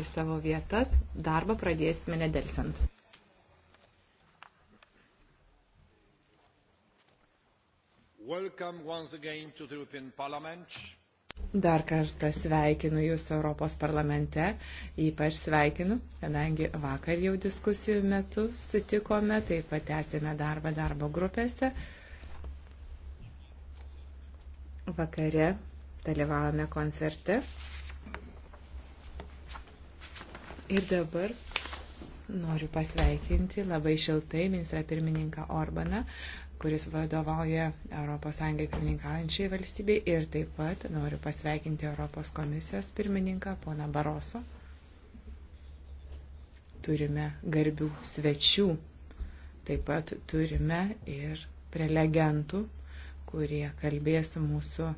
į savo vietas. Darbą pradėsime nedelsant. Dar kartą sveikinu Jūs Europos parlamente, ypač sveikinu, kadangi vakar jau diskusijų metu sutikome, taip pat tęsėme darbą darbo grupėse. Vakare dalyvavome koncerte Ir dabar noriu pasveikinti labai šiltai ministrą pirmininką Orbaną, kuris vadovauja ES pirmininkaujančiai valstybei ir taip pat noriu pasveikinti Europos komisijos pirmininką poną Baroso. Turime garbių svečių, taip pat turime ir prelegentų, kurie kalbės mūsų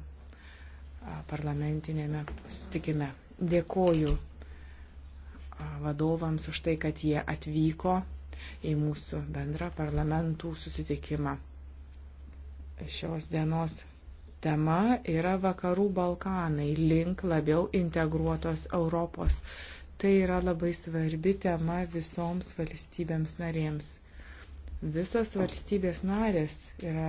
parlamentinėme susitikime. Dėkoju vadovams už tai, kad jie atvyko į mūsų bendrą parlamentų susitikimą. Šios dienos tema yra Vakarų Balkanai link labiau integruotos Europos. Tai yra labai svarbi tema visoms valstybėms narėms. Visos valstybės narės yra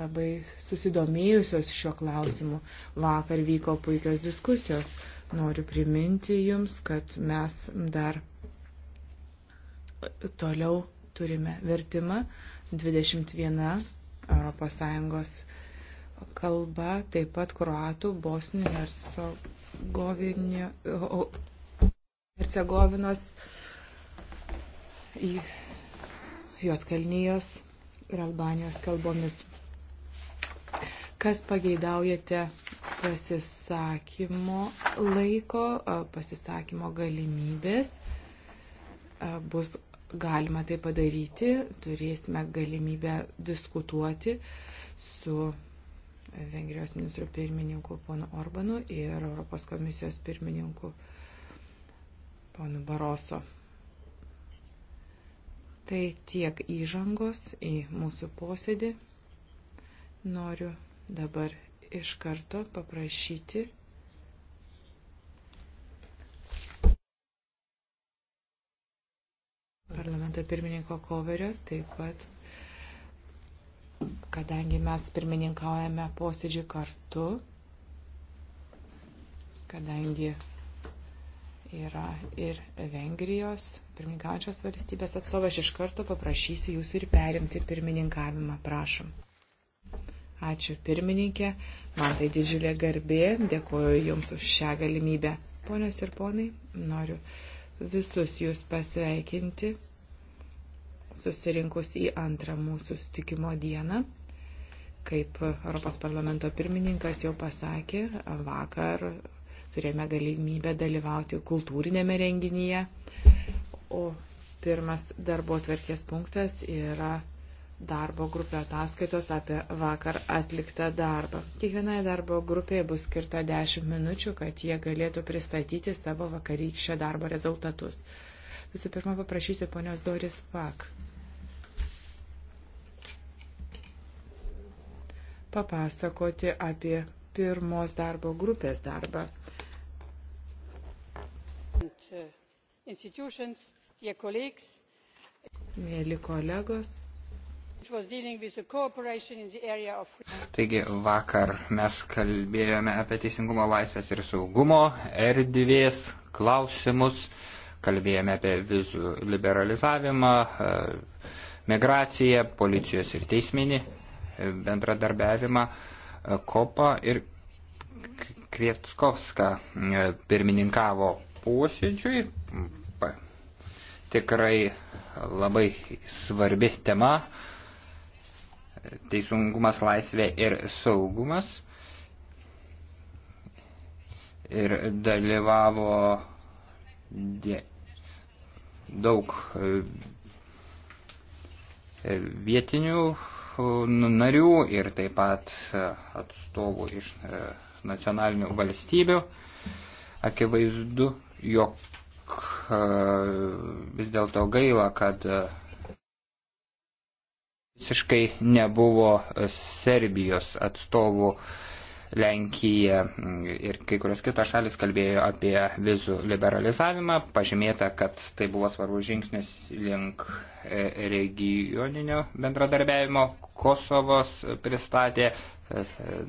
labai susidomėjusios šiuo klausimu. Vakar vyko puikios diskusijos Noriu priminti Jums, kad mes dar toliau turime vertimą 21 ES kalba, taip pat kroatų, bosnių hercegovinos, juotkalnyjos ir albanijos kalbomis. Kas pageidaujate pasisakymo laiko, pasisakymo galimybės. Bus galima tai padaryti, turėsime galimybę diskutuoti su Vengrijos ministru pirmininku ponu Orbanu ir Europos komisijos pirmininku ponu Baroso. Tai tiek įžangos į mūsų posėdį. Noriu dabar iš karto paprašyti parlamento pirmininko koverio, taip pat, kadangi mes pirmininkaujame posėdžių kartu, kadangi yra ir Vengrijos pirmininkaujančios valstybės atstovas, aš iš karto paprašysiu jūsų ir perimti pirmininkavimą, prašom. Ačiū pirmininkė, man tai didžiulė garbė, dėkoju Jums už šią galimybę. Ponios ir ponai, noriu visus Jūs pasveikinti, susirinkus į antrą mūsų sutikimo dieną. Kaip Europos parlamento pirmininkas jau pasakė, vakar turėjome galimybę dalyvauti kultūrinėme renginyje, o pirmas darbo tvarkės punktas yra darbo grupė ataskaitos apie vakar atliktą darbą. Kiekvienai darbo grupėje bus skirta 10 minučių, kad jie galėtų pristatyti savo vakarykščio darbo rezultatus. Visų pirma, paprašysiu ponios Doris Pak. Papasakoti apie pirmos darbo grupės darbą. Mėly kolegos, Taigi vakar mes kalbėjome apie teisingumo laisvės ir saugumo erdvės klausimus, kalbėjome apie vizų liberalizavimą, e, migraciją, policijos ir teisminį e, bendradarbiavimą, e, kopą ir Krievskovska pirmininkavo posėdžiui. Tikrai labai svarbi tema teisungumas, laisvė ir saugumas. Ir dalyvavo daug e, vietinių e, narių ir taip pat e, atstovų iš nacionalinių valstybių. Akivaizdu, jog vis dėlto gaila, kad Visiškai nebuvo e, Serbijos atstovų Lenkija ir kai kurios kitos šalis kalbėjo apie vizų liberalizavimą. Pažymėta, kad tai buvo svarbus žingsnis link e, regioninio bendradarbiavimo. Kosovos pristatė e,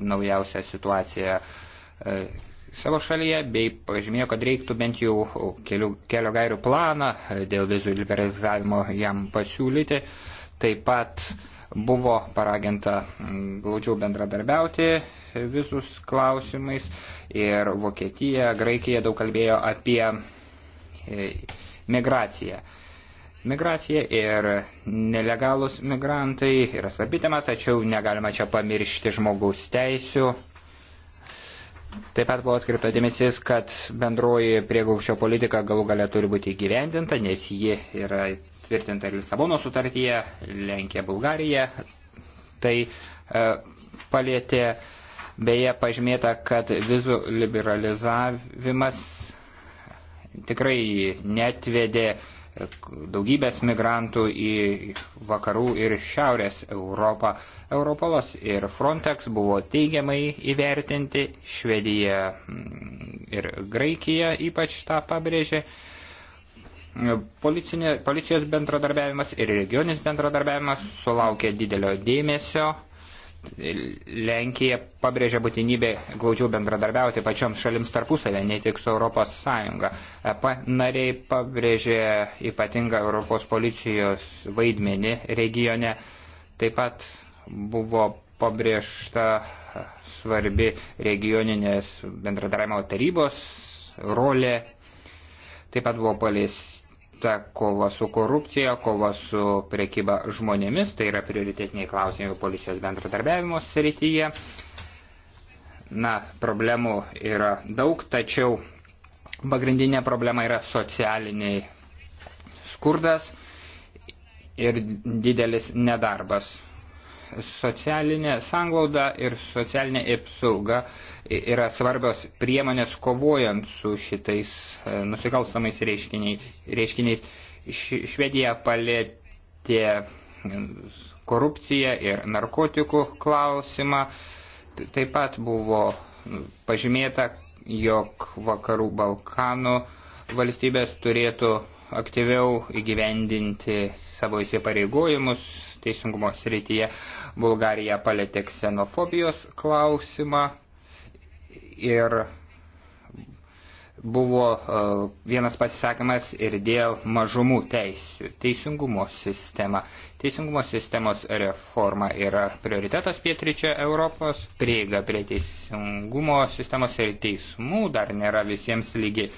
naujausią situaciją savo šalyje, bei pažymėjo, kad reiktų bent jau kelių, kelio gairių planą dėl vizų liberalizavimo jam pasiūlyti. Taip pat buvo paraginta mm, glaudžiau bendradarbiauti visus klausimais ir Vokietija, Graikija daug kalbėjo apie e, migraciją. Migracija ir nelegalus migrantai yra svarbi tema, tačiau negalima čia pamiršti žmogaus teisių Taip pat buvo atkreipta dėmesys, kad bendroji prieglaušio politika galų galia turi būti įgyvendinta, nes ji yra tvirtinta ir Lisabono sutartyje, Lenkija, Bulgarija. Tai e, palėtė beje pažymėta, kad vizų liberalizavimas tikrai netvedė daugybės migrantų į vakarų ir šiaurės Europą. Europolos ir Frontex buvo teigiamai įvertinti, Švedija mm, ir Graikija ypač tą pabrėžė. Policinė, policijos bendradarbiavimas ir regioninis bendradarbiavimas sulaukė didelio dėmesio Lenkija pabrėžia būtinybę glaudžiau bendradarbiauti pačioms šalims tarpusavę, ne tik su Europos Sąjunga. EP nariai pabrėžė ypatingą Europos policijos vaidmenį regione. Taip pat buvo pabrėžta svarbi regioninės bendradarbiavimo tarybos rolė. Taip pat buvo palės ta kova su korupcija, kova su priekyba žmonėmis, tai yra prioritetiniai klausimai policijos bendradarbiavimo srityje. Na, problemų yra daug, tačiau pagrindinė problema yra socialiniai skurdas ir didelis nedarbas socialinė sanglauda ir socialinė apsauga yra svarbios priemonės kovojant su šitais e, nusikalstamais reiškiniais. Švedija palėtė e, korupciją ir narkotikų klausimą. Taip pat buvo e, pažymėta, jog vakarų Balkanų valstybės turėtų aktyviau įgyvendinti savo įsipareigojimus teisingumo srityje. Bulgarija palėtė ksenofobijos klausimą ir buvo e, vienas pasisakymas ir dėl mažumų teisių. Teisingumo sistema. Teisingumo sistemos reforma yra prioritetas pietričio Europos. Prieiga prie teisingumo sistemos ir teismų dar nėra visiems lygi.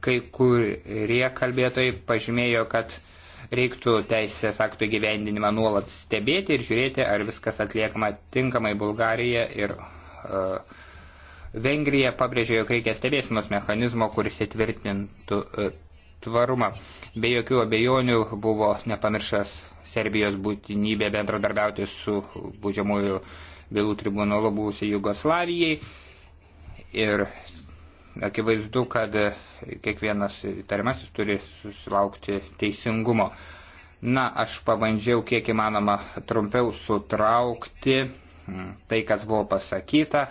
Kai kurie kalbėtojai pažymėjo, kad uh, Reiktų teisės aktų gyvendinimą nuolat stebėti ir žiūrėti, ar viskas atliekama tinkamai Bulgarija ir uh, Vengrija pabrėžė, jog reikia stebėsinos mechanizmo, kuris įtvirtintų uh, tvarumą. Be jokių abejonių buvo nepamiršęs Serbijos būtinybė bendradarbiauti su būdžiamųjų bylų tribunolu buvusiai Jugoslavijai ir Akivaizdu, kad kiekvienas įtariamasis turi susilaukti teisingumo. Na, aš pabandžiau kiek įmanoma trumpiau sutraukti tai, kas buvo pasakyta.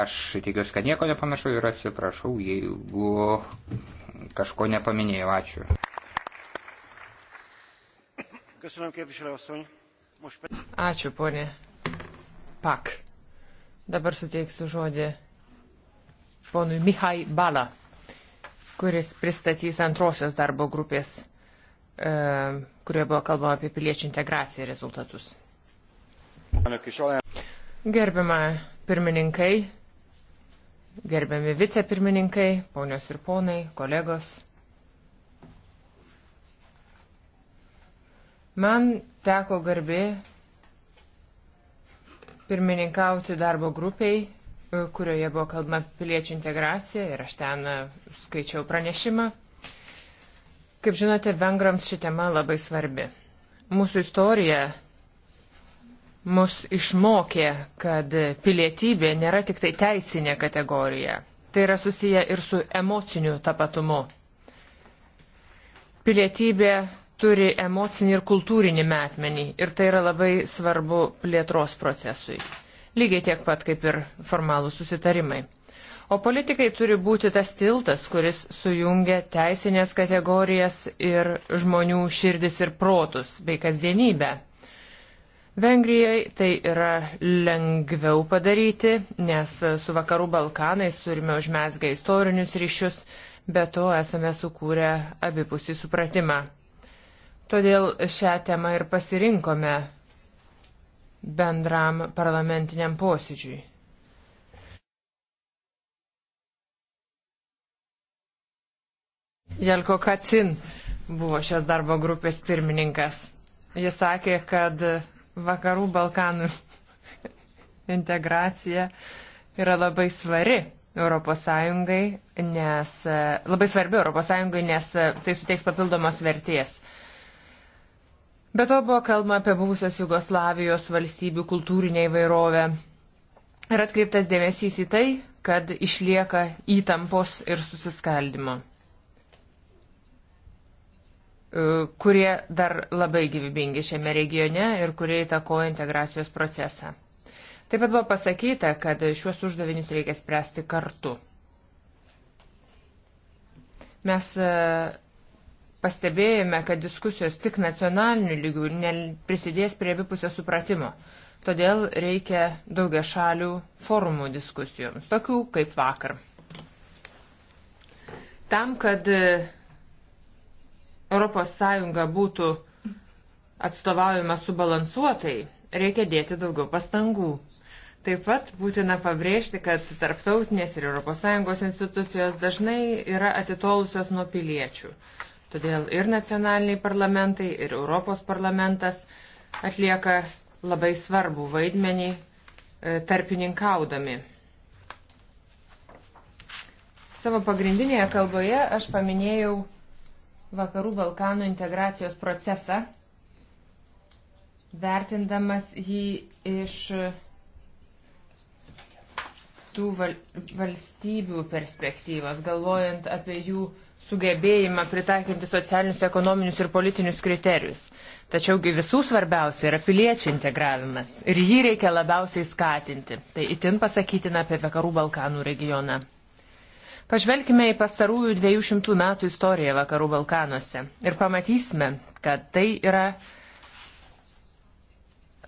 Aš tikiuosi, kad nieko nepanašau ir atsiprašau, jeigu kažko nepaminėjau. Ačiū. Ačiū, ponė. Pak. Dabar suteiksiu žodį ponui Mihai Bala, kuris pristatys antrosios darbo grupės, e, kurioje buvo kalbama apie piliečių integraciją rezultatus. Gerbima pirmininkai, gerbiami vicepirmininkai, ponios ir ponai, kolegos. Man teko garbė pirmininkauti darbo grupiai kurioje buvo kalbama piliečių integracija ir aš ten e, skaičiau pranešimą. Kaip žinote, vengrams ši tema labai svarbi. Mūsų istorija mus išmokė, kad pilietybė nėra tik tai teisinė kategorija. Tai yra susiję ir su emociniu tapatumu. Pilietybė turi emocinį ir kultūrinį metmenį ir tai yra labai svarbu plėtros procesui lygiai tiek pat kaip ir formalūs susitarimai. O politikai turi būti tas tiltas, kuris sujungia teisinės kategorijas ir žmonių širdis ir protus bei kasdienybę. Vengrijai tai yra lengviau padaryti, nes su Vakarų Balkanais turime užmesgę istorinius ryšius, bet to esame sukūrę abipusį supratimą. Todėl šią temą ir pasirinkome bendram parlamentiniam posėdžiui. Jelko Kacin buvo šios darbo grupės pirmininkas. Jis sakė, kad vakarų Balkanų integracija yra labai svari ES, nes labai svarbi ES, nes tai suteiks papildomos vertės. Be to buvo kalbama apie buvusios Jugoslavijos valstybių kultūrinę įvairovę. Ir atkreiptas dėmesys į tai, kad išlieka įtampos ir susiskaldimo, e, kurie dar labai gyvybingi šiame regione ir kurie įtakoja integracijos procesą. Taip pat buvo pasakyta, kad šiuos uždavinius reikia spręsti kartu. Mes e, pastebėjome, kad diskusijos tik nacionaliniu lygiu prisidės prie abipusio supratimo. Todėl reikia daugia šalių forumų diskusijoms, tokių kaip vakar. Tam, kad ES būtų atstovaujama subalansuotai, reikia dėti daugiau pastangų. Taip pat būtina pabrėžti, kad tarptautinės ir ES institucijos dažnai yra atitolusios nuo piliečių. Todėl ir nacionaliniai parlamentai, ir Europos parlamentas atlieka labai svarbų vaidmenį e, tarpininkaudami. Savo pagrindinėje kalboje aš paminėjau Vakarų Balkanų integracijos procesą, vertindamas jį iš tų val valstybių perspektyvos, galvojant apie jų uh, sugebėjimą pritaikyti socialinius, ekonominius ir politinius kriterijus. Tačiaugi visų svarbiausia yra piliečių integravimas ir jį reikia labiausiai skatinti. Tai itin pasakytina apie Vakarų Balkanų regioną. Pažvelkime į pastarųjų 200 metų istoriją Vakarų Balkanuose ir pamatysime, kad tai yra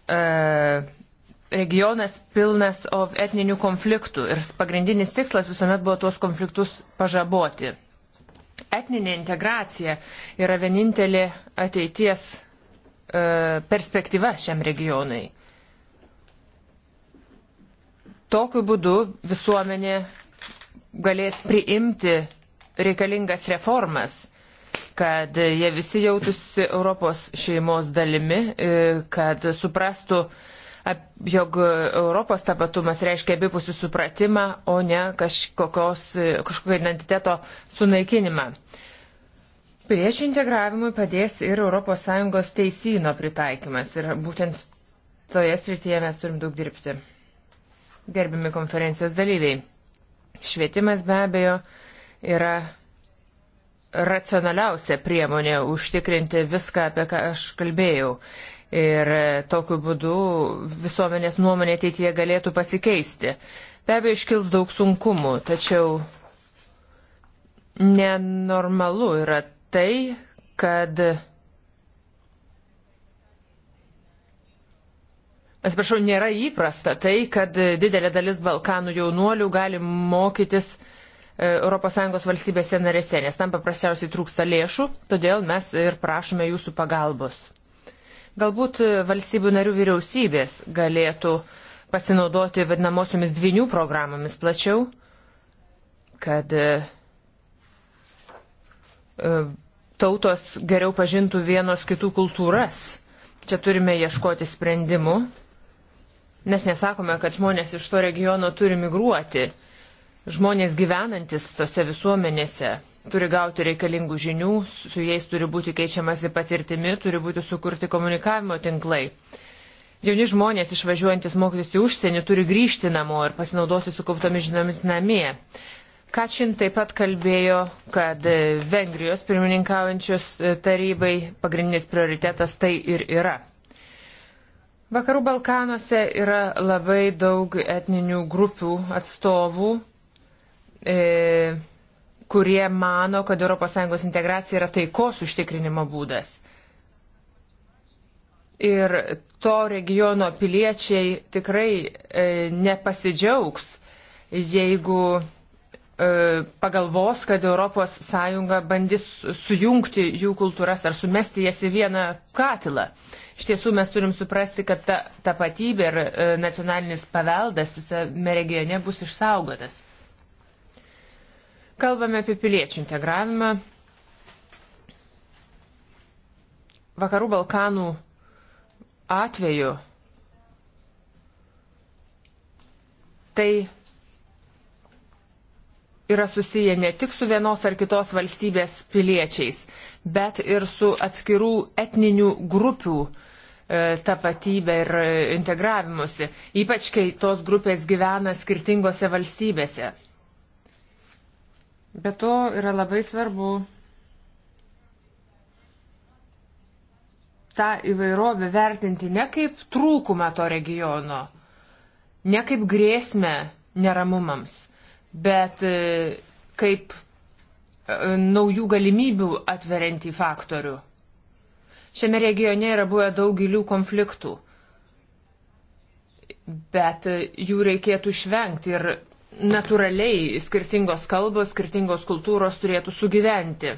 e, regionas pilnas etninių konfliktų ir pagrindinis tikslas visuomet buvo tuos konfliktus pažaboti. Etninė integracija yra vienintelė ateities e, perspektyva šiam regionui. Tokiu būdu visuomenė galės priimti reikalingas reformas, kad jie visi jautųsi Europos šeimos dalimi, e, kad suprastų jog Europos tapatumas reiškia abipusių supratimą, o ne kažkokios, kažkokio identiteto sunaikinimą. Piliečių integravimui padės ir ES teisino pritaikymas ir būtent toje srityje mes turim daug dirbti. Gerbimi konferencijos dalyviai. Švietimas be abejo yra racionaliausia priemonė užtikrinti viską, apie ką aš kalbėjau ir e, tokiu būdu visuomenės nuomonė ateityje galėtų pasikeisti. Be abejo, iškils daug sunkumų, tačiau nenormalu yra tai, kad. Atsiprašau, nėra įprasta tai, kad didelė dalis Balkanų jaunuolių gali mokytis ES valstybėse narėse, nes tam paprasčiausiai trūksta lėšų, todėl mes ir prašome jūsų pagalbos. Galbūt valstybių narių vyriausybės galėtų pasinaudoti vadinamosiomis dvinių programomis plačiau, kad e, e, tautos geriau pažintų vienos kitų kultūras. Čia turime ieškoti sprendimų. Mes nesakome, kad žmonės iš to regiono turi migruoti. Žmonės gyvenantis tose visuomenėse turi gauti reikalingų žinių, su jais turi būti keičiamasi patirtimi, turi būti sukurti komunikavimo tinklai. Jauni žmonės išvažiuojantis mokytis į užsienį turi grįžti namo ir pasinaudoti sukauptomis žiniomis namie. Kačin taip pat kalbėjo, kad Vengrijos pirmininkaujančios tarybai pagrindinis prioritetas tai ir yra. Vakarų Balkanuose yra labai daug etninių grupių atstovų. E, kurie mano, kad ES integracija yra taikos užtikrinimo būdas. Ir to regiono piliečiai tikrai e, nepasidžiaugs, jeigu e, pagalvos, kad ES bandys sujungti jų kultūras ar sumesti jas į vieną katilą. Iš tiesų mes turim suprasti, kad ta tapatybė ir e, nacionalinis paveldas visame regione bus išsaugotas. Kalbame apie piliečių integravimą. Vakarų Balkanų atveju tai yra susiję ne tik su vienos ar kitos valstybės piliečiais, bet ir su atskirų etninių grupių e, tapatybė ir integravimusi, ypač kai tos grupės gyvena skirtingose valstybėse. Be to yra labai svarbu tą įvairovę vertinti ne kaip trūkumą to regiono, ne kaip grėsmę neramumams, bet e, kaip e, naujų galimybių atveriantį faktorių. Šiame regione yra buvę daug gilių konfliktų, bet e, jų reikėtų išvengti ir natūraliai skirtingos kalbos, skirtingos kultūros turėtų sugyventi.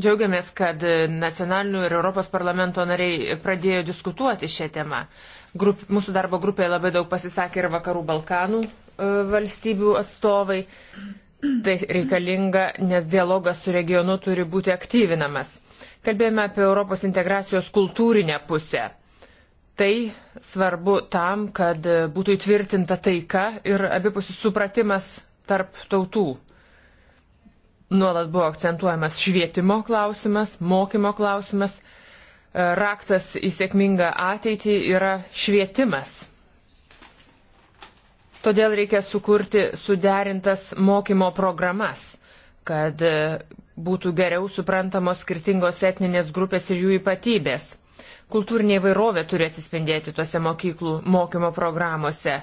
Džiaugiamės, kad nacionalinių ir Europos parlamento nariai pradėjo diskutuoti šią temą. Grup, mūsų darbo grupėje labai daug pasisakė ir vakarų Balkanų e, valstybių atstovai. Tai reikalinga, nes dialogas su regionu turi būti aktyvinamas. Kalbėjome apie Europos integracijos kultūrinę pusę Tai svarbu tam, kad būtų įtvirtinta taika ir abipusis supratimas tarp tautų. Nuolat buvo akcentuojamas švietimo klausimas, mokymo klausimas. E, raktas į sėkmingą ateitį yra švietimas. Todėl reikia sukurti suderintas mokymo programas, kad būtų geriau suprantamos skirtingos etninės grupės ir jų ypatybės. Kultūrinė įvairovė turi atsispindėti tuose mokyklų mokymo programuose,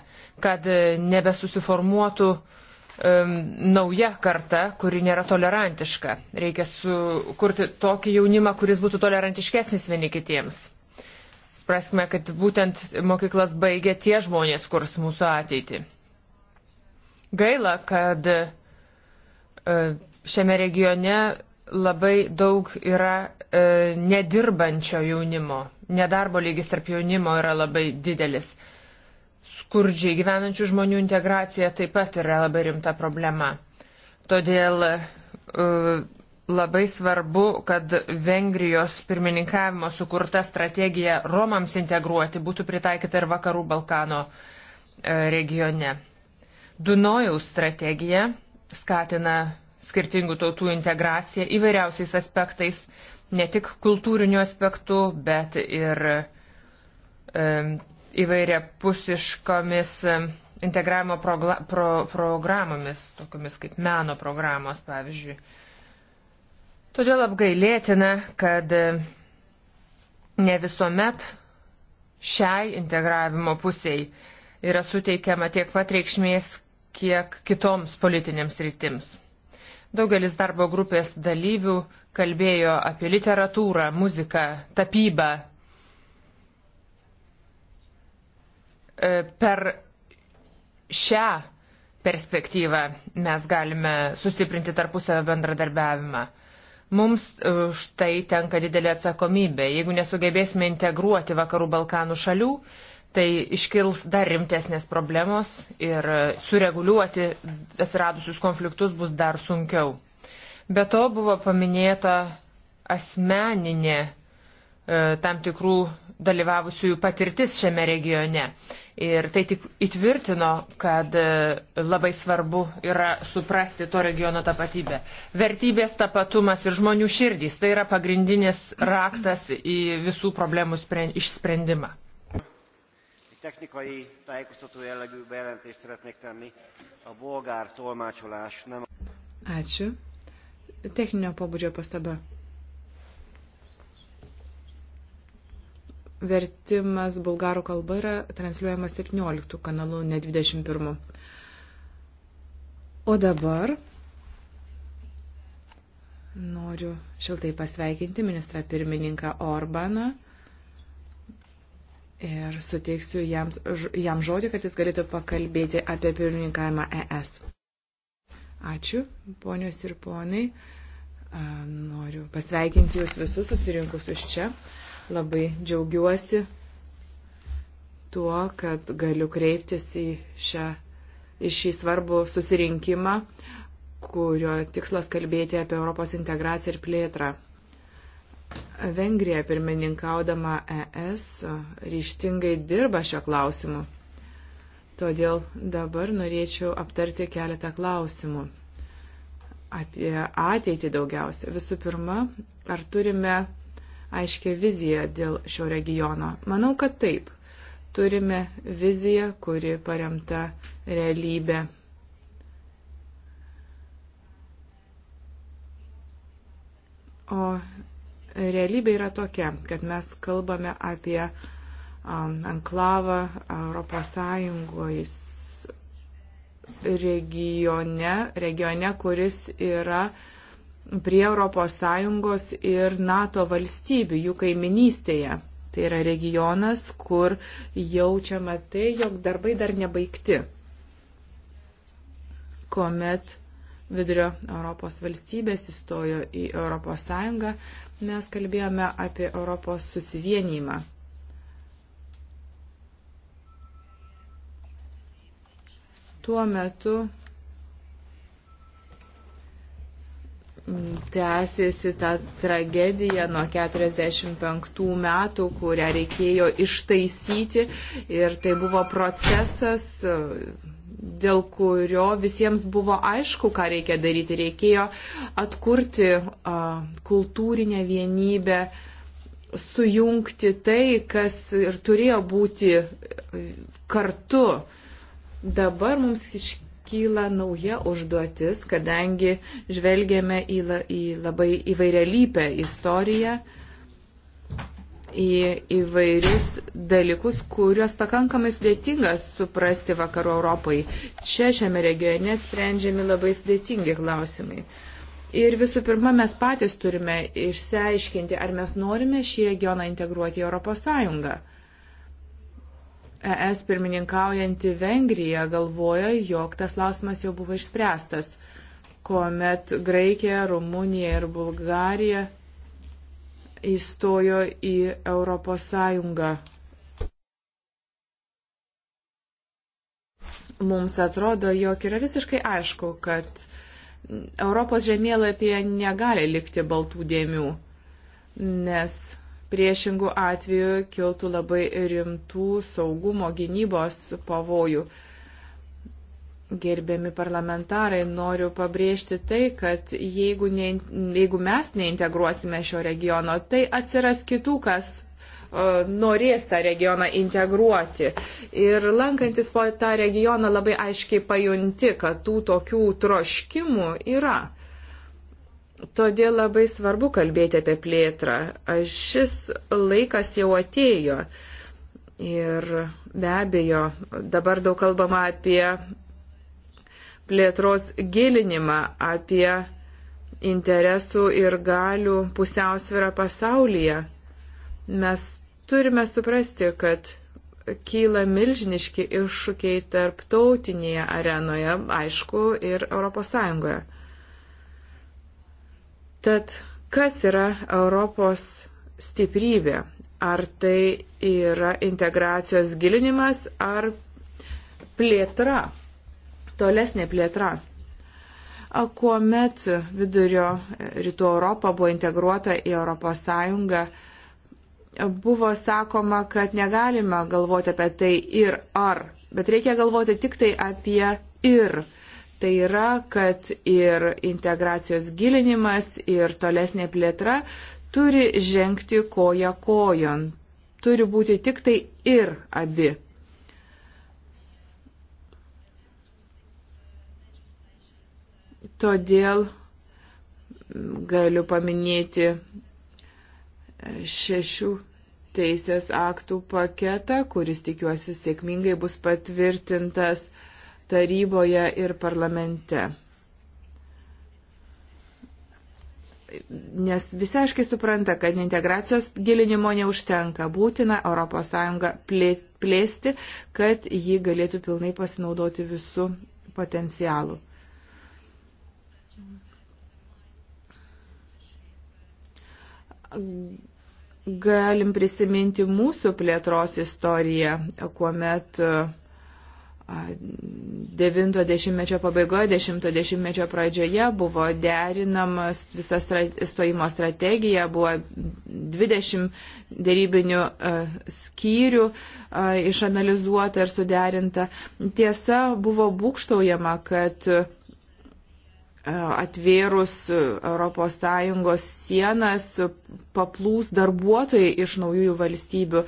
kad e, nebesusiformuotų um, nauja karta, kuri nėra tolerantiška. Reikia sukurti tokį jaunimą, kuris būtų tolerantiškesnis vieni kitiems. Prasme, kad būtent mokyklas baigia tie žmonės, kurs mūsų ateitį. Gaila, kad uh, šiame regione labai daug yra e, nedirbančio jaunimo. Nedarbo lygis tarp jaunimo yra labai didelis. Skurdžiai gyvenančių žmonių integracija taip pat yra labai rimta problema. Todėl e, labai svarbu, kad Vengrijos pirmininkavimo sukurta strategija Romams integruoti būtų pritaikyta ir Vakarų Balkano e, regione. Dunojaus strategija skatina skirtingų tautų integraciją įvairiausiais aspektais ne tik kultūriniu aspektu, bet ir e, įvairia pusiškomis e, integravimo progla, pro, programomis, tokiamis kaip meno programos, pavyzdžiui. Todėl apgailėtina, kad e, ne visuomet šiai integravimo pusiai yra suteikiama tiek pat reikšmės, kiek kitoms politinėms rytims. Daugelis darbo grupės dalyvių kalbėjo apie literatūrą, muziką, tapybą. E, per šią perspektyvą mes galime sustiprinti tarpusavio bendradarbiavimą. Mums štai e, tenka didelė atsakomybė. Jeigu nesugebėsime integruoti Vakarų Balkanų šalių, tai iškils dar rimtesnės problemos ir e, sureguliuoti atsiradusius konfliktus bus dar sunkiau. Be to buvo paminėta asmeninė e, tam tikrų dalyvavusiųjų patirtis šiame regione. Ir tai tik įtvirtino, kad e, labai svarbu yra suprasti to regiono tapatybę. Vertybės tapatumas ir žmonių širdys - tai yra pagrindinis raktas į visų problemų sprend, išsprendimą. Technikai tájékoztató jellegű bejelentést szeretnék tenni. A bolgár tolmácsolás nem. Ačiū techninio pobūdžio pastaba. Vertimas bulgarų kalba yra transliuojamas 17 kanalu, ne 21. O dabar noriu šiltai pasveikinti ministrą pirmininką Orbaną ir suteiksiu jam, jam žodį, kad jis galėtų pakalbėti apie pirmininkavimą ES. Ačiū, ponios ir ponai. Noriu pasveikinti jūs visus susirinkusius čia. Labai džiaugiuosi tuo, kad galiu kreiptis į, šią, į šį svarbų susirinkimą, kurio tikslas kalbėti apie Europos integraciją ir plėtrą. Vengrija pirmininkaudama ES ryštingai dirba šio klausimu. Todėl dabar norėčiau aptarti keletą klausimų apie ateitį daugiausia. Visų pirma, ar turime aiškę viziją dėl šio regiono? Manau, kad taip. Turime viziją, kuri paremta realybė. O realybė yra tokia, kad mes kalbame apie Um, anklavą Europos Sąjungos regione, regione, kuris yra prie Europos Sąjungos ir NATO valstybių, jų kaiminystėje. Tai yra regionas, kur jaučiama tai, jog darbai dar nebaigti, kuomet vidurio Europos valstybės įstojo į Europos Sąjungą, mes kalbėjome apie Europos susivienimą. tuo metu tęsėsi ta tragedija nuo 45 metų, kurią reikėjo ištaisyti ir tai buvo procesas, dėl kurio visiems buvo aišku, ką reikia daryti. Reikėjo atkurti a, kultūrinę vienybę, sujungti tai, kas ir turėjo būti kartu Dabar mums iškyla nauja užduotis, kadangi žvelgėme į, la, į labai įvairialypę istoriją, į įvairius dalykus, kuriuos pakankamai sudėtinga suprasti vakarų Europai. Čia šiame regione sprendžiami labai sudėtingi klausimai. Ir visų pirma, mes patys turime išsiaiškinti, ar mes norime šį regioną integruoti į Europos Sąjungą. ES pirmininkaujanti Vengrija galvoja, jog tas klausimas jau buvo išspręstas, kuomet Graikija, Rumunija ir Bulgarija įstojo į Europos Sąjungą. Mums atrodo, jog yra visiškai aišku, kad Europos žemėlapyje negali likti baltų dėmių, nes Priešingų atveju kiltų labai rimtų saugumo gynybos pavojų. Gerbiami parlamentarai, noriu pabrėžti tai, kad jeigu, ne, jeigu mes neintegruosime šio regiono, tai atsiras kitų, kas uh, norės tą regioną integruoti. Ir lankantis po tą regioną labai aiškiai pajunti, kad tų tokių troškimų yra. Todėl labai svarbu kalbėti apie plėtrą. Šis laikas jau atėjo. Ir be abejo, dabar daug kalbama apie plėtros gilinimą, apie interesų ir galių pusiausvyrą pasaulyje. Mes turime suprasti, kad kyla milžiniški iššūkiai tarptautinėje arenoje, aišku, ir ES. Tad kas yra Europos stiprybė? Ar tai yra integracijos gilinimas ar plėtra, tolesnė plėtra? Kuomet vidurio rytų Europa buvo integruota į ES, buvo sakoma, kad negalima galvoti apie tai ir ar, bet reikia galvoti tik tai apie ir. Tai yra, kad ir integracijos gilinimas, ir tolesnė plėtra turi žengti koja kojon. Turi būti tik tai ir abi. Todėl galiu paminėti šešių teisės aktų paketą, kuris tikiuosi sėkmingai bus patvirtintas taryboje ir parlamente. Nes visi aiškiai supranta, kad integracijos gilinimo neužtenka, būtina ES plėsti, kad ji galėtų pilnai pasinaudoti visų potencialų. Galim prisiminti mūsų plėtros istoriją, kuomet uh, 90-mečio pabaigoje, 10-mečio pradžioje buvo derinamas visa stojimo strategija, buvo 20 dėrybinių e, skyrių e, išanalizuota ir suderinta. Tiesa, buvo būkštaujama, kad e, atvėrus ES sienas paplūs darbuotojai iš naujųjų valstybių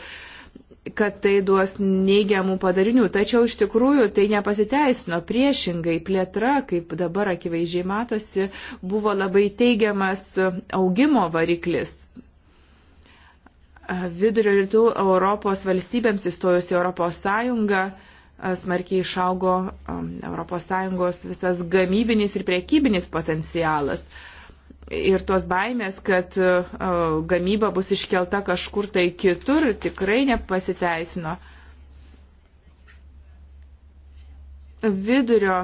kad tai duos neigiamų padarinių, tačiau iš tikrųjų tai nepasiteisino. Priešingai, plėtra, kaip dabar akivaizdžiai matosi, buvo labai teigiamas augimo variklis. Vidurio rytų Europos valstybėms įstojus į Europos Sąjungą smarkiai išaugo Europos Sąjungos visas gamybinis ir priekybinis potencialas. Uh, Ir tos baimės, kad e, gamyba bus iškelta kažkur tai kitur, tikrai nepasiteisino. Vidurio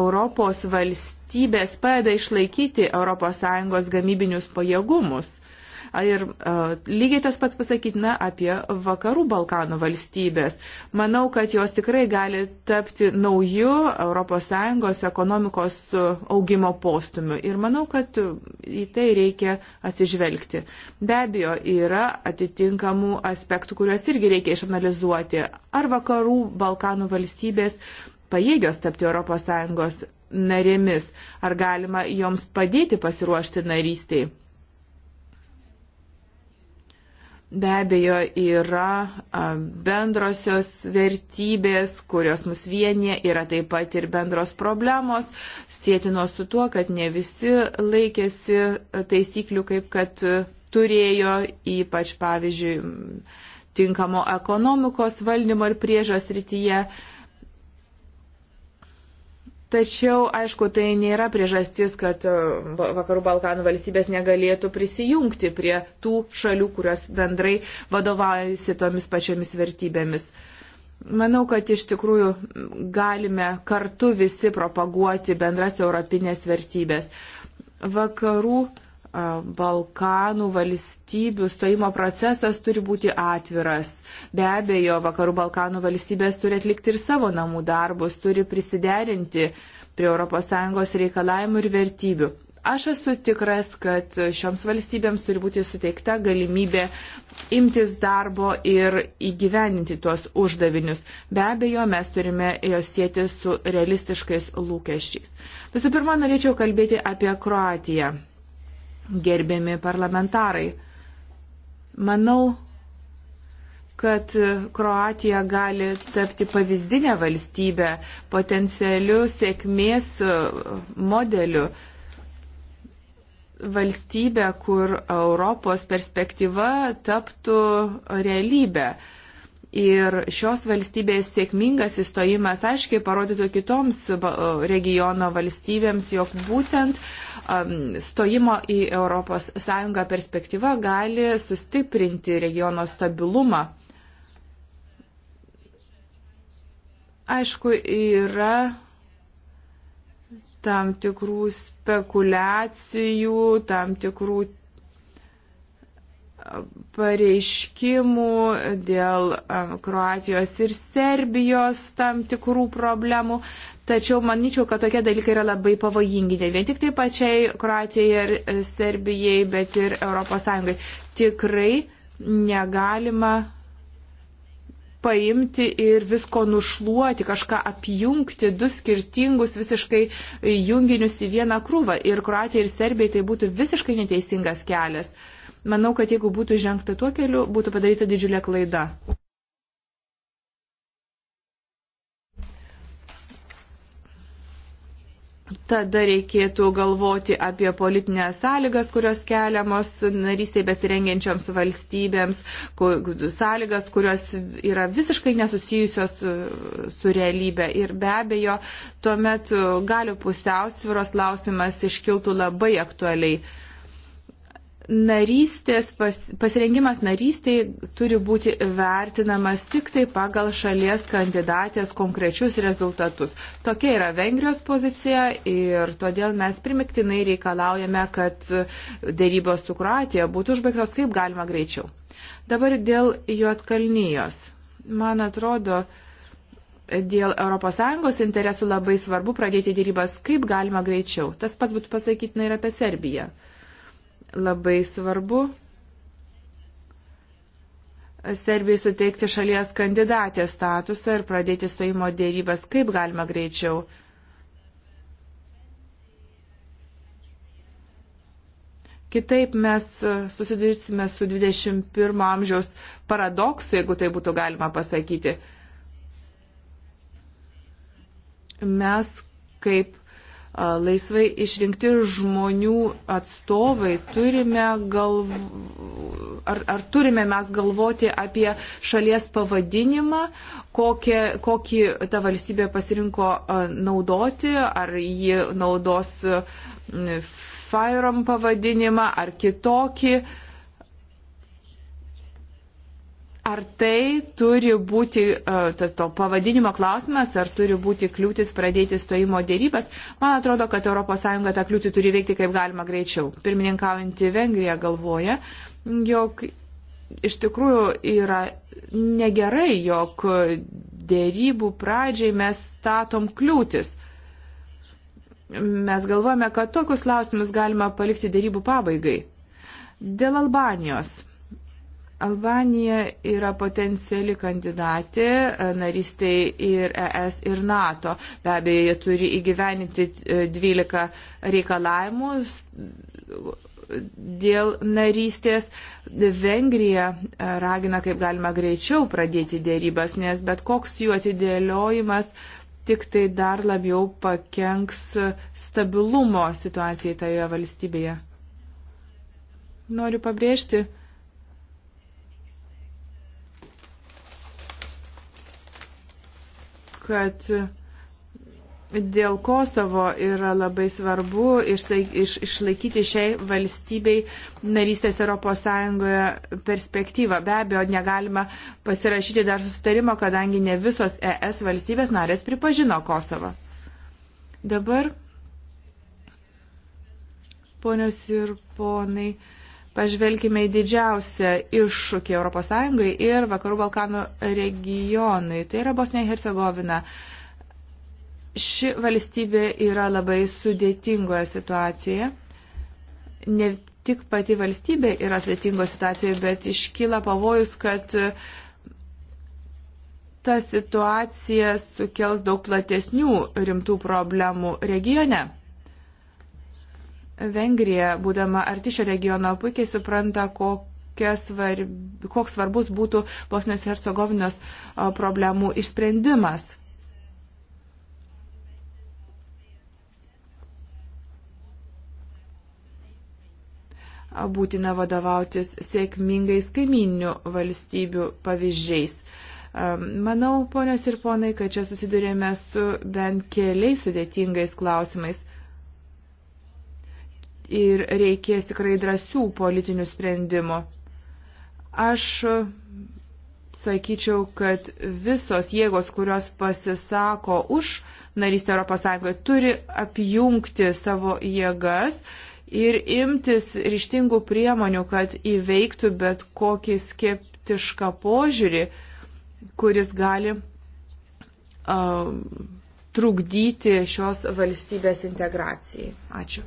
Europos valstybės padeda išlaikyti ES gamybinius pajėgumus. Ir lygiai tas pats pasakytina apie vakarų Balkanų valstybės. Manau, kad jos tikrai gali tapti naujų ES ekonomikos augimo postumiu. Ir manau, kad į tai reikia atsižvelgti. Be abejo, yra atitinkamų aspektų, kuriuos irgi reikia išanalizuoti. Ar vakarų Balkanų valstybės pajėgios tapti ES narėmis, ar galima joms padėti pasiruošti narystiai. be abejo yra bendrosios vertybės, kurios mus vienė, yra taip pat ir bendros problemos, sėtino su tuo, kad ne visi laikėsi taisyklių, kaip kad turėjo, ypač pavyzdžiui, tinkamo ekonomikos valdymo ir priežos rytyje. Tačiau, aišku, tai nėra priežastis, kad e, Vakarų Balkanų valstybės negalėtų prisijungti prie tų šalių, kurios bendrai vadovaujasi tomis pačiomis vertybėmis. Manau, kad iš tikrųjų galime kartu visi propaguoti bendras europinės vertybės. Vakarų Balkanų valstybių stojimo procesas turi būti atviras. Be abejo, Vakarų Balkanų valstybės turi atlikti ir savo namų darbus, turi prisiderinti prie ES reikalavimų ir vertybių. Aš esu tikras, kad šioms valstybėms turi būti suteikta galimybė imtis darbo ir įgyveninti tuos uždavinius. Be abejo, mes turime jos sėti su realistiškais lūkesčiais. Visų pirma, norėčiau kalbėti apie Kroatiją gerbiami parlamentarai. Manau, kad Kroatija gali tapti pavyzdinę valstybę, potencialių sėkmės modeliu. Valstybė, kur Europos perspektyva taptų realybė. Ir šios valstybės sėkmingas įstojimas aiškiai parodytų kitoms regiono valstybėms, jog būtent uh, stojimo į ES perspektyva gali sustiprinti regiono stabilumą. Aišku, yra tam tikrų spekulacijų, tam tikrų pareiškimų dėl Kroatijos ir Serbijos tam tikrų problemų. Tačiau manyčiau, kad tokie dalykai yra labai pavojingi ne vien tik tai pačiai Kroatijai ir e, Serbijai, bet ir ES. Tikrai negalima paimti ir visko nušluoti, kažką apjungti, du skirtingus visiškai junginius į vieną krūvą. Ir Kroatijai ir Serbijai tai būtų visiškai neteisingas kelias. Manau, kad jeigu būtų žengta tuo keliu, būtų padaryta didžiulė klaida. Tada reikėtų galvoti apie politinės sąlygas, kurios keliamos narystiai besirengiančioms valstybėms, sąlygas, kurios yra visiškai nesusijusios e, su, su realybė. Ir be abejo, tuomet e, galių pusiausvyros klausimas iškiltų labai aktualiai narystės, pas, pasirengimas narystiai turi būti vertinamas tik tai pagal šalies kandidatės konkrečius rezultatus. Tokia yra Vengrijos pozicija ir todėl mes primiktinai reikalaujame, kad dėrybos su Kroatija būtų užbaigtos kaip galima greičiau. Dabar dėl Juotkalnyjos. Man atrodo, dėl ES interesų labai svarbu pradėti dėrybas kaip galima greičiau. Tas pats būtų pasakytina ir apie Serbiją. Labai svarbu Serbijai suteikti šalies kandidatės statusą ir pradėti stojimo dėrybas kaip galima greičiau. Kitaip mes susidursime su 21 amžiaus paradoksu, jeigu tai būtų galima pasakyti. Mes kaip laisvai išrinkti žmonių atstovai, turime galv... ar, ar turime mes galvoti apie šalies pavadinimą, kokie, kokį ta valstybė pasirinko naudoti, ar ji naudos Fairom pavadinimą, ar kitokį. Uh, Ar tai turi būti e, to, to pavadinimo klausimas, ar turi būti kliūtis pradėti stojimo dėrybas? Man atrodo, kad ES tą kliūtį turi veikti kaip galima greičiau. Pirmininkaujanti Vengrija galvoja, jog iš tikrųjų yra negerai, jog dėrybų pradžiai mes statom kliūtis. Mes galvojame, kad tokius klausimus galima palikti dėrybų pabaigai. Dėl Albanijos Albanija yra potenciali kandidatė e, naristai ir ES ir NATO. Be abejo, jie turi įgyveninti 12 e, reikalavimus dėl narystės. Vengrija e, ragina kaip galima greičiau pradėti dėrybas, nes bet koks jų atidėliojimas tik tai dar labiau pakenks stabilumo situacijai toje valstybėje. Noriu pabrėžti, kad dėl Kosovo yra labai svarbu išlaik, iš, išlaikyti šiai valstybei narystės ES perspektyvą. Be abejo, negalima pasirašyti dar susitarimo, kadangi ne visos ES valstybės narės pripažino Kosovą. Dabar, ponios ir ponai, Pažvelkime į didžiausią iššūkį ES ir Vakarų Balkanų regionui. Tai yra Bosnija ir Hercegovina. Ši valstybė yra labai sudėtingoje situacijoje. Ne tik pati valstybė yra sudėtingoje situacijoje, bet iškyla pavojus, kad ta situacija sukels daug platesnių rimtų problemų regione. Vengrija, būdama arti šio regiono, puikiai supranta, svarbi, koks svarbus būtų Bosnijos ir Hercegovinos problemų išsprendimas. būtina vadovautis sėkmingais kaiminių valstybių pavyzdžiais. Manau, ponios ir ponai, kad čia susidurėme su bent keliais sudėtingais klausimais ir reikės tikrai drąsių politinių sprendimų. Aš sakyčiau, kad visos jėgos, kurios pasisako už narystę ES, turi apjungti savo jėgas ir imtis ryštingų priemonių, kad įveiktų bet kokį skeptišką požiūrį, kuris gali uh, trukdyti šios valstybės integracijai. Ačiū.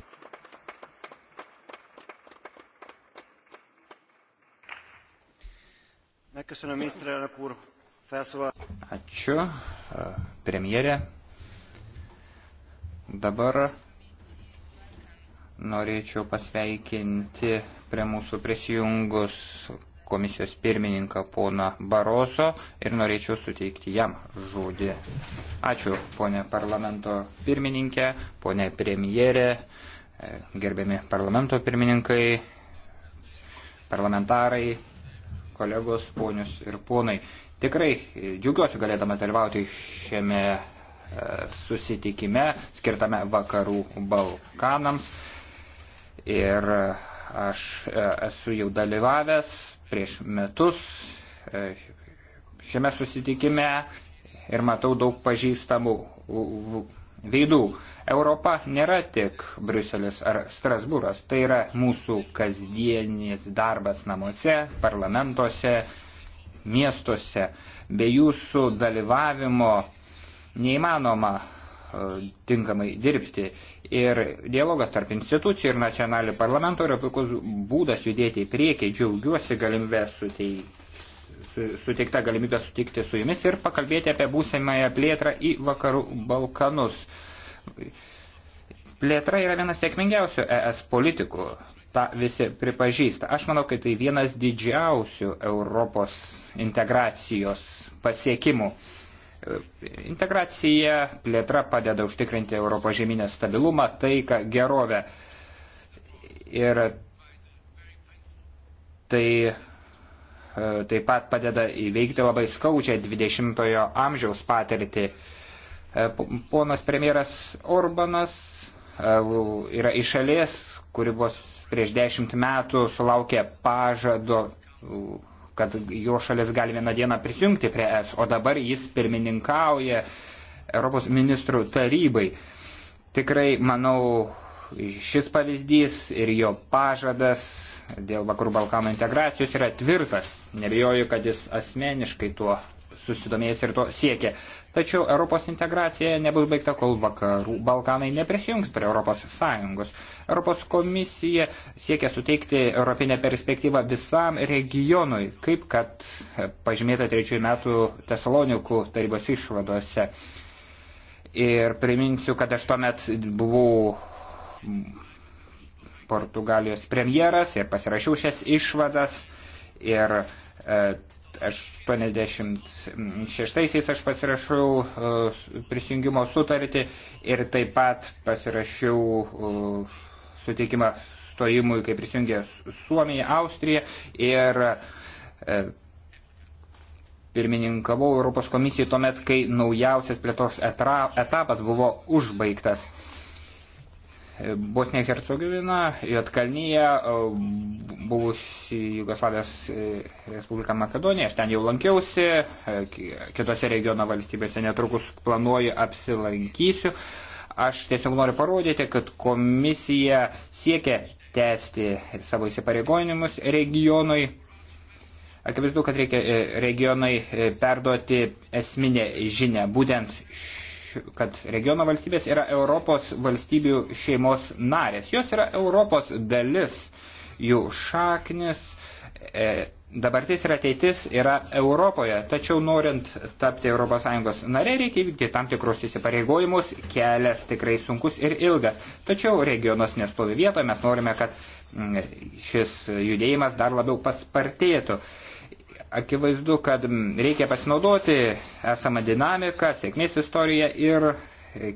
Megköszönöm, miniszterelnök úr, felszólal. Ačiū, premjerė. Dabar norėčiau pasveikinti prie mūsų prisijungus komisijos pirmininką poną Baroso ir norėčiau suteikti jam žodį. Ačiū, ponė parlamento pirmininkė, ponė premjerė, e, gerbiami parlamento pirmininkai, parlamentarai, kolegos, ponius ir ponai. Tikrai džiugiuosi galėdamas dalyvauti šiame e, susitikime skirtame vakarų Balkanams. Ir e, aš e, esu jau dalyvavęs prieš metus šiame susitikime ir matau daug pažįstamų veidų. Europa nėra tik Bruselis ar Strasbūras, tai yra mūsų kasdienis darbas namuose, parlamentuose, miestuose. Be jūsų dalyvavimo neįmanoma e, tinkamai dirbti. Ir dialogas tarp institucijų ir nacionalinių parlamentų yra puikus būdas judėti į priekį. Džiaugiuosi galimybę suteikti suteikta galimybė sutikti su jumis ir pakalbėti apie būsimąją plėtrą į vakarų Balkanus. Plėtra yra vienas sėkmingiausių ES politikų, tą visi pripažįsta. Aš manau, kad tai vienas didžiausių Europos integracijos pasiekimų. Integracija, plėtra padeda užtikrinti Europos žemynės stabilumą, taiką, gerovę. Ir tai E, taip pat padeda įveikti labai skaudžią 20-ojo amžiaus patirtį. E, ponas premjeras Orbanas e, yra iš šalies, kuri buvo prieš dešimt metų sulaukė pažado, kad jo šalis gali vieną dieną prisijungti prie es, o dabar jis pirmininkauja Europos ministrų tarybai. Tikrai, manau, šis pavyzdys ir jo pažadas dėl Vakarų Balkanų integracijos yra tvirtas. Nebijoju, kad jis asmeniškai tuo susidomėjęs ir to siekia. Tačiau Europos integracija nebus baigta, kol Vakarų Balkanai neprisijungs prie Europos Sąjungos. Europos komisija siekia suteikti europinę perspektyvą visam regionui, kaip kad pažymėta trečiųjų metų Tesalonikų tarybos išvadose. Ir priminsiu, kad aš tuomet buvau Portugalijos premjeras ir pasirašiau šias išvadas ir 86-aisiais e, aš pasirašiau e, prisijungimo sutartį ir taip pat pasirašiau e, suteikimą stojimui, kai prisijungė Suomija, Austrija ir pirmininkavau Europos komisijai tuomet, kai naujausias plėtos etapas buvo užbaigtas. Bosnija Hercegovina, Jotkalnyje, e, buvusi Jugoslavijos e, Respublika Makedonija, aš ten jau lankiausi, e, kitose regiono valstybėse netrukus planuoju apsilankysiu. Aš tiesiog noriu parodyti, kad komisija siekia tęsti savo įsipareigojimus regionui. Akivaizdu, kad reikia regionai perduoti esminę žinę. Būtent kad regiono valstybės yra Europos valstybių šeimos narės. Jos yra Europos dalis, jų šaknis, e, dabartis ir ateitis yra Europoje. Tačiau norint tapti ES narė, reikia įvykti tam tikrus įsipareigojimus, kelias tikrai sunkus ir ilgas. Tačiau regionas nestovi vietoje, mes norime, kad mm, šis judėjimas dar labiau paspartėtų. E, Akivaizdu, kad reikia pasinaudoti esamą dinamiką, sėkmės istoriją ir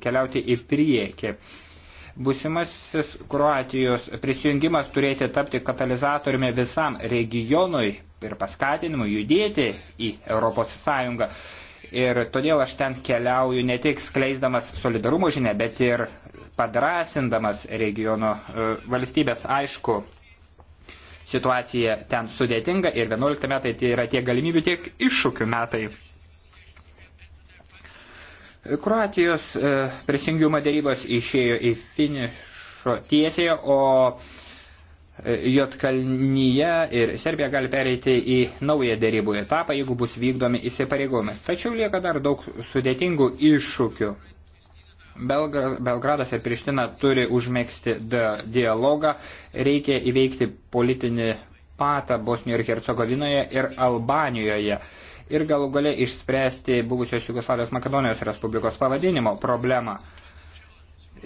keliauti į priekį. Busimasis Kroatijos prisijungimas turėti tapti katalizatoriumi visam regionui ir paskatinimu judėti į ES. Ir todėl aš ten keliauju ne tik skleisdamas solidarumo žinę, bet ir padrasindamas regiono e, valstybės. Aišku, situacija ten sudėtinga ir 11 metai tai yra tiek galimybių, tiek iššūkių metai. Kroatijos e, prisijungimo dėrybos išėjo į finišo tiesėje, o e, Jotkalnyje ir Serbija gali pereiti į naują dėrybų etapą, jeigu bus vykdomi įsipareigojimas. Tačiau lieka dar daug sudėtingų iššūkių. Belgra, Belgradas ir Priština turi užmėgsti dialogą, reikia įveikti politinį patą Bosnijoje ir Hercegovinoje ir Albanijoje ir galų gale išspręsti buvusios Jugoslavijos Makedonijos Respublikos pavadinimo problemą.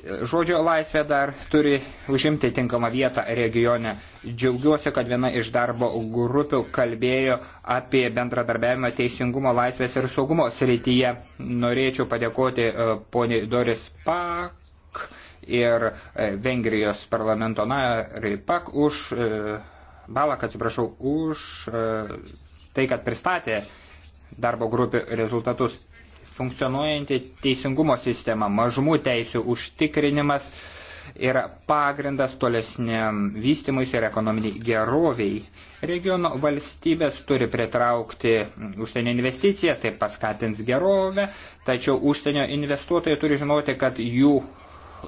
Žodžio laisvė dar turi užimti tinkamą vietą regione. Džiaugiuosi, kad viena iš darbo grupių kalbėjo apie bendradarbiavimą teisingumo laisvės ir saugumo srityje. Norėčiau padėkoti e, poniai Doris Pak ir e, Vengrijos parlamento nariai Pak už, e, balak atsiprašau, už tai, kad pristatė darbo grupių rezultatus funkcionuojanti teisingumo sistema, mažumų teisių užtikrinimas yra pagrindas tolesniam vystimui ir ekonominiai geroviai. Regiono valstybės turi pritraukti užsienio investicijas, tai paskatins gerovę, tačiau užsienio investuotojai turi žinoti, kad jų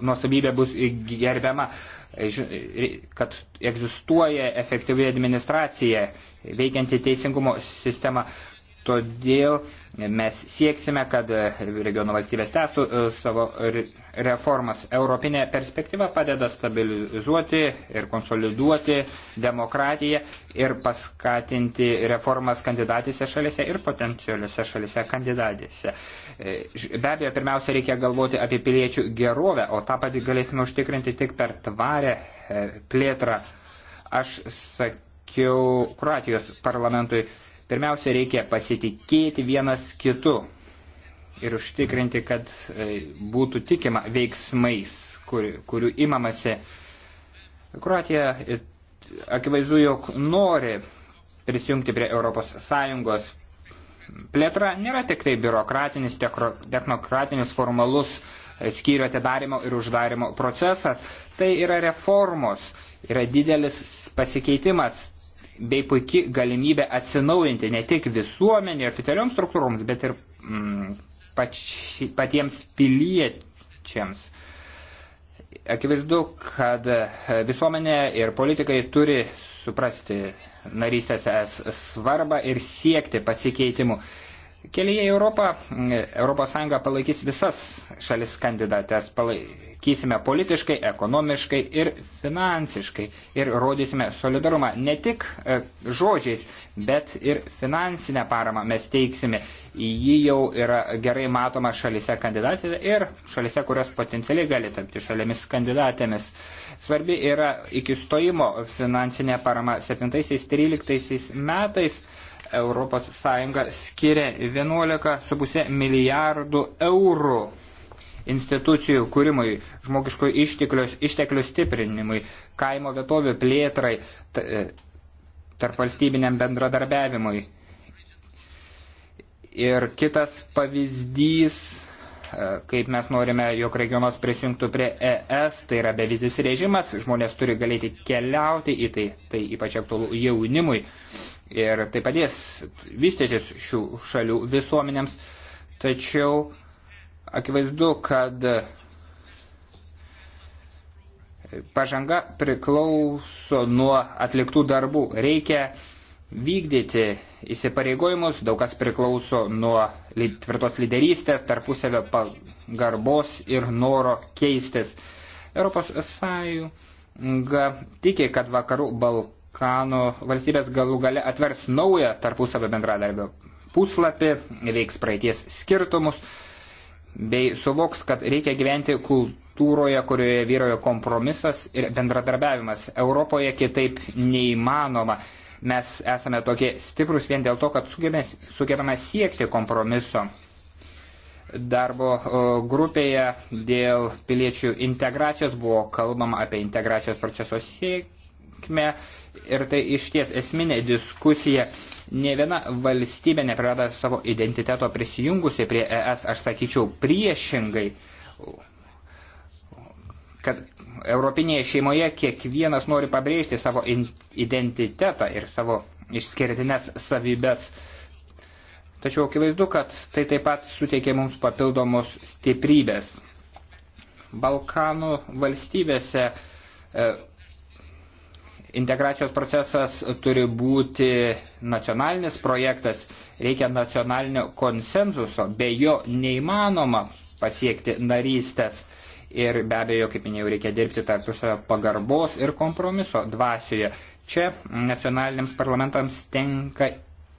nuosavybė bus gerbiama, kad egzistuoja efektyvi administracija, veikianti teisingumo sistema. Todėl mes sieksime, kad regiono valstybės tęstų e, savo reformas. Europinė perspektyva padeda stabilizuoti ir konsoliduoti demokratiją ir paskatinti reformas kandidatėse šalise ir potencialiuose šalise kandidatėse. E, be abejo, pirmiausia, reikia galvoti apie piliečių gerovę, o tą patį galėsime užtikrinti tik per tvarę e, plėtrą. Aš sakiau Kroatijos parlamentui Pirmiausia, reikia pasitikėti vienas kitu ir užtikrinti, kad e, būtų tikima veiksmais, kur, kurių imamasi. Kroatija akivaizdu, jog nori prisijungti prie Europos Sąjungos. Plėtra nėra tik tai biurokratinis, technokratinis formalus e, skyrių atidarimo ir uždarimo procesas. Tai yra reformos, yra didelis pasikeitimas bei puikiai galimybė atsinaujinti ne tik visuomenį oficialioms struktūroms, bet ir mm, pači, patiems piliečiams. Akivaizdu, kad e, visuomenė ir politikai turi suprasti narystės svarbą ir siekti pasikeitimų. Kelyje į Europą ES palaikys visas šalis kandidates, palaikysime politiškai, ekonomiškai ir finansiškai ir rodysime solidarumą ne tik e, žodžiais, bet ir finansinę paramą mes teiksime. Ji jau yra gerai matoma šalise kandidatėse ir šalise, kurios potencialiai gali tapti šalėmis kandidatėmis. Svarbi yra iki stojimo finansinė parama 7-13 metais ES skiria 11,5 milijardų eurų institucijų kūrimui, žmogiško išteklius, išteklių stiprinimui, kaimo vietovių plėtrai, e, tarp valstybiniam bendradarbiavimui. Ir kitas pavyzdys E, kaip mes norime, jog regionas prisijungtų prie ES, tai yra bevizis režimas, žmonės turi galėti keliauti į tai, tai ypač aktualu jaunimui ir tai padės vystytis šių šalių visuomenėms, tačiau akivaizdu, kad pažanga priklauso nuo atliktų darbų. Reikia vykdyti įsipareigojimus, daug kas priklauso nuo tvirtos lyderystės, tarpusavio pagarbos ir noro keistis. Europos Sąjunga tiki, kad vakarų Balkanų valstybės galų gale atvers naują tarpusavio bendradarbio puslapį, veiks praeities skirtumus, bei suvoks, kad reikia gyventi kultūroje, kurioje vyroja kompromisas ir bendradarbiavimas. Europoje kitaip neįmanoma. Mes esame tokie stiprus vien dėl to, kad sugebame siekti kompromiso darbo grupėje dėl piliečių integracijos buvo kalbama apie integracijos proceso sėkmę ir tai iš ties esminė diskusija. Ne viena valstybė neprarada savo identiteto prisijungusi prie ES, aš sakyčiau priešingai kad europinėje šeimoje kiekvienas nori pabrėžti savo identitetą ir savo išskirtinės savybės. Tačiau akivaizdu, kad tai taip pat suteikia mums papildomos stiprybės. Balkanų valstybėse e, integracijos procesas turi būti nacionalinis projektas, reikia nacionalinio konsensuso, be jo neįmanoma pasiekti narystės ir be abejo, kaip minėjau, reikia dirbti tarpusavio pagarbos ir kompromiso dvasioje. Čia nacionaliniams parlamentams tenka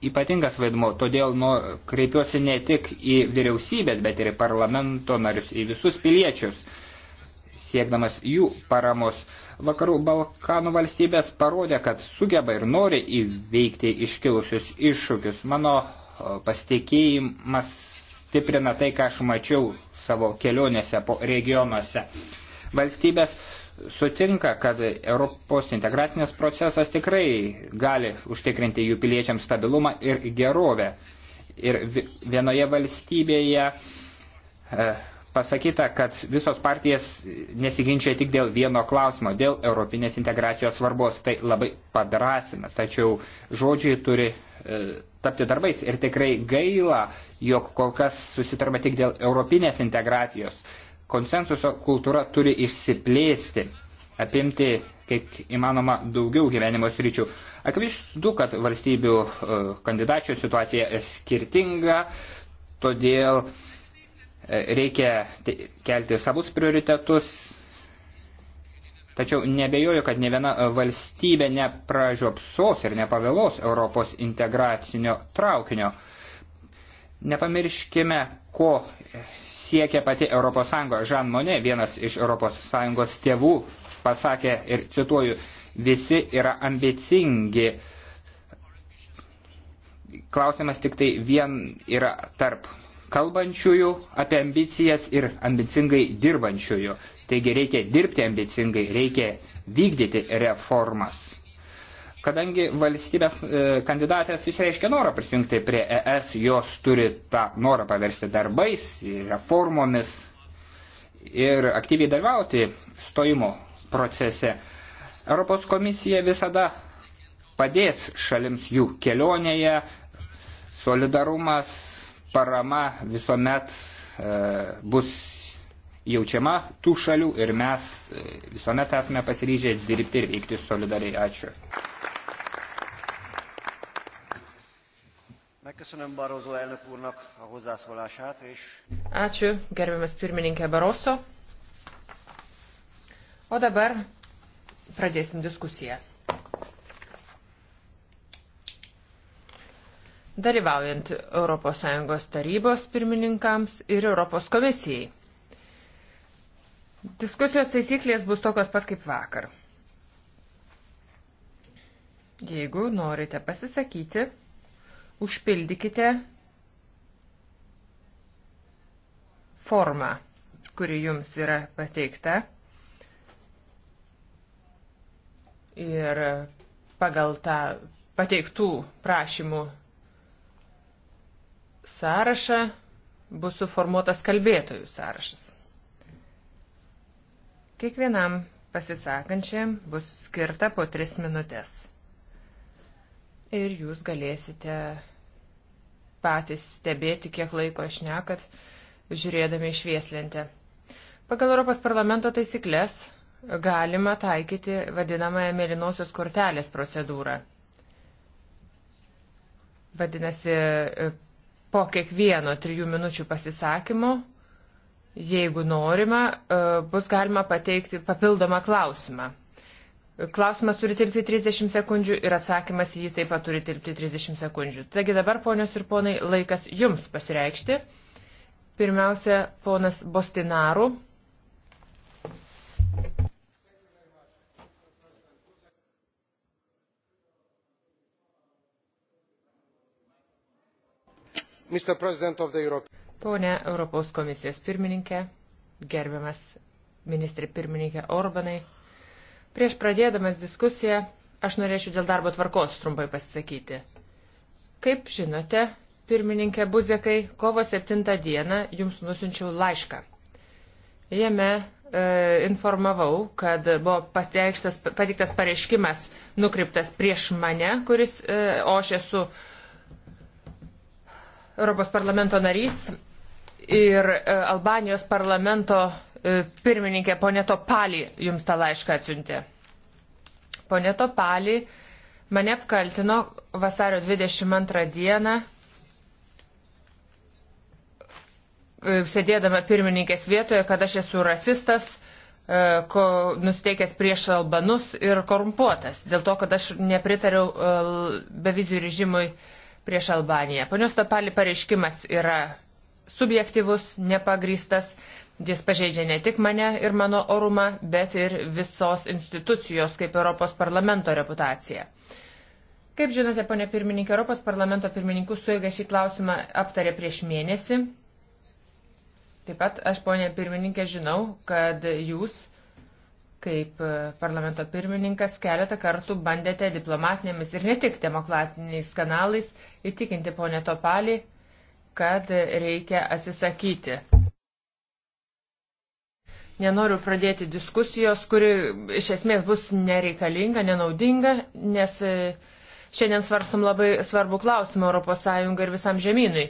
ypatingas vaidmo, todėl nu, kreipiuosi ne tik į vyriausybės, bet ir į parlamento narius, į visus piliečius, siekdamas jų paramos. Vakarų Balkanų valstybės parodė, kad sugeba ir nori įveikti iškilusius iššūkius. Mano pasitikėjimas stiprina tai, ką aš mačiau savo kelionėse po regionuose. Valstybės sutinka, kad Europos integracinis procesas tikrai gali užtikrinti jų piliečiams stabilumą ir gerovę. Ir vienoje valstybėje e, pasakyta, kad visos partijas nesiginčia tik dėl vieno klausimo, dėl europinės integracijos svarbos. Tai labai padrasina, tačiau žodžiai turi e, tapti darbais ir tikrai gaila, jog kol kas susitarma tik dėl europinės integracijos. Konsensuso kultūra turi išsiplėsti, apimti kiek įmanoma daugiau gyvenimo sričių. Akivaizdu, kad valstybių e, kandidačių situacija skirtinga, todėl uh, Reikia kelti savus prioritetus, tačiau nebejoju, kad ne viena valstybė nepražiopsos ir nepavėlos Europos integracinio traukinio. Nepamirškime, ko siekia pati ES. Žan Monė, vienas iš ES tėvų, pasakė ir cituoju, visi yra ambicingi. Klausimas tik tai vien yra tarp kalbančiųjų, apie ambicijas ir ambicingai dirbančiųjų. Taigi reikia dirbti ambicingai, reikia vykdyti reformas. Kadangi valstybės e, kandidatės išreiškė norą prisijungti prie ES, jos turi tą norą paversti darbais, reformomis ir aktyviai dalyvauti stojimo procese. Europos komisija visada padės šalims jų kelionėje, solidarumas, parama visuomet e, bus jaučiama tų šalių ir mes e, visuomet esame pasiryžę dirbti ir veikti solidariai. Ačiū. Megköszönöm Barroso elnök úrnak a hozzászólását, és... Ačiū, gerbiamas pirmininkė Baroso. O dabar pradėsim diskusiją. dalyvaujant ES tarybos pirmininkams ir ES komisijai. Diskusijos taisyklės bus tokios pat kaip vakar. Jeigu norite pasisakyti, užpildykite formą, kuri jums yra pateikta. Ir pagal tą pateiktų prašymų sąrašą bus suformuotas kalbėtojų sąrašas. Kiekvienam pasisakančiam bus skirta po tris minutės. Ir jūs galėsite patys stebėti, kiek laiko išnekat, žiūrėdami išvieslentę. Pagal Europos parlamento taisyklės galima taikyti vadinamąją mėlynosios kortelės procedūrą. Vadinasi, po kiekvieno trijų minučių pasisakymo, jeigu norima, e, bus galima pateikti papildomą klausimą. Klausimas turi tilpti 30 sekundžių ir atsakymas į jį taip pat turi tilpti 30 sekundžių. Taigi dabar, ponios ir ponai, laikas jums pasireikšti. Pirmiausia, ponas Bostinaru Pone Europos komisijos pirmininkė, gerbiamas ministrė pirmininkė Orbanai, prieš pradėdamas diskusiją aš norėčiau dėl darbo tvarkos trumpai pasisakyti. Kaip žinote, pirmininkė Buzekai, kovo 7 dieną jums nusinčiau laišką. Jame e, informavau, kad buvo pateiktas pareiškimas nukreiptas prieš mane, kuris, e, o aš esu Europos parlamento narys ir e, Albanijos parlamento e, pirmininkė ponė Topali jums tą laišką atsiuntė. Ponė Topali mane apkaltino vasario 22 dieną, e, sėdėdama pirmininkės vietoje, kad aš esu rasistas, ko, nusteikęs prieš albanus ir korumpuotas, dėl to, kad aš nepritariau bevizijų režimui uh, prieš Albaniją. Ponios Topali pareiškimas yra subjektivus, nepagrystas. Jis pažeidžia ne tik mane ir mano orumą, bet ir visos institucijos kaip Europos parlamento reputaciją. Kaip žinote, ponė pirmininkė, Europos parlamento pirmininkų suėga šį klausimą aptarė prieš mėnesį. Taip pat aš, ponė pirmininkė, žinau, kad jūs kaip e, parlamento pirmininkas keletą kartų bandėte diplomatinėmis ir ne tik demokratiniais kanalais įtikinti ponę Topalį, kad reikia atsisakyti. Nenoriu pradėti diskusijos, kuri iš esmės bus nereikalinga, nenaudinga, nes e, šiandien svarstom labai svarbų klausimą ES ir visam žemynui.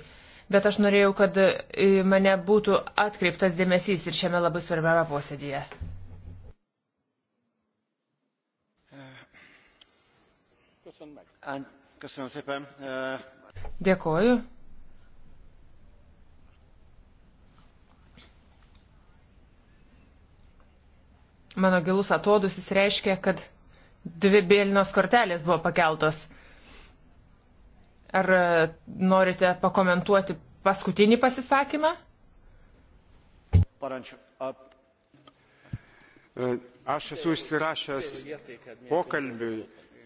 Bet aš norėjau, kad e, mane būtų atkreiptas dėmesys ir šiame labai svarbiame posėdėje. Eh, Dėkoju. Mano gilus atodus jis reiškia, kad dvi bėlinos kortelės buvo pakeltos. Ar eh, norite pakomentuoti paskutinį pasisakymą? Parančiu. Eh, aš esu išsirašęs pokalbiui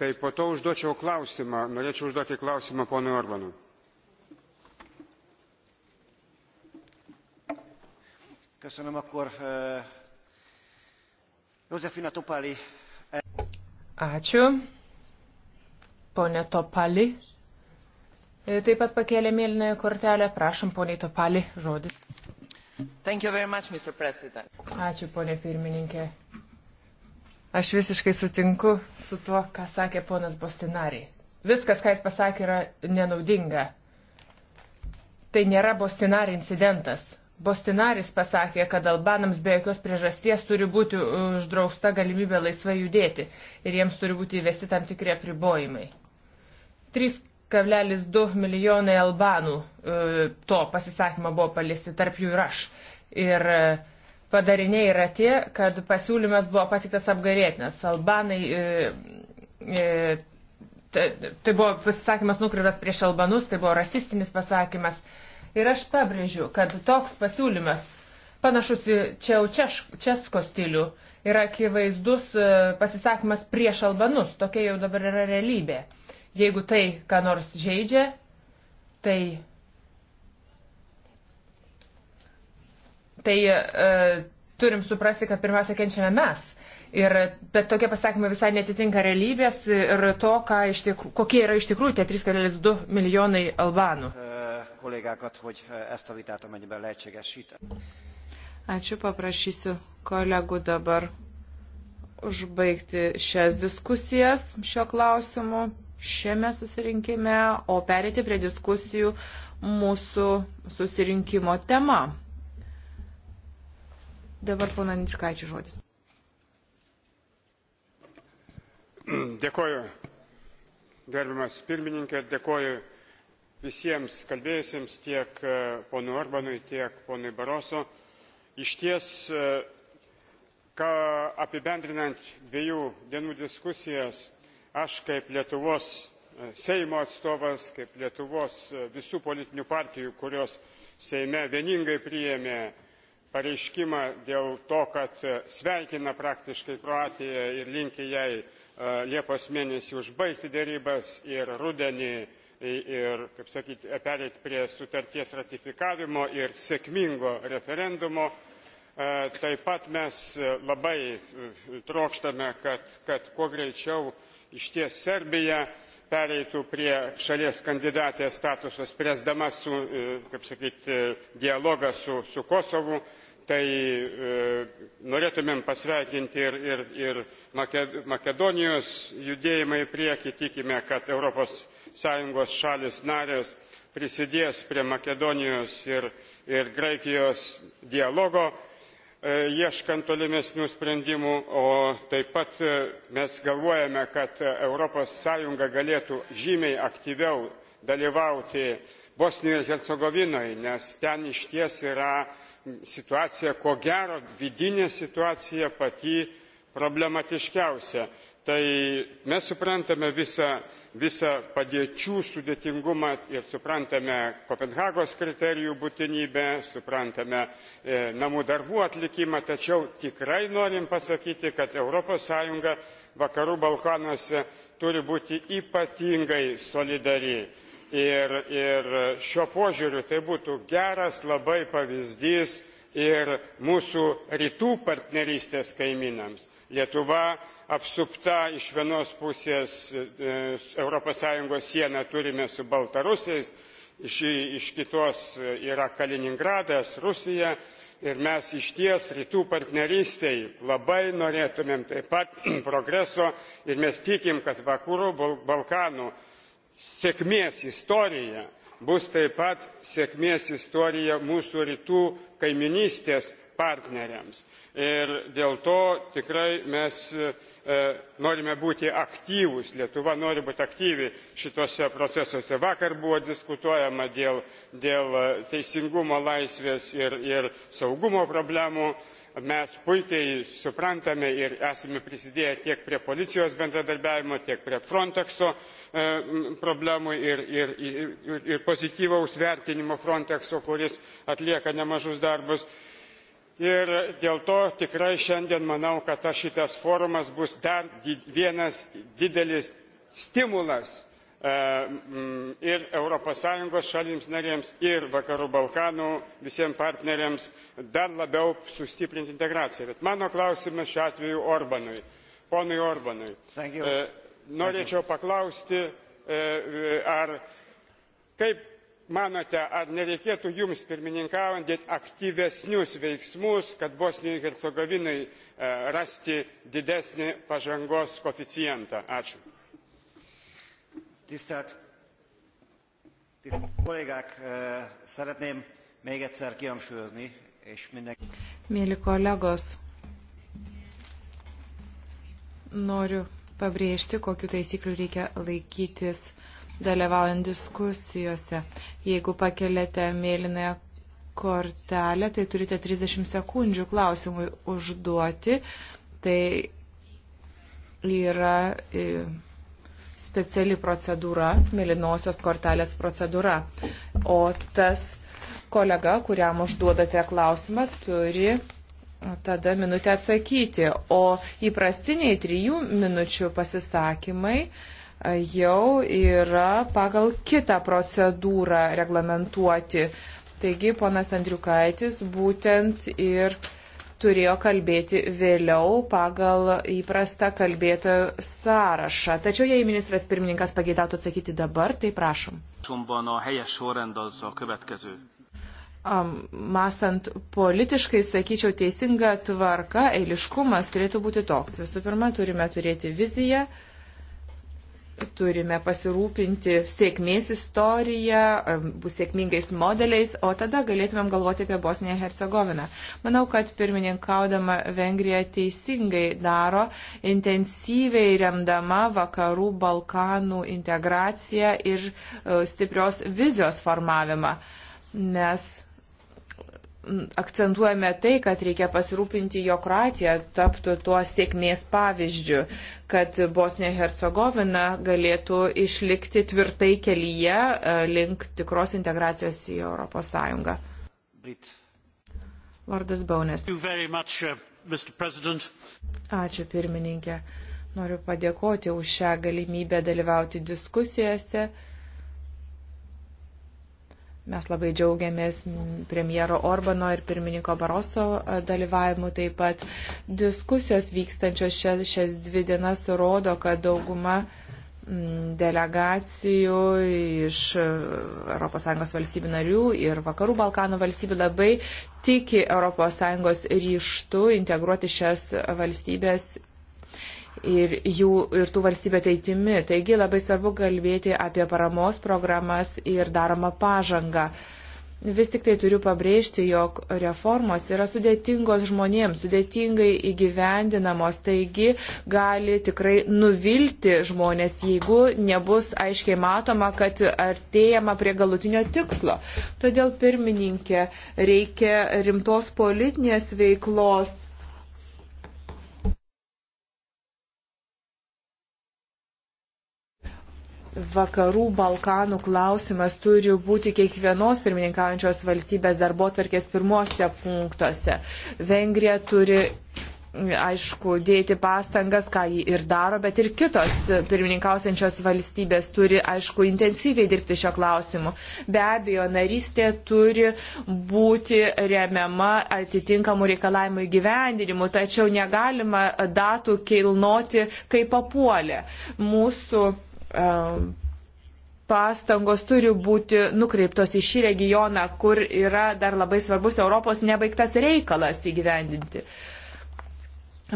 tai po to užduočiau klausimą, norėčiau užduoti klausimą ponui Orbanui. Köszönöm, akkor uh, Józsefina Topali. Ačiū. Pone Topali. E, taip pat pakėlė mėlynąją kortelę. Prašom, poniai Topali, žodis. Much, Ačiū, ponė pirmininkė. Aš visiškai sutinku su tuo, ką sakė ponas Bostinari. Viskas, ką jis pasakė, yra nenaudinga. Tai nėra Bostinari incidentas. Bostinaris pasakė, kad albanams be jokios priežasties turi būti uždrausta galimybė laisvai judėti ir jiems turi būti įvesti tam tikrie pribojimai. 3,2 milijonai albanų e, to pasisakymą buvo paliesti, tarp jų ir aš. Ir uh, padariniai yra tie, kad pasiūlymas buvo patiktas apgarėtinas. Albanai, e, e, tai, tai buvo pasisakymas nukreiptas prieš albanus, tai buvo rasistinis pasakymas. Ir aš pabrėžiu, kad toks pasiūlymas, panašus į čia jau češ, česko stilių, yra akivaizdus e, pasisakymas prieš albanus. Tokia jau dabar yra realybė. Jeigu tai, ką nors žaidžia, tai tai e, turim suprasti, kad pirmiausia kenčiame mes. Ir, bet tokie pasakymai visai netitinka realybės ir to, tikr, kokie yra iš tikrųjų tie 3,2 milijonai albanų. E, e, Ačiū, paprašysiu kolegų dabar užbaigti šias diskusijas šio klausimu šiame susirinkime, o perėti prie diskusijų mūsų susirinkimo tema. Dabar pana Nitrikaičio žodis. Dėkoju, gerbiamas pirmininkė, dėkoju visiems kalbėjusiems, tiek e, ponui Orbanui, tiek ponui Baroso. Iš ties, e, ką apibendrinant dviejų dienų diskusijas, aš kaip Lietuvos e, Seimo atstovas, kaip Lietuvos visų politinių partijų, kurios Seime vieningai priėmė pareiškimą dėl to, kad e, sveikina praktiškai Kroatiją ir linkia jai e, Liepos mėnesį užbaigti dėrybas ir rudenį ir, kaip sakyti, perėti prie sutarties ratifikavimo ir sėkmingo referendumo. E, taip pat mes labai trokštame, kad, kad kuo greičiau iš ties Serbija pereitų prie šalies kandidatės statuso spręsdama su, e, kaip sakyti, e, dialogą su, su Kosovu, tai e, norėtumėm pasveikinti ir, ir, ir Makedonijos judėjimą į priekį. Tikime, kad ES šalis narės prisidės prie Makedonijos ir, ir Graikijos dialogo E, ieškant tolimesnių sprendimų o taip pat e, mes galvojame kad europos sąjunga galėtų žymiai aktyviau dalyvauti bosnijoje ir hercegovinoje nes ten išties yra situacija ko gero vidinė situacija pati problematiškiausia tai mes suprantame visą, visą padėčių sudėtingumą ir suprantame Kopenhagos kriterijų būtinybę, suprantame e, namų darbų atlikimą, tačiau tikrai norim pasakyti, kad ES vakarų Balkanuose turi būti ypatingai solidari. Ir, ir šio požiūriu tai būtų geras labai pavyzdys ir mūsų rytų partnerystės kaimynams. Lietuva apsupta iš vienos pusės ES sieną turime su Baltarusiais, iš, iš kitos e, yra Kaliningradas, Rusija ir mes iš ties rytų partnerystėj labai norėtumėm taip pat progreso ir mes tikim, kad vakarų Balkanų sėkmės istorija bus taip pat sėkmės istorija mūsų rytų kaiminystės partneriams. Ir dėl to tikrai mes e, norime būti aktyvūs, Lietuva nori būti aktyvi šituose procesuose. Vakar buvo diskutuojama dėl, dėl e, teisingumo, laisvės ir, ir saugumo problemų. Mes puikiai suprantame ir esame prisidėję tiek prie policijos bendradarbiavimo, tiek prie Frontexo e, problemų ir, ir, ir, ir pozityvaus vertinimo Frontexo, kuris atlieka nemažus darbus ir dėl to tikrai šiandien manau kad šitas forumas bus dar vienas didelis stimulas e, mm, ir europos sąjungos šalims narėms ir vakarų balkanų visiems partneriams dar labiau sustiprinti integraciją. bet mano klausimas šiuo atveju orbanui ponui orbanui e, norėčiau paklausti e, ar kaip manote ar nereikėtų jums pirmininkaujant dėti aktyvesnius veiksmus kad bosnijai ir hercegovinai e, rasti didesnį pažangos koeficientą? tisztelt kollégák! E, szeretném még egyszer kihangsúlyozni és mindenki. Mėly kolegos, noriu pabrėžti, kokiu taisykliu reikia laikytis dalyvaujant diskusijose. Jeigu pakeliate mėlynąją kortelę, tai turite 30 sekundžių klausimui užduoti. Tai yra e, speciali procedūra, mėlynosios kortelės procedūra. O tas kolega, kuriam užduodate klausimą, turi tada minutę atsakyti. O įprastiniai trijų minučių pasisakymai uh, jau yra pagal kitą procedūrą reglamentuoti. Taigi ponas Andriukaitis būtent ir turėjo kalbėti vėliau pagal įprastą kalbėtojų sąrašą. Tačiau jei ministras pirmininkas pageidautų atsakyti dabar, tai prašom. Mastant politiškai, sakyčiau, teisinga tvarka, eiliškumas turėtų būti toks. Visų pirma, turime turėti viziją, turime pasirūpinti sėkmės istorija, sėkmingais modeliais, o tada galėtumėm galvoti apie Bosniją Hercegoviną. Manau, kad pirmininkaudama Vengrija teisingai daro, intensyviai remdama vakarų Balkanų integraciją ir e, stiprios vizijos formavimą. Nes akcentuojame tai, kad reikia pasirūpinti, jog Kroatija taptų tuo sėkmės pavyzdžiu, kad Bosnija Hercegovina galėtų išlikti tvirtai kelyje e, link tikros integracijos į Europos Sąjungą. Brit. Lordas Baunes. Much, uh, Ačiū pirmininkė. Noriu padėkoti už šią galimybę dalyvauti diskusijose. Mes labai džiaugiamės premjero Orbano ir pirmininko Baroso e, dalyvavimu taip pat. Diskusijos vykstančios šias, šias dvi dienas rodo, kad dauguma mm, delegacijų iš ES valstybių narių ir Vakarų Balkanų valstybių labai tiki ES ryštų integruoti šias valstybės ir, jų, ir tų valstybių ateitimi. Taigi labai svarbu kalbėti apie paramos programas ir daromą pažangą. Vis tik tai turiu pabrėžti, jog reformos yra sudėtingos žmonėms, sudėtingai įgyvendinamos, taigi gali tikrai nuvilti žmonės, jeigu nebus aiškiai matoma, kad artėjama prie galutinio tikslo. Todėl pirmininkė reikia rimtos politinės veiklos vakarų Balkanų klausimas turi būti kiekvienos pirmininkaujančios valstybės darbo tvarkės pirmose punktuose. Vengrija turi, aišku, dėti pastangas, ką jį ir daro, bet ir kitos pirmininkausiančios valstybės turi, aišku, intensyviai dirbti šio klausimu. Be abejo, narystė turi būti remiama atitinkamų reikalavimų įgyvendinimu, tačiau negalima datų kilnoti kaip papuolė. Mūsų pastangos turi būti nukreiptos į šį regioną, kur yra dar labai svarbus Europos nebaigtas reikalas įgyvendinti. Uh,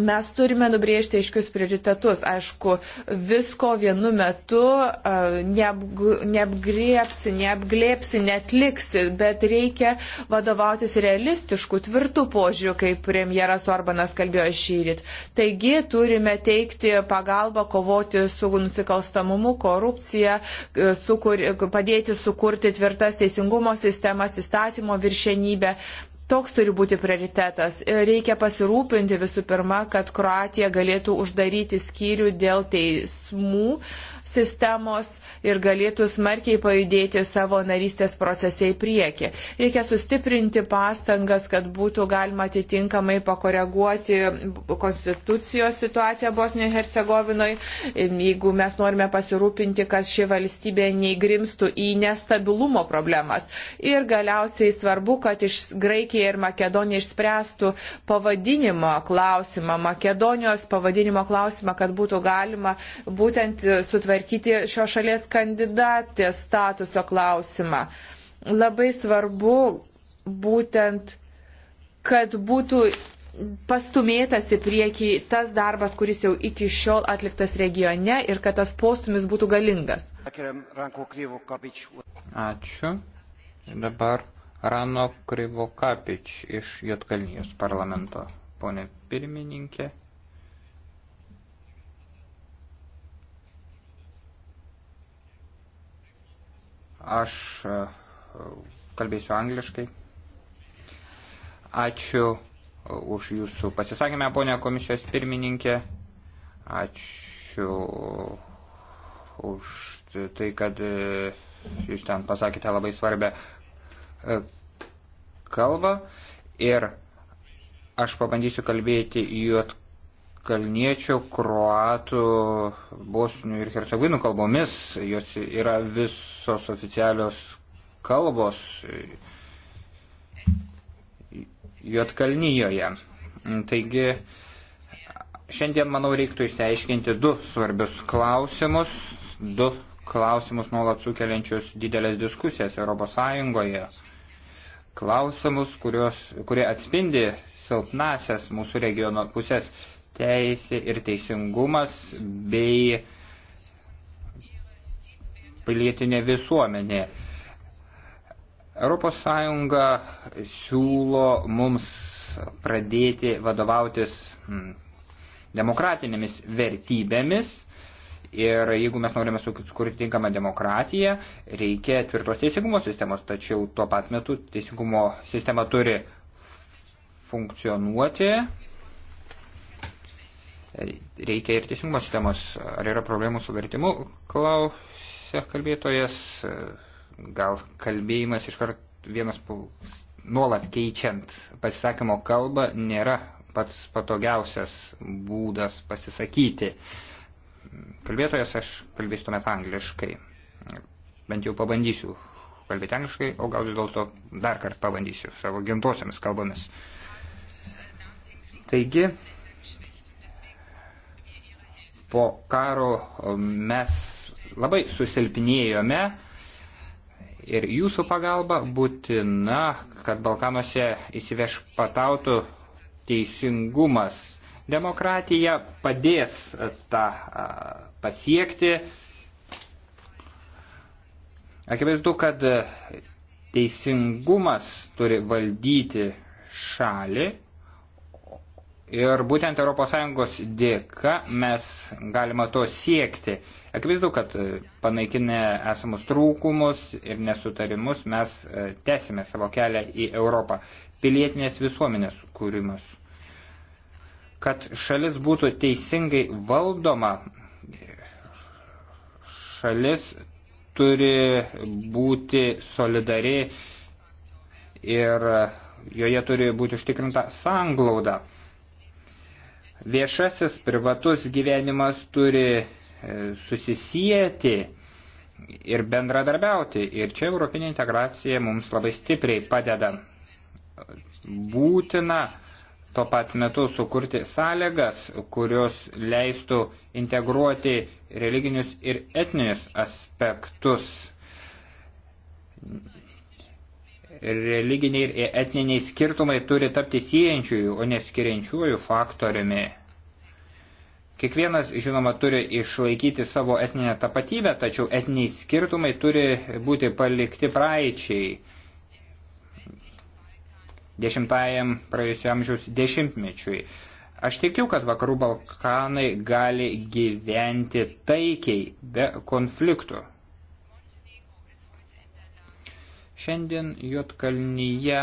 Mes turime nubrėžti aiškius prioritetus. Aišku, visko vienu metu neapg, neapgriepsi, neapglėpsi, netliksi, bet reikia vadovautis realistiškų, tvirtų požiūrių, kaip premjeras Orbanas kalbėjo šyrit. Taigi turime teikti pagalbą kovoti su nusikalstamumu, korupcija, e, sukur, padėti sukurti tvirtas teisingumo sistemas, įstatymo viršenybę. Toks turi būti prioritetas. E, reikia pasirūpinti visų pirma, kad Kroatija galėtų uždaryti skyrių dėl teismų, uh, sistemos ir galėtų smarkiai pajudėti savo narystės procese į priekį. Reikia sustiprinti pastangas, kad būtų galima atitinkamai pakoreguoti konstitucijos situaciją Bosnijoje Hercegovinoje, jeigu mes norime pasirūpinti, kad ši valstybė neįgrimstų į nestabilumo problemas. Ir galiausiai svarbu, kad iš Graikija ir Makedonija išspręstų pavadinimo klausimą, Makedonijos pavadinimo klausimą, kad būtų galima būtent sutvarkyti tvarkyti šio šalies kandidatės statuso klausimą. Labai svarbu būtent, kad būtų pastumėtas į priekį tas darbas, kuris jau iki šiol atliktas regione ir kad tas postumis būtų galingas. Ačiū. Dabar Rano Krivokapič iš Jotkalnijos parlamento. Pone pirmininkė, Aš e, kalbėsiu angliškai. Ačiū e, už jūsų pasisakymę, ponia komisijos pirmininkė. Ačiū e, už tai, kad jūs ten pasakėte labai svarbę kalbą. Ir aš pabandysiu kalbėti juot kalniečių, kroatų, bosnių ir hercegovinų kalbomis. Jos yra visos oficialios kalbos Jotkalnyjoje. Taigi šiandien, manau, reiktų išsiaiškinti du svarbius klausimus, du klausimus nuolat sukeliančius didelės diskusijas ES. Klausimus, kurios, kurie atspindi silpnasias mūsų regiono pusės teisė ir teisingumas bei pilietinė visuomenė. ES siūlo mums pradėti vadovautis hmm, demokratinėmis vertybėmis ir jeigu mes norime sukurti tinkamą demokratiją, reikia tvirtos teisingumo sistemos, tačiau tuo pat metu teisingumo sistema turi funkcionuoti reikia ir teisingumo sistemos. Ar yra problemų su vertimu, klausia kalbėtojas. Gal kalbėjimas iškart vienas nuolat keičiant pasisakymo kalbą nėra pats patogiausias būdas pasisakyti. Kalbėtojas aš kalbėsiu tuomet angliškai. Bent jau pabandysiu kalbėti angliškai, o gal vis dėlto dar kartą pabandysiu savo gimtosiamis kalbomis. Taigi, po karo um, mes labai susilpnėjome ir jūsų pagalba būtina, kad Balkanuose įsivešpatautų teisingumas. Demokratija padės tą pasiekti. Akivaizdu, kad teisingumas turi valdyti šalį Ir būtent ES dėka mes galima to siekti. Akivaizdu, kad e, panaikinę esamus trūkumus ir nesutarimus mes e, tęsime savo kelią į Europą. Pilietinės visuomenės kūrimas. Kad šalis būtų teisingai valdoma, šalis turi būti solidari ir e, joje turi būti užtikrinta sanglauda Viešasis privatus gyvenimas turi e, susisieti ir bendradarbiauti. Ir čia europinė integracija mums labai stipriai padeda. Būtina tuo pat metu sukurti sąlygas, kurios leistų integruoti religinius ir etninius aspektus religiniai ir etniniai skirtumai turi tapti siejančiųjų, o neskiriančiųjų faktoriumi. Kiekvienas, žinoma, turi išlaikyti savo etninę tapatybę, tačiau etniniai skirtumai turi būti palikti praeičiai. Dešimtajam praėjusio amžiaus dešimtmečiui. Aš tikiu, kad vakarų Balkanai gali gyventi taikiai, be konfliktų. Šiandien Jotkalnyje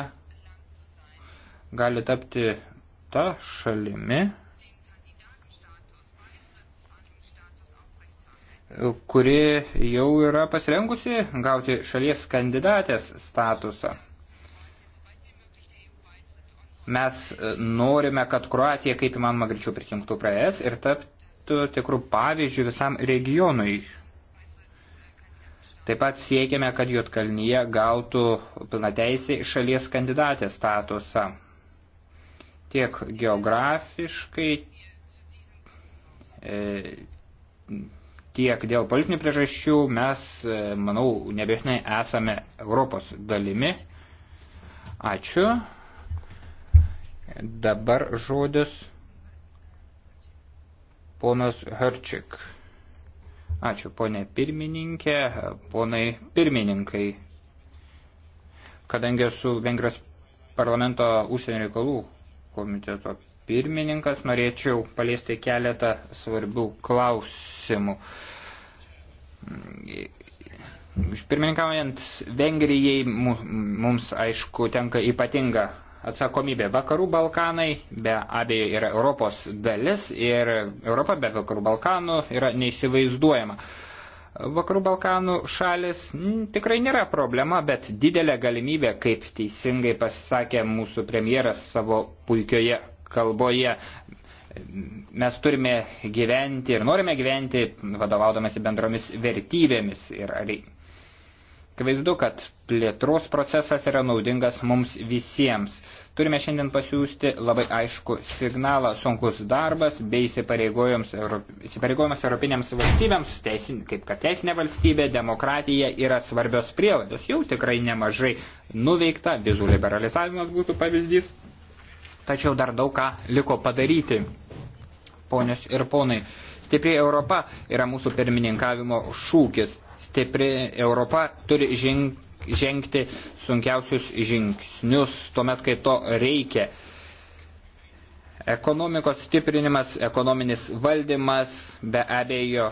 gali tapti ta šalimi, kuri jau yra pasirengusi gauti šalies kandidatės statusą. Mes norime, kad Kroatija kaip įmanoma greičiau prisijungtų prie ES ir taptų tikrų pavyzdžių visam regionui. Taip pat siekiame, kad Jotkalnyje gautų pilnateisį šalies kandidatės statusą. Tiek geografiškai, e, tiek dėl politinių priežasčių mes, e, manau, nebežinai esame Europos dalimi. Ačiū. Dabar žodis ponas Herčik. Ačiū, ponė pirmininkė, ponai pirmininkai. Kadangi esu Vengrijos parlamento užsienio reikalų komiteto pirmininkas, norėčiau paliesti keletą svarbių klausimų. Pirmininkaujant Vengrijai mums, aišku, tenka ypatinga atsakomybė. Vakarų Balkanai be abejo yra Europos dalis ir Europa be Vakarų Balkanų yra neįsivaizduojama. Vakarų Balkanų šalis n, mm, tikrai nėra problema, bet didelė galimybė, kaip teisingai pasisakė mūsų premjeras savo puikioje kalboje, mes turime gyventi ir norime gyventi vadovaudomasi bendromis vertybėmis. Ir Kvaizdu, kad plėtros procesas yra naudingas mums visiems. Turime šiandien pasiūsti labai aišku signalą sunkus darbas bei įsipareigojimas europinėms valstybėms, teisin, kaip kad teisinė valstybė, demokratija yra svarbios prielaidos. Jau tikrai nemažai nuveikta, vizų liberalizavimas būtų pavyzdys, tačiau dar daug ką liko padaryti. Ponios ir ponai, stipri Europa yra mūsų pirmininkavimo šūkis stipri Europa turi žengti sunkiausius žingsnius tuomet, kai to reikia. Ekonomikos stiprinimas, ekonominis valdymas be abejo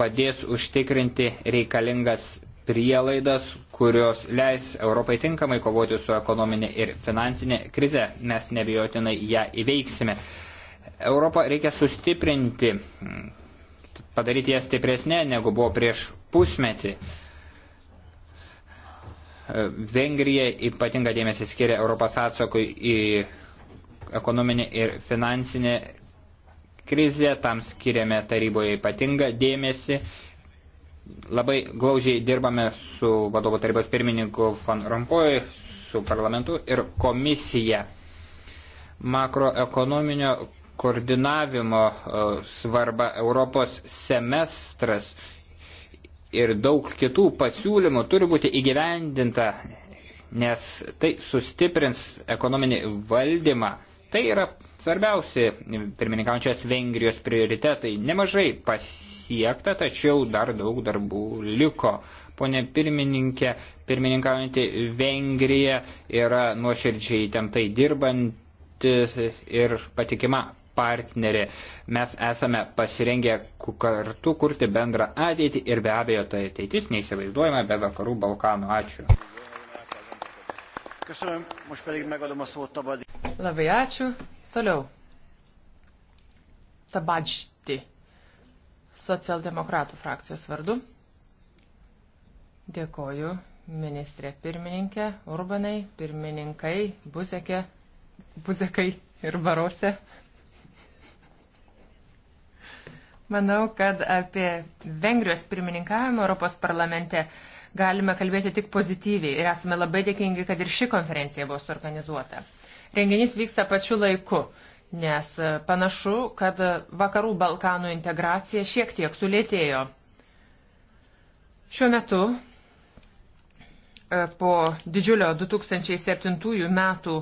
padės užtikrinti reikalingas prielaidas, kurios leis Europai tinkamai kovoti su ekonominė ir finansinė krize. Mes nebijotinai ją įveiksime. Europą reikia sustiprinti padaryti ją stipresnė negu buvo prieš pusmetį. E, Vengrija ypatinga dėmesį skiria Europos atsakui į ekonominę ir finansinę krizę, tam skiriame taryboje ypatingą dėmesį. Labai glaužiai dirbame su vadovo tarybos pirmininku Van Rompuy, su parlamentu ir komisija. Makroekonominio koordinavimo e, svarba Europos semestras ir daug kitų pasiūlymų turi būti įgyvendinta, nes tai sustiprins ekonominį valdymą. Tai yra svarbiausi pirmininkaujančios Vengrijos prioritetai. Nemažai pasiekta, tačiau dar daug darbų liko. Pone pirmininkė, pirmininkaujantį Vengriją yra nuoširdžiai temtai dirbanti ir patikima partnerė. Mes esame pasirengę kartu kurti bendrą ateitį ir be abejo tai ateitis neįsivaizduojama be vakarų Balkanų. Ačiū. Labai ačiū. Toliau. Tabadžti. Socialdemokratų frakcijos vardu. Dėkoju ministrė pirmininkė, urbanai, pirmininkai, buzekė, buzekai ir barose. Manau, kad apie Vengrijos pirmininkavimą Europos parlamente galime kalbėti tik pozityviai ir esame labai dėkingi, kad ir ši konferencija buvo suorganizuota. Renginys vyksta pačiu laiku, nes e, panašu, kad vakarų Balkanų integracija šiek tiek sulėtėjo. Šiuo metu e, po didžiulio 2007 metų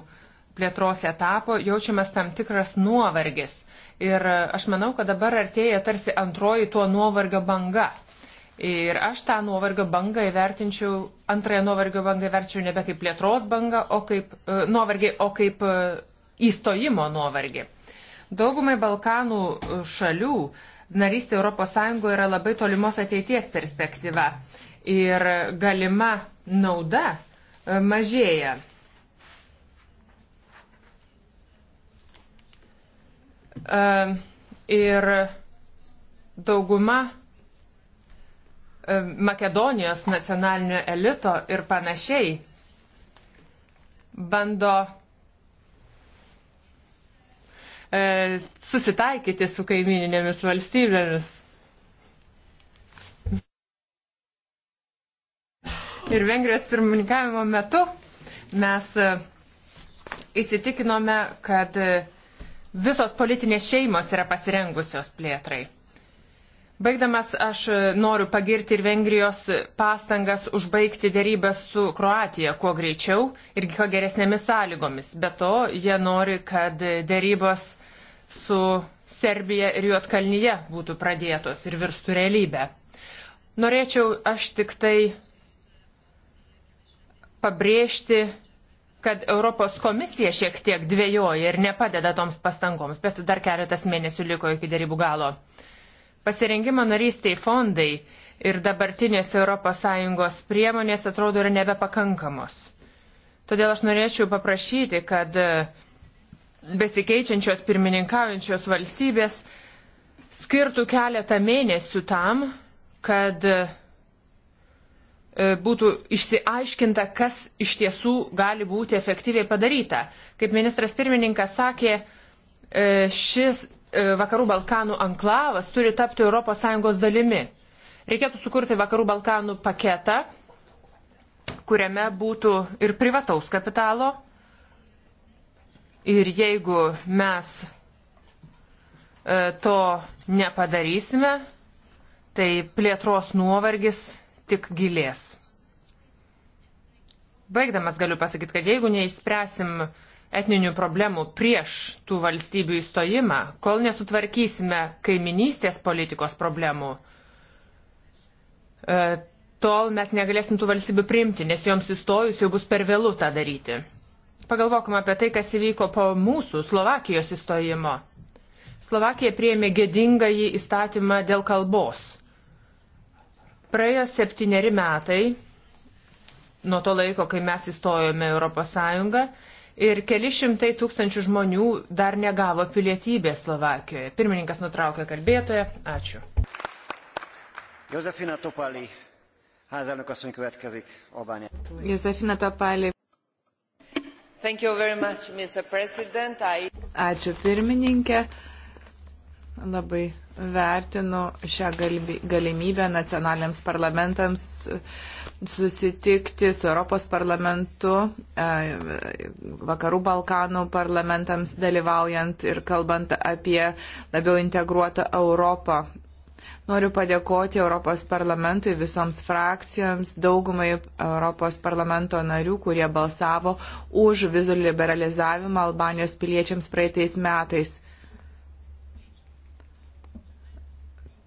plėtros etapo jaučiamas tam tikras nuovargis Ir aš manau, kad dabar artėja tarsi antroji tuo nuovargio banga. Ir aš tą nuovargio bangą įvertinčiau, antrąją nuovargio bangą įvertinčiau nebe kaip plėtros bangą, o kaip e, nuovargį, o kaip e, įstojimo nuovargį. Daugumai Balkanų e, šalių narystė ES yra labai tolimos ateities perspektyva ir galima nauda e, mažėja. E, ir dauguma e, Makedonijos nacionalinio elito ir panašiai bando e, susitaikyti su kaimininėmis valstybėmis. Ir Vengrijos pirmininkavimo metu mes įsitikinome, kad Visos politinės šeimos yra pasirengusios plėtrai. Baigdamas aš noriu pagirti ir Vengrijos pastangas užbaigti dėrybęs su Kroatija kuo greičiau ir kuo geresnėmis sąlygomis. Be to, jie nori, kad dėrybos su Serbija ir Juotkalnyje būtų pradėtos ir virstų realybę. Norėčiau aš tik tai pabrėžti kad Europos komisija šiek tiek dvėjoja ir nepadeda toms pastangoms, bet dar keletas mėnesių liko iki dėrybų galo. Pasirengimo narystiai fondai ir dabartinės ES priemonės atrodo yra nebepakankamos. Todėl aš norėčiau paprašyti, kad e, besikeičiančios pirmininkaujančios valstybės skirtų keletą mėnesių tam, kad e, E, būtų išsiaiškinta, kas iš tiesų gali būti efektyviai padaryta. Kaip ministras pirmininkas sakė, e, šis e, Vakarų Balkanų anklavas turi tapti ES dalimi. Reikėtų sukurti Vakarų Balkanų paketą, kuriame būtų ir privataus kapitalo. Ir jeigu mes to nepadarysime, tai plėtros nuovargis tik gilės. Baigdamas galiu pasakyti, kad jeigu neišspręsim etninių problemų prieš tų valstybių įstojimą, kol nesutvarkysime kaiminystės politikos problemų, e, tol mes negalėsim tų valstybių priimti, nes joms įstojus jau bus per vėlų tą daryti. Pagalvokime apie tai, kas įvyko po mūsų Slovakijos įstojimo. Slovakija prieėmė gedingąjį įstatymą dėl kalbos. Praėjo septyneri metai nuo to laiko, kai mes įstojome Europos Sąjungą ir keli šimtai tūkstančių žmonių dar negavo pilietybės Slovakijoje. Pirmininkas nutraukė kalbėtoją. Ačiū. Josefina Topali, házelnök asszony következik, Albánia. Josefina Topali. Thank you very much, Mr. President. I... Ačiū pirmininkė. Labai vertinu šią galimybę nacionaliniams parlamentams e, susitikti su Europos parlamentu, e, vakarų Balkanų parlamentams dalyvaujant ir kalbant apie labiau integruotą Europą. Noriu padėkoti Europos parlamentui, visoms frakcijoms, daugumai Europos parlamento narių, kurie balsavo už vizų liberalizavimą Albanijos piliečiams praeitais metais.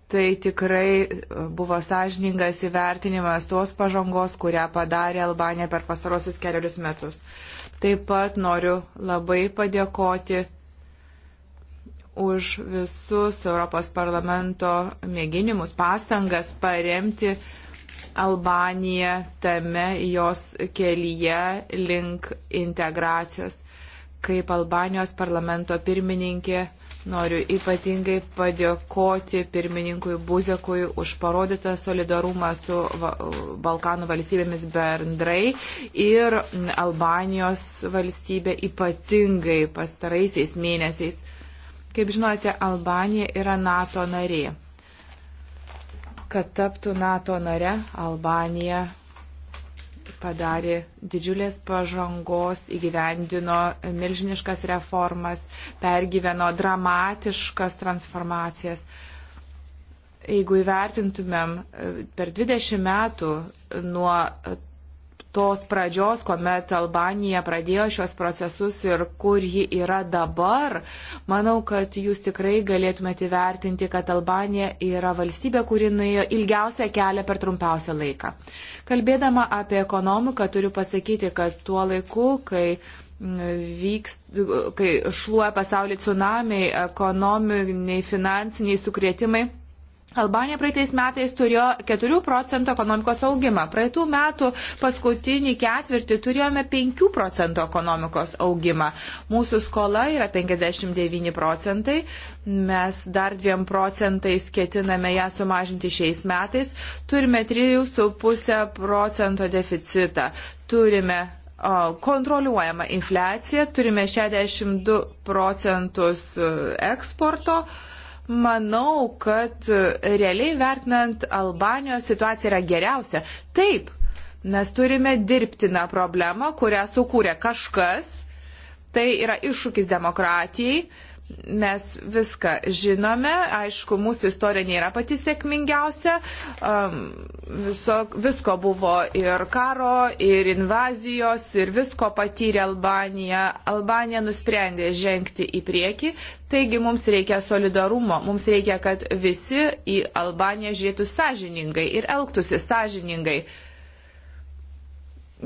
tai tikrai e, buvo sąžiningas įvertinimas tos pažangos, kurią padarė Albanija per pastarosius keliarius metus. Taip pat noriu labai padėkoti už visus Europos parlamento mėginimus, pastangas paremti Albaniją tame jos kelyje link integracijos. Kaip Albanijos parlamento pirmininkė Noriu ypatingai padėkoti pirmininkui Buzekui už parodytą solidarumą su Balkanų valstybėmis bendrai ir Albanijos valstybė ypatingai pastaraisiais mėnesiais. Kaip žinote, Albanija yra NATO narė. Kad taptų NATO nare, Albanija padarė didžiulės pažangos, įgyvendino milžiniškas reformas, pergyveno dramatiškas transformacijas. Jeigu įvertintumėm e, per 20 metų nuo tos pradžios, kuomet Albanija pradėjo šios procesus ir kur ji yra dabar, manau, kad jūs tikrai galėtumėte vertinti, kad Albanija yra valstybė, kuri nuėjo ilgiausią kelią per trumpiausią laiką. Kalbėdama apie ekonomiką, turiu pasakyti, kad tuo laiku, kai vyks, kai šluoja pasaulį tsunamiai, ekonominiai, finansiniai sukrėtimai, Albanija praeitais metais turėjo 4 procentų ekonomikos augimą. Praeitų metų paskutinį ketvirtį turėjome 5 procentų ekonomikos augimą. Mūsų skola yra 59 procentai. Mes dar 2 procentais ketiname ją sumažinti šiais metais. Turime 3,5 procento deficitą. Turime kontroliuojamą infliaciją, turime 62 procentus e, eksporto. Uh, manau, kad realiai vertinant Albanijos situacija yra geriausia. Taip, mes turime dirbtiną problemą, kurią sukūrė kažkas. Tai yra iššūkis demokratijai, Mes viską žinome, aišku, mūsų istorija nėra pati sėkmingiausia, um, viso, visko buvo ir karo, ir invazijos, ir visko patyrė Albanija. Albanija nusprendė žengti į priekį, taigi mums reikia solidarumo, mums reikia, kad visi į Albaniją žiūrėtų sąžiningai ir elgtųsi sąžiningai. Uh,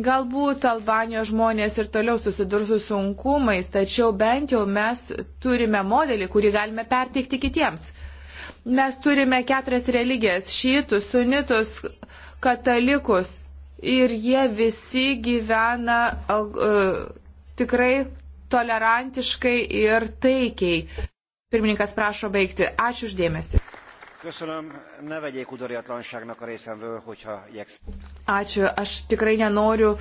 Galbūt Albanijos žmonės ir toliau susidurs su sunkumais, tačiau bent jau mes turime modelį, kurį galime perteikti kitiems. Mes turime keturias religijas - šytus, sunitus, katalikus ir jie visi gyvena uh, tikrai tolerantiškai ir taikiai. Pirmininkas prašo baigti. Ačiū uždėmesi. Ačiū, aš tikrai nenoriu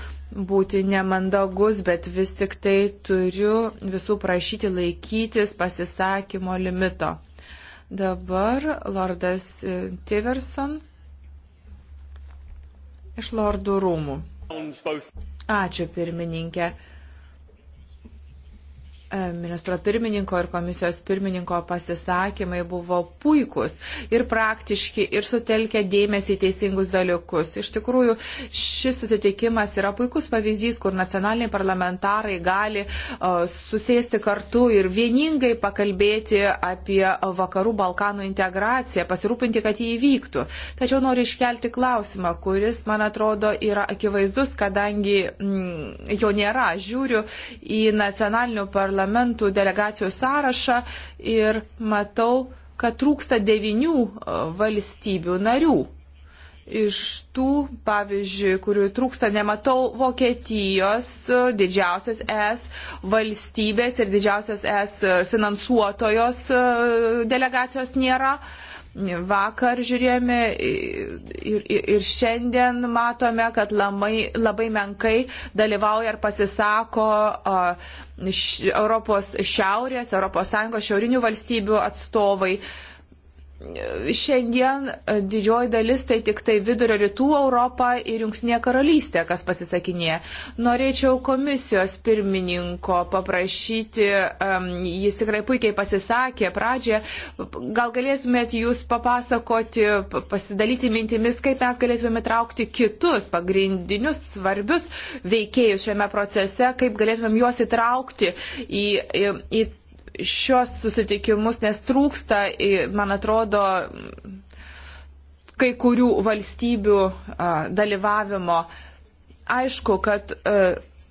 būti nemandagus, bet vis tik tai turiu visų prašyti laikytis pasisakymo limito. Dabar lordas e, Tiverson iš lordų rūmų. Ačiū pirmininkė. E, ministro pirmininko ir komisijos pirmininko pasisakymai buvo puikus ir praktiški ir sutelkia dėmesį į teisingus dalykus. Iš tikrųjų, šis susitikimas yra puikus pavyzdys, kur nacionaliniai parlamentarai gali e, susėsti kartu ir vieningai pakalbėti apie vakarų Balkanų integraciją, pasirūpinti, kad jį įvyktų. Tačiau noriu iškelti klausimą, kuris, man atrodo, yra akivaizdus, kadangi m, mm, jo nėra. Žiūriu į nacionalinių parlamentų parlamentų delegacijų sąrašą ir matau, kad trūksta devinių e, valstybių narių. Iš tų, pavyzdžiui, kurių trūksta, nematau Vokietijos, e, didžiausios es valstybės ir didžiausios es e, finansuotojos delegacijos nėra. Uh, Vakar žiūrėjome ir, ir, ir šiandien matome, kad labai, labai menkai dalyvauja ar pasisako uh, š, Europos šiaurės, ES šiaurinių valstybių atstovai. Uh, Šiandien e, didžioji dalis tai tik tai vidurio rytų Europą ir Junktinė karalystė, kas pasisakinėja. Norėčiau komisijos pirmininko paprašyti, um, jis tikrai puikiai pasisakė pradžią, gal galėtumėt jūs papasakoti, pasidalyti mintimis, kaip mes galėtumėme traukti kitus pagrindinius svarbius veikėjus šiame procese, kaip galėtumėm juos įtraukti į, į, į šios susitikimus, nes trūksta, man atrodo, kai kurių valstybių dalyvavimo. Aišku, kad e,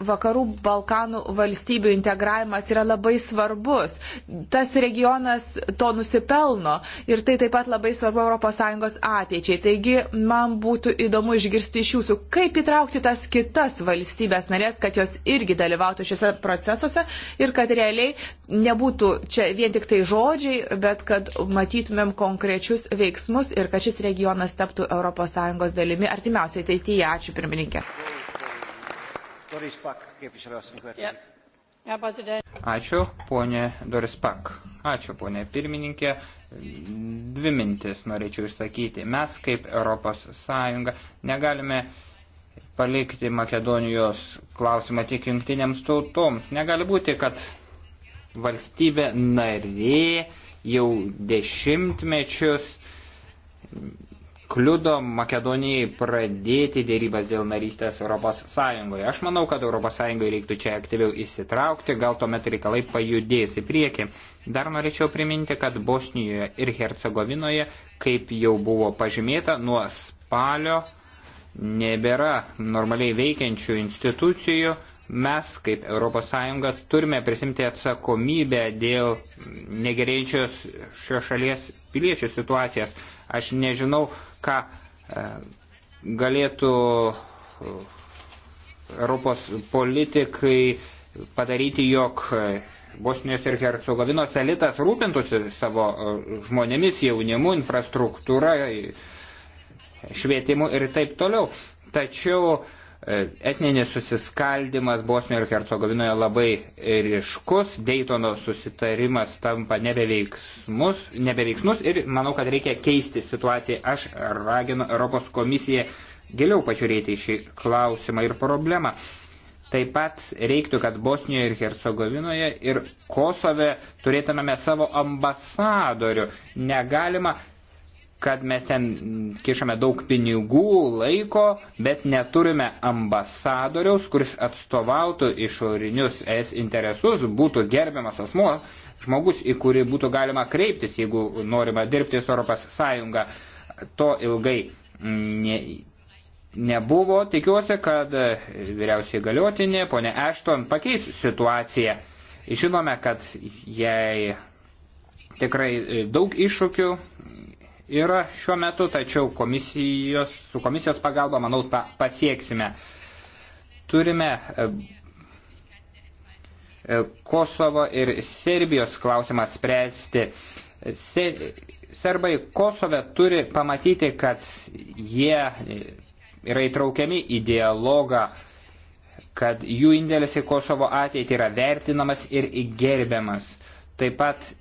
Vakarų Balkanų valstybių integravimas yra labai svarbus. Tas regionas to nusipelno ir tai taip pat labai svarbu ES ateičiai. Taigi man būtų įdomu išgirsti iš jūsų, kaip įtraukti tas kitas valstybės narės, kad jos irgi dalyvautų šiuose procesuose ir kad realiai nebūtų čia vien tik tai žodžiai, bet kad matytumėm konkrečius veiksmus ir kad šis regionas taptų ES dalimi artimiausiai ateityje. Ačiū pirmininkė. Ačiū, ponė Doris Pak. Ačiū, ponė pirmininkė. Dvi mintis norėčiau išsakyti. Mes kaip ES negalime palikti Makedonijos klausimą tik jungtinėms tautoms. Negali būti, kad valstybė narė jau dešimtmečius kliudo Makedonijai pradėti dėrybas dėl narystės Europos Sąjungoje. Aš manau, kad Europos Sąjungoje reiktų čia aktyviau įsitraukti, gal tuomet reikalai pajudės į priekį. Dar norėčiau priminti, kad Bosnijoje ir Hercegovinoje, kaip jau buvo pažymėta, nuo spalio nebėra normaliai veikiančių institucijų. Mes, kaip ES, turime prisimti atsakomybę dėl negerėjančios šios šalies piliečių situacijos. Aš nežinau, ką e, galėtų e, Europos politikai padaryti, jog e, Bosnijos ir Hercegovinos elitas rūpintųsi savo žmonėmis, jaunimu, infrastruktūra, švietimu ir taip toliau. Tačiau etninis susiskaldimas Bosnijoje ir Hercegovinoje labai ryškus, Daytono susitarimas tampa nebeveiksmus, nebeveiksmus ir manau, kad reikia keisti situaciją. Aš raginu Europos komisiją giliau pažiūrėti į šį klausimą ir problemą. Taip pat reiktų, kad Bosnijoje ir Hercegovinoje ir Kosove turėtumėme savo ambasadorių. Negalima kad mes ten kišame daug pinigų, laiko, bet neturime ambasadoriaus, kuris atstovautų išorinius es interesus, būtų gerbiamas asmo, žmogus, į kurį būtų galima kreiptis, jeigu norima dirbti su ES. To ilgai mm, ne, nebuvo. Tikiuosi, kad e, vyriausiai galiotinė, ponė Ešton, pakeis situaciją. Žinome, kad jai tikrai e, daug iššūkių yra šiuo metu, tačiau komisijos, su komisijos pagalba, manau, tą pasieksime. Turime e, e, Kosovo ir Serbijos klausimą spręsti. Se, serbai Kosove turi pamatyti, kad jie e, yra įtraukiami į dialogą, kad jų indėlis į Kosovo ateitį yra vertinamas ir gerbiamas. Taip pat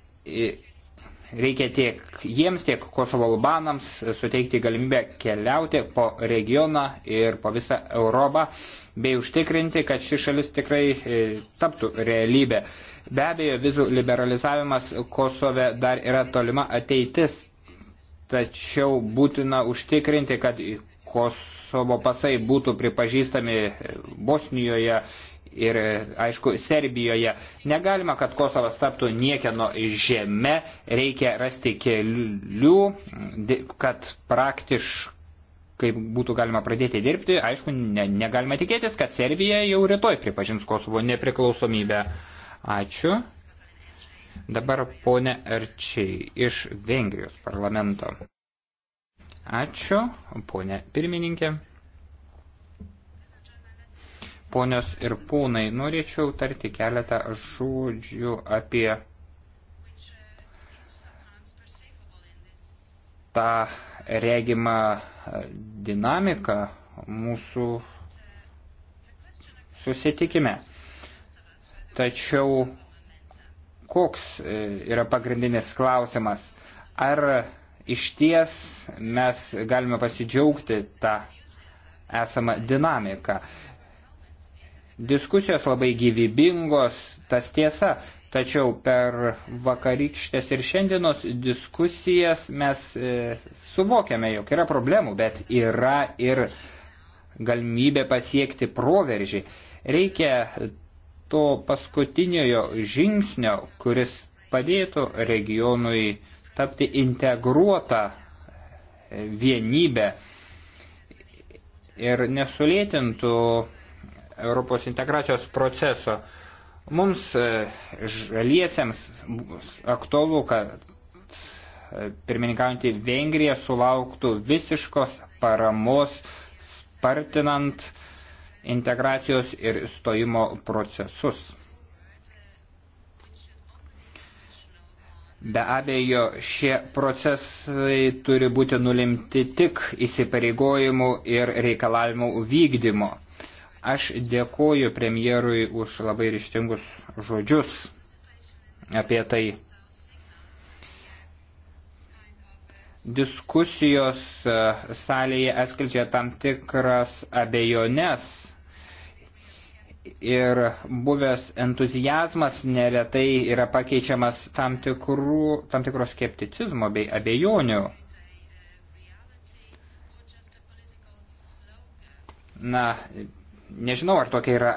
reikia tiek jiems, tiek Kosovo albanams suteikti galimybę keliauti po regioną ir po visą Europą, bei užtikrinti, kad ši šalis tikrai e, taptų realybė. Be abejo, vizų liberalizavimas Kosove dar yra tolima ateitis, tačiau būtina užtikrinti, kad Kosovo pasai būtų pripažįstami Bosnijoje ir, aišku, Serbijoje. Negalima, kad Kosovas taptų niekieno žeme, reikia rasti kelių, kad praktiškai būtų galima pradėti dirbti. Aišku, ne, negalima tikėtis, kad Serbija jau rytoj pripažins Kosovo nepriklausomybę. Ačiū. Dabar ponė Erčiai iš Vengrijos parlamento. Ačiū, ponė pirmininkė. Ponios ir pūnai, norėčiau tarti keletą žodžių apie tą regimą dinamiką mūsų susitikime. Tačiau koks e, yra pagrindinis klausimas? Ar iš ties mes galime pasidžiaugti tą esamą dinamiką? Diskusijos labai gyvybingos, tas tiesa, tačiau per vakarykštės ir šiandienos diskusijas mes e, suvokiame, jog yra problemų, bet yra ir galimybė pasiekti proveržį. Reikia to paskutiniojo žingsnio, kuris padėtų regionui tapti integruotą e, vienybę ir nesulėtintų Europos integracijos proceso. Mums e, žaliesiems aktualu, kad e, pirmininkaujantį Vengriją sulauktų visiškos paramos spartinant integracijos ir stojimo procesus. Be abejo, šie procesai turi būti nulimti tik įsipareigojimų ir reikalavimų vykdymo. Aš dėkoju premjerui už labai ryštingus žodžius apie tai. Diskusijos e, salėje atskleidžia tam tikras abejones ir buvęs entuzijazmas neretai yra pakeičiamas tam, tikrų, tam tikro skepticizmo bei abejonių. Na, Nežinau, ar tokia yra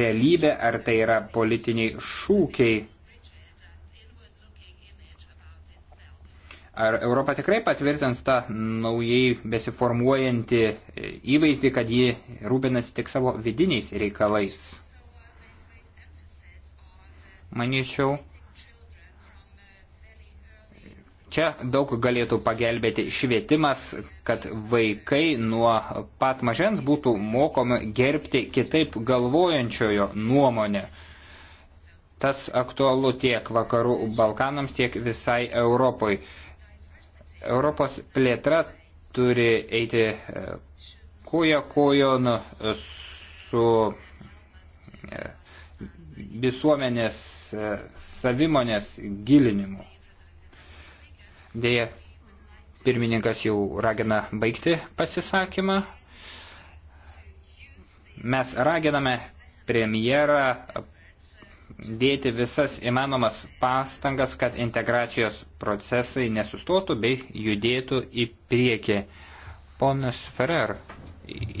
realybė, ar tai yra politiniai šūkiai. Ar Europa tikrai patvirtins tą naujai besiformuojantį įvaizdį, kad ji rūpinasi tik savo vidiniais reikalais? Manyčiau, Čia daug galėtų pagelbėti švietimas, kad vaikai nuo pat mažens būtų mokomi gerbti kitaip galvojančiojo nuomonę. Tas aktualu tiek vakarų Balkanams, tiek visai Europoje. Europos plėtra turi eiti e, koja kojon su e, visuomenės e, savimonės gilinimu. Dėja, pirmininkas jau ragina baigti pasisakymą. Mes raginame premjerą dėti visas įmanomas pastangas, kad integracijos procesai nesustotų bei judėtų į priekį. Ponas Ferrer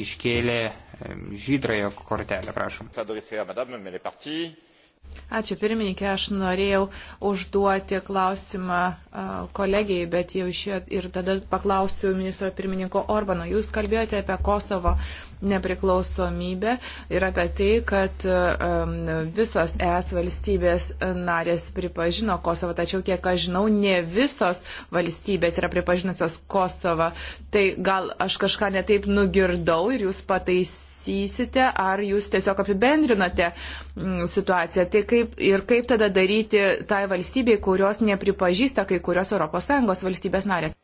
iškėlė žydrąją kortelę, prašom. Ačiū pirmininkė, aš norėjau užduoti klausimą kolegijai, bet jau išėjo ir tada paklausiu ministro pirmininko Orbano. Jūs kalbėjote apie Kosovo nepriklausomybę ir apie tai, kad visos ES valstybės narės pripažino Kosovą, tačiau kiek aš žinau, ne visos valstybės yra pripažinusios Kosovą. Tai gal aš kažką netaip nugirdau ir jūs pataisysite svarstysite, ar jūs tiesiog apibendrinote mm, situaciją. Tai kaip, ir kaip tada daryti tai valstybei, kurios nepripažįsta kai kurios ES valstybės narės?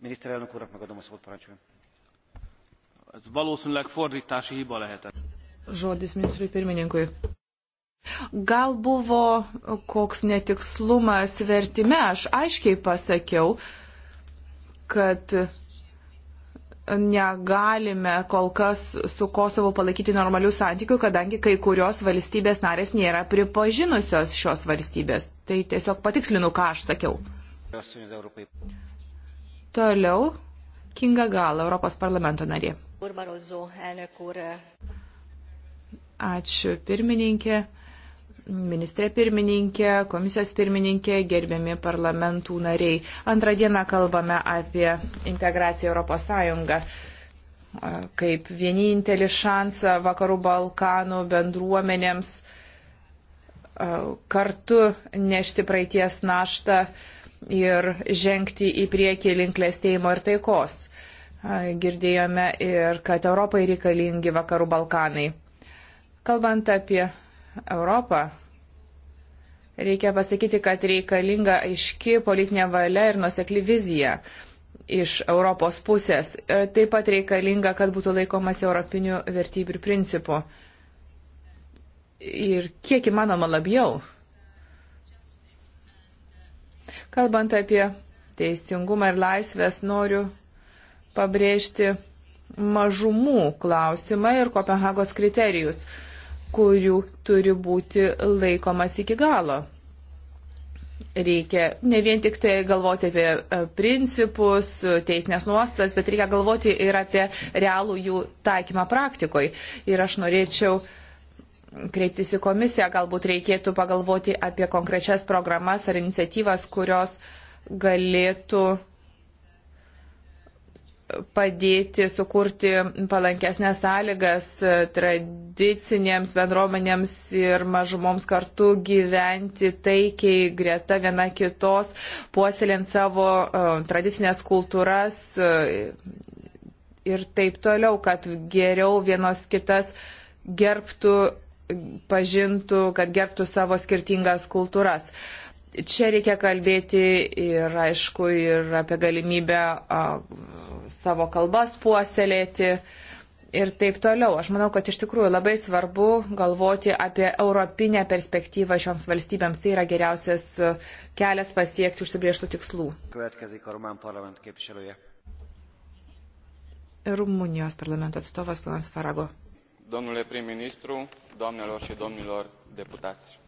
Miniszterelnök úrnak megadom a szót, parancsoljon. Ez valószínűleg fordítási hiba lehetett. Žodis ministrui pirmininkui. Gal buvo koks netikslumas vertime, aš aiškiai pasakiau, kad negalime kol kas su Kosovo palaikyti normalių santykių, kadangi kai kurios valstybės narės nėra pripažinusios šios valstybės. Tai tiesiog patikslinu, ką aš sakiau. Toliau Kinga Gala, Europos parlamento narė. Ačiū pirmininkė. Ministrė pirmininkė, komisijos pirmininkė, gerbiami parlamentų nariai. Antrą dieną kalbame apie integraciją Europos Sąjungą kaip vienintelį šansą Vakarų Balkanų bendruomenėms kartu nešti praeities naštą ir žengti į priekį link klėstėjimo ir taikos. Girdėjome ir, kad Europai reikalingi Vakarų Balkanai. Kalbant apie Europą, reikia pasakyti, kad reikalinga aiški politinė valia ir nusekli vizija iš Europos pusės. Taip pat reikalinga, kad būtų laikomas europinių vertybių ir principų. Ir kiek įmanoma labiau. Kalbant apie teisingumą ir laisvės, noriu pabrėžti mažumų klausimą ir Kopenhagos kriterijus kurių turi būti laikomas iki galo. Reikia ne vien tik tai galvoti apie e, principus, teisinės nuostas, bet reikia galvoti ir apie realų jų taikymą praktikoj. Ir aš norėčiau kreiptis į komisiją, galbūt reikėtų pagalvoti apie konkrečias programas ar iniciatyvas, kurios galėtų padėti sukurti palankesnės sąlygas e, tradicinėms bendruomenėms ir mažumoms kartu gyventi taikiai greta viena kitos, puoselint savo e, tradicinės kultūras e, ir taip toliau, kad geriau vienos kitas gerbtų, pažintų, kad gerbtų savo skirtingas kultūras čia reikia kalbėti ir aišku ir apie galimybę savo kalbas puoselėti ir taip toliau. Aš manau, kad iš tikrųjų labai svarbu galvoti apie europinę perspektyvą šioms valstybėms. Tai yra geriausias kelias pasiekti užsibrieštų tikslų. Rumunijos parlamento atstovas panas Farago. Domnule prim-ministru, doamnelor și domnilor deputați.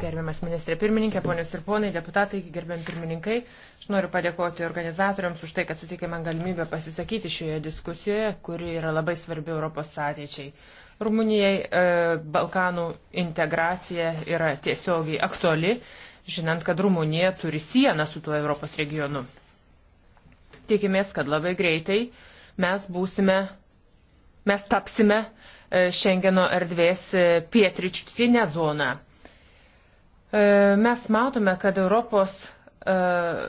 Gerbiamas ministrė pirmininkė, ponios ir ponai, deputatai, gerbiam pirmininkai, aš noriu padėkoti organizatoriams už tai, kad sutikė man galimybę pasisakyti šioje diskusijoje, kuri yra labai svarbi Europos ateičiai. Rumunijai e, Balkanų integracija yra tiesiogiai aktuali, žinant, kad Rumunija turi sieną su tuo Europos regionu. Tikimės, kad labai greitai mes būsime, mes tapsime Šengeno e, erdvės e, pietryčiutinę zoną E, mes matome, kad Europos e,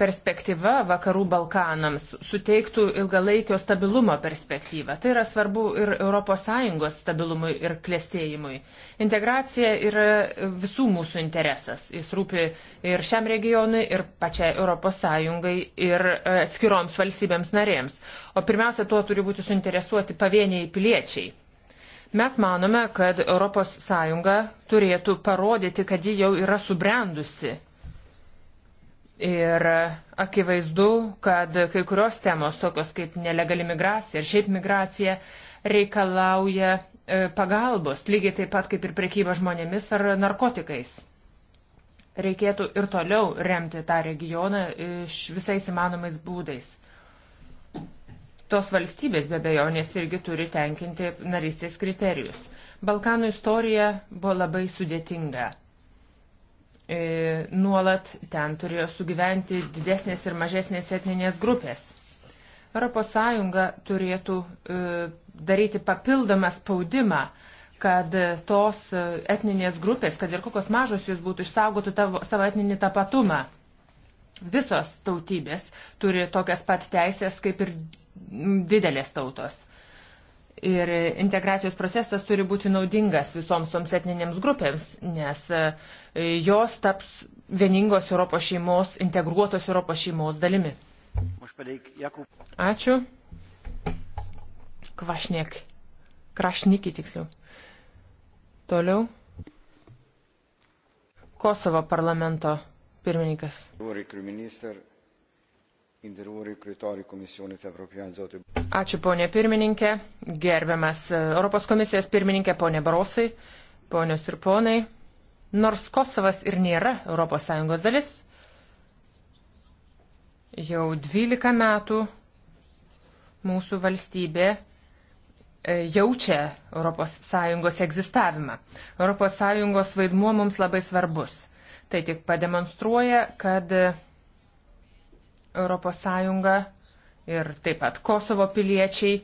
perspektyva vakarų Balkanams suteiktų ilgalaikio stabilumo perspektyvą. Tai yra svarbu ir ES stabilumui ir klėstėjimui. Integracija yra visų mūsų interesas. Jis rūpi ir šiam regionui, ir pačiai ES, ir e, atskiroms valstybėms narėms. O pirmiausia, tuo turi būti suinteresuoti pavieniai piliečiai. Mes manome, kad ES turėtų parodyti, kad ji jau yra subrendusi. Ir akivaizdu, kad kai kurios temos, tokios kaip nelegali migracija ir šiaip migracija, reikalauja e, pagalbos, lygiai taip pat kaip ir priekyba žmonėmis ar narkotikais. Reikėtų ir toliau remti tą regioną iš e, visais įmanomais būdais. Tos valstybės be bejonės irgi turi tenkinti narystės kriterijus. Balkanų istorija buvo labai sudėtinga. E, nuolat ten turėjo sugyventi didesnės ir mažesnės etninės grupės. ES turėtų e, daryti papildomą spaudimą, kad tos e, etninės grupės, kad ir kokios mažos jūs būtų, išsaugotų tavo, savo etninį tapatumą. Visos tautybės turi tokias pat teisės kaip ir didelės tautos. Ir integracijos procesas turi būti naudingas visoms toms etninėms grupėms, nes e, jos taps vieningos Europos šeimos, integruotos Europos šeimos dalimi. Ačiū. Kvašniek. Krašnikį tiksliau. Toliau. Kosovo parlamento pirmininkas. Minister, Ačiū ponė pirmininkė, gerbiamas e, Europos komisijos pirmininkė ponė Barosai, ponios ir ponai. Nors Kosovas ir nėra ES dalis, jau 12 metų mūsų valstybė e, jaučia ES egzistavimą. ES vaidmuo mums labai svarbus. Tai tik pademonstruoja, kad ES ir taip pat Kosovo piliečiai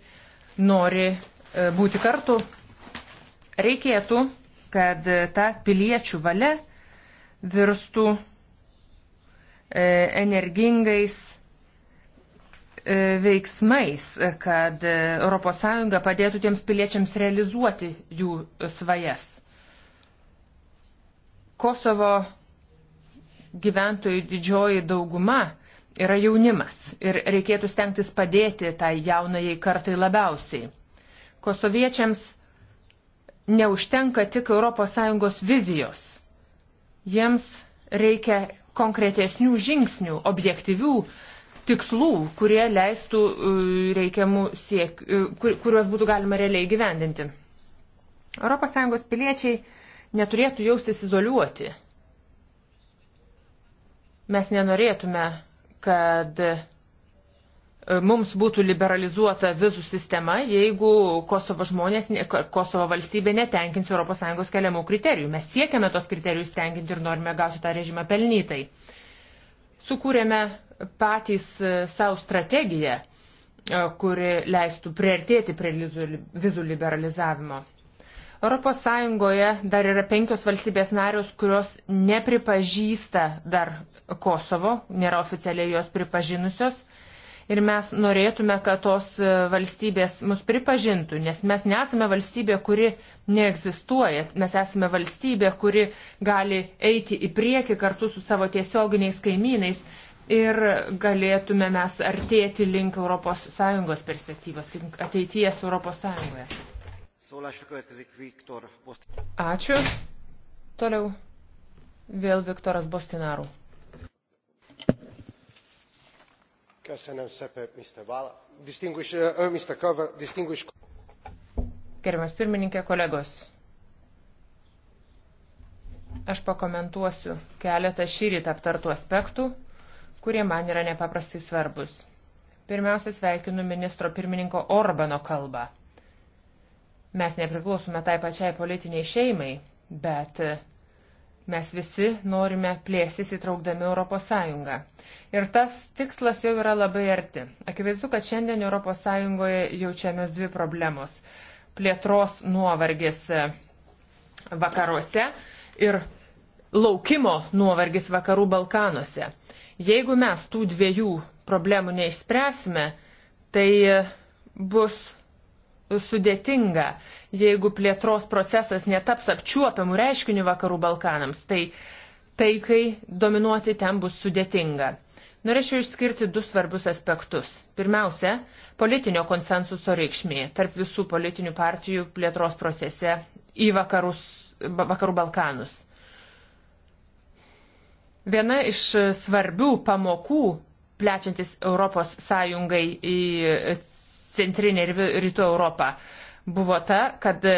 nori e, būti kartu. Reikėtų, kad ta piliečių valia virstų e, energingais e, veiksmais, kad ES padėtų tiems piliečiams realizuoti jų svajas. Kosovo gyventojų didžioji dauguma yra jaunimas ir reikėtų stengtis padėti tai jaunajai kartai labiausiai. Kosoviečiams neužtenka tik ES vizijos. Jiems reikia konkretesnių žingsnių, objektyvių tikslų, kurie leistų e, reikiamų siek, e, kur, kuriuos būtų galima realiai gyvendinti. ES piliečiai neturėtų jaustis izoliuoti. Mes nenorėtume kad e, mums būtų liberalizuota vizų sistema, jeigu Kosovo, žmonės, Kosovo valstybė netenkins ES keliamų kriterijų. Mes siekiame tos kriterijus tenkinti ir norime gauti tą režimą pelnytai. Sukūrėme patys e, savo strategiją, e, kuri leistų priartėti prie vizų liberalizavimo. ES dar yra penkios valstybės narios, kurios nepripažįsta dar Kosovo, nėra oficialiai jos pripažinusios. Ir mes norėtume, kad tos e, valstybės mus pripažintų, nes mes nesame valstybė, kuri neegzistuoja, mes esame valstybė, kuri gali eiti į priekį kartu su savo tiesioginiais kaimynais ir galėtume mes artėti link ES perspektyvos, link ateities ES. Ačiū. Toliau vėl Viktoras Bostinarų. Uh, uh, Gerbiamas pirmininkė, kolegos. Aš pakomentuosiu keletą šyryt aptartų aspektų, kurie man yra nepaprastai svarbus. Pirmiausia, sveikinu ministro pirmininko Orbano kalbą. Mes nepriklausome tai pačiai politiniai šeimai, bet Mes visi norime plėsis įtraukdami ES. Ir tas tikslas jau yra labai arti. Akivaizdu, kad šiandien ES jaučiamos dvi problemos. Plėtros nuovargis e, vakaruose ir laukimo nuovargis vakarų Balkanuose. Jeigu mes tų dviejų problemų neišspręsime, tai e, bus sudėtinga, jeigu plėtros procesas netaps apčiuopiamų reiškinių vakarų Balkanams, tai taikai dominuoti ten bus sudėtinga. Norėčiau išskirti du svarbius aspektus. Pirmiausia, politinio konsensuso reikšmė tarp visų politinių partijų plėtros procese į vakarus, vakarų Balkanus. Viena iš svarbių pamokų plečiantis Europos Sąjungai į centrinė ir rytų Europa, buvo ta, kad e,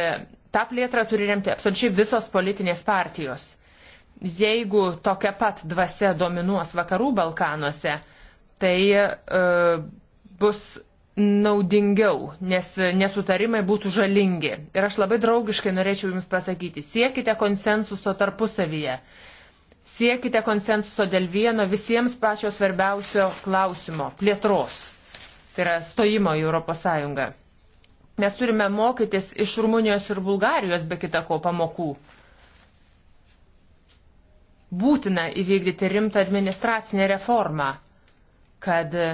tą plėtrą turi remti absoliučiai visos politinės partijos. Jeigu tokia pat dvasia dominuos vakarų Balkanuose, tai uh, bus naudingiau, nes nesutarimai būtų žalingi. Ir aš labai draugiškai norėčiau Jums pasakyti, siekite konsensuso tarpusavyje. Siekite konsensuso dėl vieno visiems pačio svarbiausio klausimo - plėtros tai yra stojimo į ES. Mes turime mokytis iš Rumunijos ir Bulgarijos be kitako pamokų. Būtina įvykdyti rimtą administracinę reformą, kad e,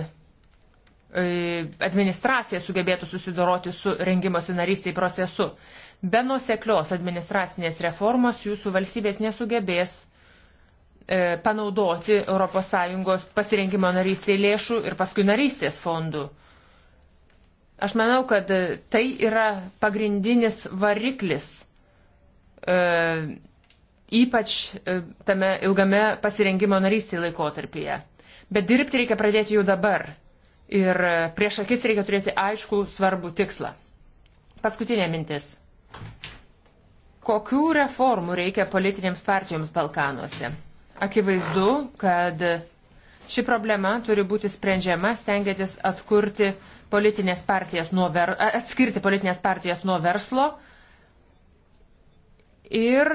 administracija sugebėtų susidoroti su rengimosi narystiai procesu. Be nuseklios administracinės reformos jūsų valstybės nesugebės E, panaudoti ES pasirinkimo narystėje lėšų ir paskui narystės fondų. Aš manau, kad tai yra pagrindinis variklis, e, ypač e, tame ilgame pasirengimo narystėje laikotarpyje. Bet dirbti reikia pradėti jau dabar ir prieš akis reikia turėti aišku svarbų tikslą. Paskutinė mintis. Kokių reformų reikia politinėms partijoms Balkanuose? Akivaizdu, kad ši problema turi būti sprendžiama, stengiantis atkurti politinės partijas nuo ver, atskirti politinės partijas nuo verslo ir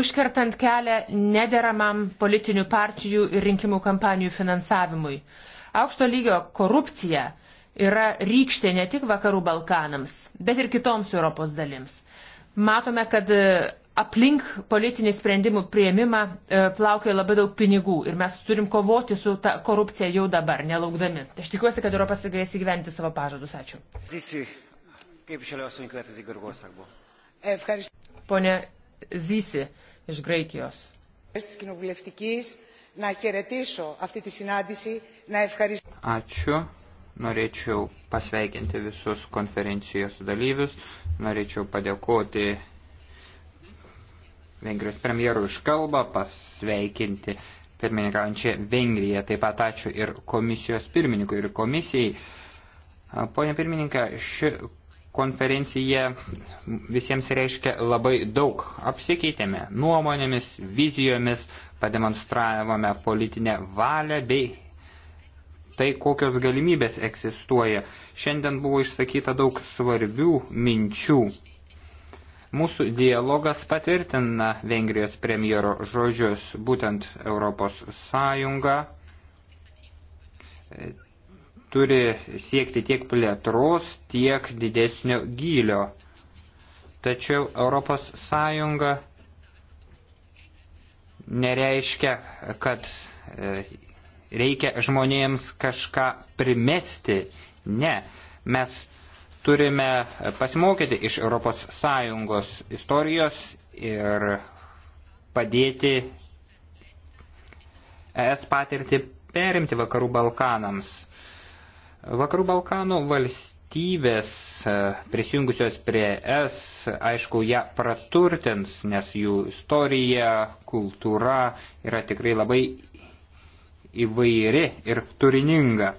užkertant kelią nederamam politinių partijų ir rinkimų kampanijų finansavimui. Aukšto lygio korupcija yra rykštė ne tik vakarų Balkanams, bet ir kitoms Europos dalims. Matome, kad aplink politinį sprendimų prieimimą e, plaukia labai daug pinigų ir mes turim kovoti su ta korupcija jau dabar, nelaukdami. Tai aš tikiuosi, kad Europas galės įgyventi savo pažadus. Ačiū. Pone Zysi iš Graikijos. Ačiū. Norėčiau pasveikinti visus konferencijos dalyvius, norėčiau padėkoti Vengrijos premjerų iš kalbą, pasveikinti pirmininkaujančią Vengriją. Taip pat ačiū ir komisijos pirmininkui, ir komisijai. Pone pirmininką, ši konferencija visiems reiškia labai daug. Apsikeitėme nuomonėmis, vizijomis, pademonstravome politinę valią bei tai, kokios galimybės egzistuoja. Šiandien buvo išsakyta daug svarbių minčių Mūsų dialogas patvirtina Vengrijos premjero žodžius būtent Europos Sąjunga e, turi siekti tiek plėtros, tiek didesnio gylio. Tačiau Europos Sąjunga nereiškia, kad e, reikia žmonėms kažką primesti. Ne, mes Turime pasimokyti iš ES istorijos ir padėti ES patirtį perimti Vakarų Balkanams. Vakarų Balkanų valstybės e, prisijungusios prie ES, aišku, ją praturtins, nes jų istorija, kultūra yra tikrai labai įvairi ir turininga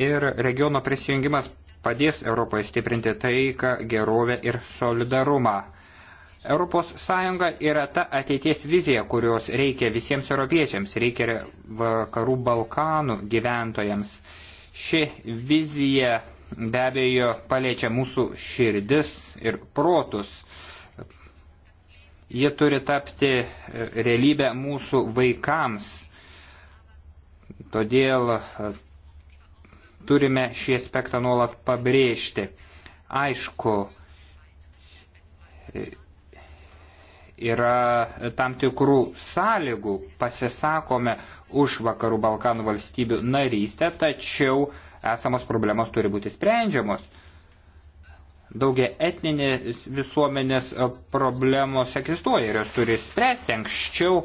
ir regiono prisijungimas padės Europoje stiprinti taiką, gerovę ir solidarumą. ES yra ta ateities vizija, kurios reikia visiems europiečiams, reikia vakarų Balkanų gyventojams. Ši vizija be abejo paliečia mūsų širdis ir protus. Ji turi tapti e, realybę mūsų vaikams. Todėl e, turime šį aspektą nuolat pabrėžti. Aišku, yra tam tikrų sąlygų, pasisakome už vakarų Balkanų valstybių narystę, tačiau esamos problemos turi būti sprendžiamos. Daugia etninės visuomenės problemos egzistuoja ir jos turi spręsti anksčiau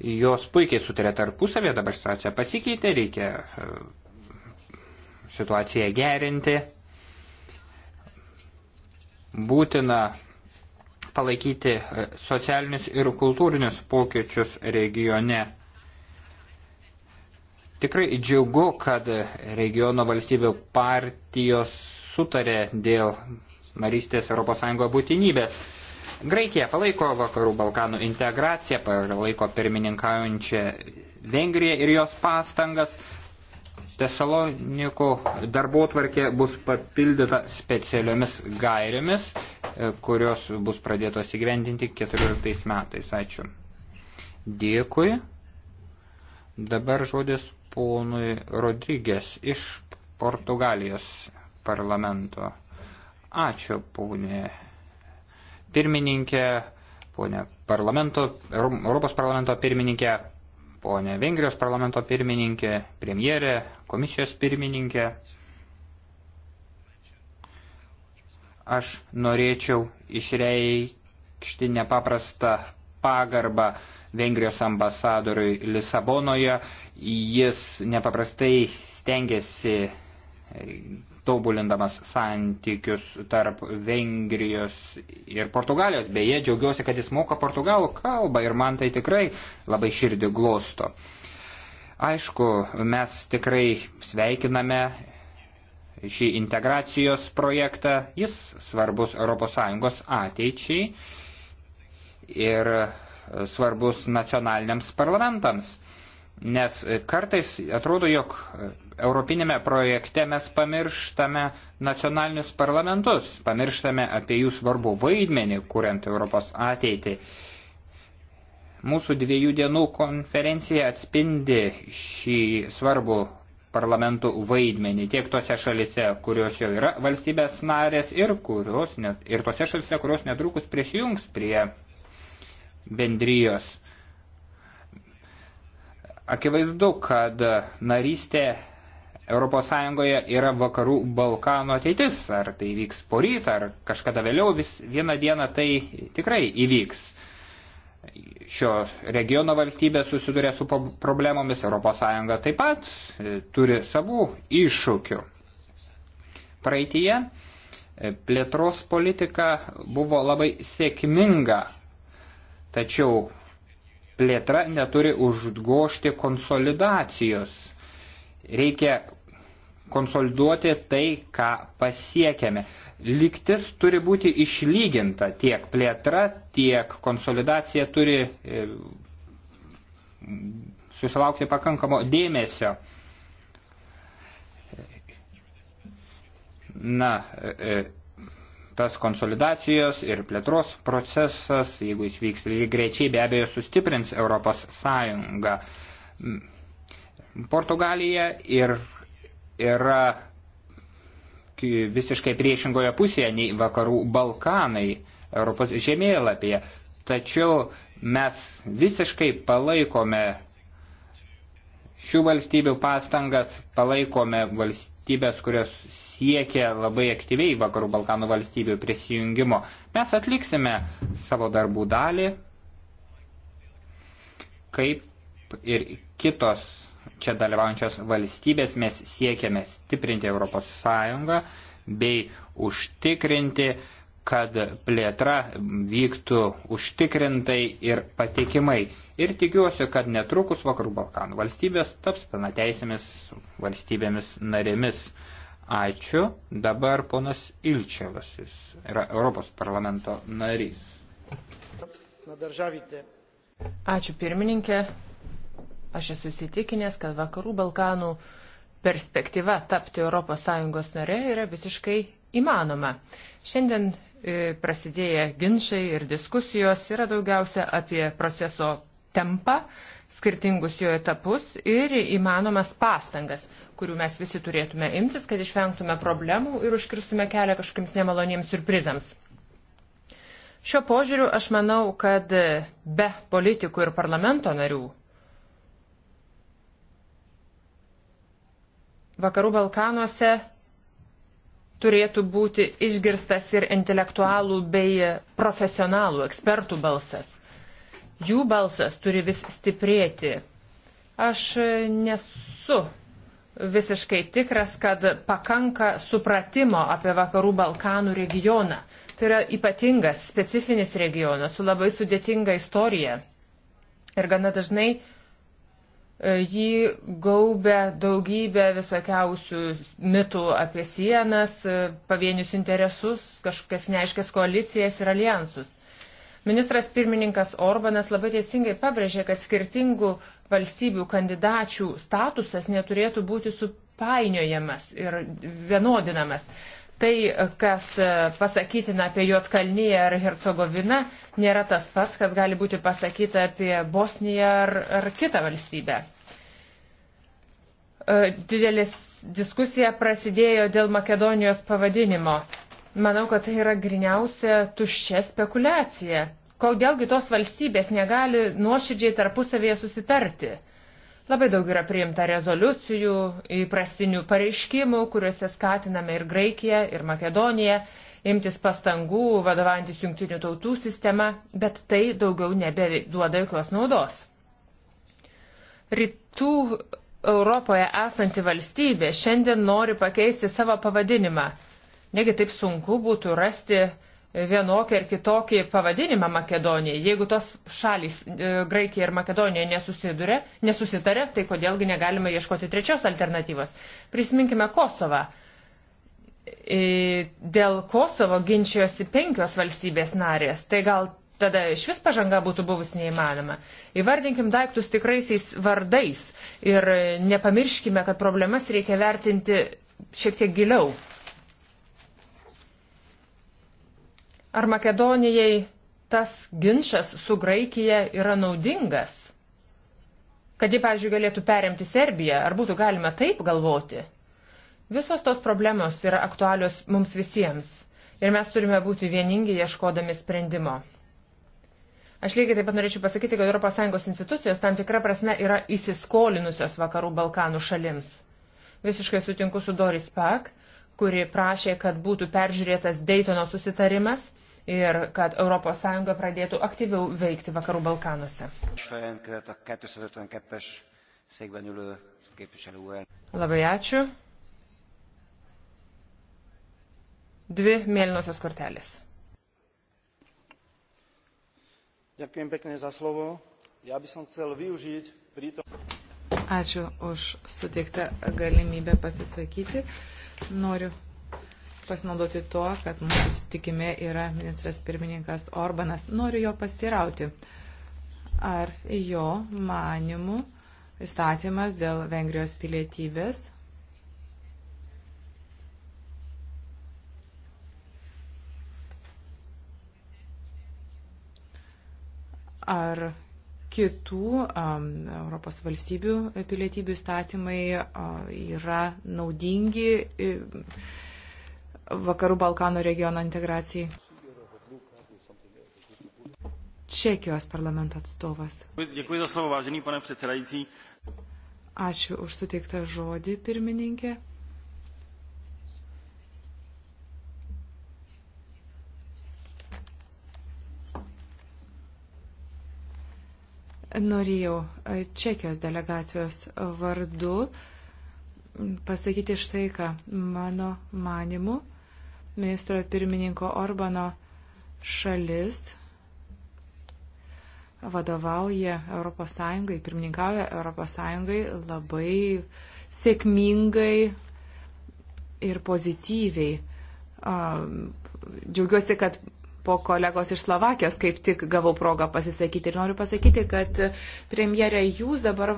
jos puikiai sutarė tarpusavė, dabar situacija pasikeitė, reikia e, situaciją gerinti, būtina palaikyti e, socialinius ir kultūrinius pokyčius regione. Tikrai džiugu, kad regiono valstybių partijos sutarė dėl narystės ES būtinybės. Graikija palaiko vakarų Balkanų integraciją, palaiko pirmininkaujančią Vengriją ir jos pastangas. Tesalonikų darbo tvarkė bus papildyta specialiomis gairėmis, e, kurios bus pradėtos įgyvendinti 14 metais. Ačiū. Dėkui. Dabar žodis ponui Rodrygės iš Portugalijos parlamento. Ačiū, ponė pirmininkė, ponė parlamento, Europos parlamento pirmininkė, ponė Vengrijos parlamento pirmininkė, premjerė, komisijos pirmininkė. Aš norėčiau išreikšti nepaprastą pagarbą Vengrijos ambasadoriui Lisabonoje. Jis nepaprastai stengiasi tobulindamas santykius tarp Vengrijos ir Portugalijos. Beje, džiaugiuosi, kad jis moka portugalų kalbą ir man tai tikrai labai širdį glosto. Aišku, mes tikrai sveikiname šį integracijos projektą, jis svarbus ES ateičiai ir svarbus nacionaliniams parlamentams, nes kartais atrodo, jog europinėme projekte mes pamirštame nacionalinius parlamentus, pamirštame apie jų svarbų vaidmenį, kuriant Europos ateitį. Mūsų dviejų dienų konferencija atspindi šį svarbų parlamentų vaidmenį tiek tose šalise, kurios jau yra valstybės narės ir, kurios net, ir tose šalise, kurios netrukus prisijungs prie bendrijos. Akivaizdu, kad narystė ES yra vakarų Balkano ateitis. Ar tai vyks poryt, ar kažkada vėliau, vis vieną dieną tai tikrai įvyks. Šio regiono valstybė susiduria su problemomis, ES taip pat e, turi savų iššūkių. Praeitie e, plėtros politika buvo labai sėkminga, tačiau plėtra neturi užgošti konsolidacijos reikia konsoliduoti tai, ką pasiekėme. Liktis turi būti išlyginta tiek plėtra, tiek konsolidacija turi e, susilaukti pakankamo dėmesio. Na, e, tas konsolidacijos ir plėtros procesas, jeigu jis vyks lygiai greičiai, be abejo sustiprins Europos Sąjungą. Portugalija ir yra visiškai priešingoje pusėje nei vakarų Balkanai Europos žemėlapyje. Tačiau mes visiškai palaikome šių valstybių pastangas, palaikome valstybės, kurios siekia labai aktyviai vakarų Balkanų valstybių prisijungimo. Mes atliksime savo darbų dalį, kaip ir kitos čia dalyvaujančios valstybės mes siekiame stiprinti Europos Sąjungą bei užtikrinti, kad plėtra vyktų užtikrintai ir patikimai. Ir tikiuosi, kad netrukus Vakarų Balkanų valstybės taps pilnateisėmis valstybėmis narėmis. Ačiū. Dabar ponas Ilčiavas, jis yra Europos parlamento narys. Ačiū pirmininkė, Aš esu įsitikinęs, kad vakarų Balkanų perspektyva tapti ES nare yra visiškai įmanoma. Šiandien e, prasidėję ginčiai ir diskusijos yra daugiausia apie proceso tempą, skirtingus jo etapus ir įmanomas pastangas, kurių mes visi turėtume imtis, kad išvengtume problemų ir užkirstume kelią kažkokiems nemaloniems surprizams. Šio požiūriu aš manau, kad e, be politikų ir parlamento narių Vakarų Balkanuose turėtų būti išgirstas ir intelektualų bei profesionalų ekspertų balsas. Jų balsas turi vis stiprėti. Aš nesu visiškai tikras, kad pakanka supratimo apie Vakarų Balkanų regioną. Tai yra ypatingas, specifinis regionas su labai sudėtinga istorija. Ir gana dažnai uh, E, jį gaubė daugybė visokiausių mitų apie sienas, e, pavienius interesus, kažkokias neaiškias koalicijas ir alijansus. Ministras pirmininkas Orbanas labai teisingai pabrėžė, kad skirtingų valstybių kandidačių statusas neturėtų būti supainiojamas ir vienodinamas. Tai, kas e, pasakytina apie Juotkalnyje ar Hercegoviną, nėra tas pats, kas gali būti pasakyta apie Bosniją ar, ar kitą valstybę. E, didelis diskusija prasidėjo dėl Makedonijos pavadinimo. Manau, kad tai yra griniausia tuščia spekulacija. Kodėlgi tos valstybės negali nuoširdžiai tarpusavėje susitarti? Labai daug yra priimta rezoliucijų, įprastinių pareiškimų, kuriuose skatiname ir Graikiją, ir Makedoniją imtis pastangų, vadovantis jungtinių tautų sistema, bet tai daugiau nebeduoda jokios naudos. Rytų Europoje esanti valstybė šiandien nori pakeisti savo pavadinimą. Negi taip sunku būtų rasti uh, vienokį ar kitokį pavadinimą Makedonijai. Jeigu tos šalys e, Graikija ir Makedonija nesusiduria, nesusitarė, tai kodėlgi negalime ieškoti trečios alternatyvos. Prisiminkime Kosovą. E, dėl Kosovo ginčijosi penkios valstybės narės. Tai gal tada iš vis pažanga būtų buvusi neįmanoma. Įvardinkim daiktus tikraisiais vardais ir nepamirškime, kad problemas reikia vertinti šiek tiek giliau. Ar Makedonijai tas ginčas su Graikija yra naudingas? Kad ji, pavyzdžiui, galėtų perimti Serbiją, ar būtų galima taip galvoti? Visos tos problemos yra aktualios mums visiems ir mes turime būti vieningi ieškodami sprendimo. Aš lygiai taip pat norėčiau pasakyti, kad ES institucijos tam tikra prasme yra įsiskolinusios vakarų Balkanų šalims. Visiškai sutinku su Doris Pak, kuri prašė, kad būtų peržiūrėtas Daytono susitarimas ir kad ES pradėtų aktyviau veikti Vakarų Balkanuose. Labai ačiū. Dvi mėlynosios kortelės. Ďakujem pekne za slovo. Ja by som chcel využiť prítom... Ačiū už suteiktą galimybę pasisakyti. Noriu pasinaudoti tuo, kad mūsų susitikime yra ministras pirmininkas Orbanas. Noriu jo pastirauti. Ar jo manimų įstatymas dėl Vengrijos pilietybės ar kitų um, Europos valstybių pilietybių įstatymai uh, yra naudingi. Uh, vakarų Balkanų regiono integracijai. Čekijos parlamento atstovas. Dėkui za slovo, vážený pane předsedající. Ačiū už suteiktą žodį, pirmininkė. Norėjau e, Čekijos delegacijos vardu pasakyti štai ką mano manimu ministro pirmininko Orbano šalis vadovauja ES, pirmininkauja ES labai sėkmingai ir pozityviai. Džiaugiuosi, kad po kolegos iš Slovakijos kaip tik gavau progą pasisakyti. Ir noriu pasakyti, kad premjerė, jūs dabar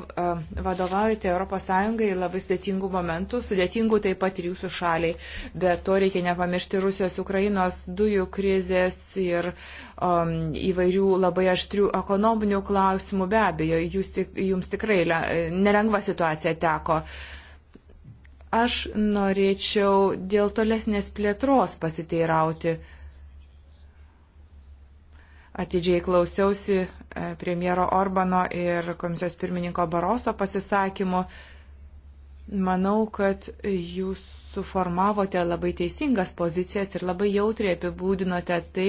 vadovaujate ES labai sudėtingų momentų, sudėtingų taip pat ir jūsų šaliai. Bet to reikia nepamiršti Rusijos, Ukrainos dujų krizės ir um, įvairių labai aštrių ekonominių klausimų. Be abejo, jūs, jums tikrai nelengva situacija teko. Aš norėčiau dėl tolesnės plėtros pasiteirauti atidžiai klausiausi e, premjero Orbano ir komisijos pirmininko Baroso pasisakymų. Manau, kad jūs suformavote labai teisingas pozicijas ir labai jautriai apibūdinote tai,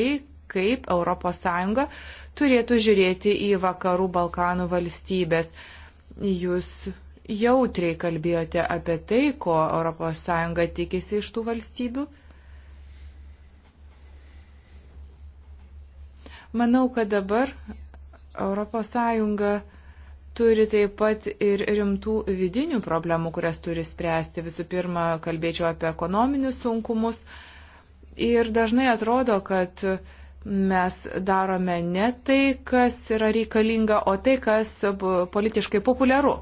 kaip ES turėtų žiūrėti į vakarų Balkanų valstybės. Jūs jautriai kalbėjote apie tai, ko ES tikisi iš tų valstybių. Manau, kad dabar ES turi taip pat ir rimtų vidinių problemų, kurias turi spręsti. Visų pirma, kalbėčiau apie ekonominius sunkumus. Ir dažnai atrodo, kad mes darome ne tai, kas yra reikalinga, o tai, kas politiškai populiaru.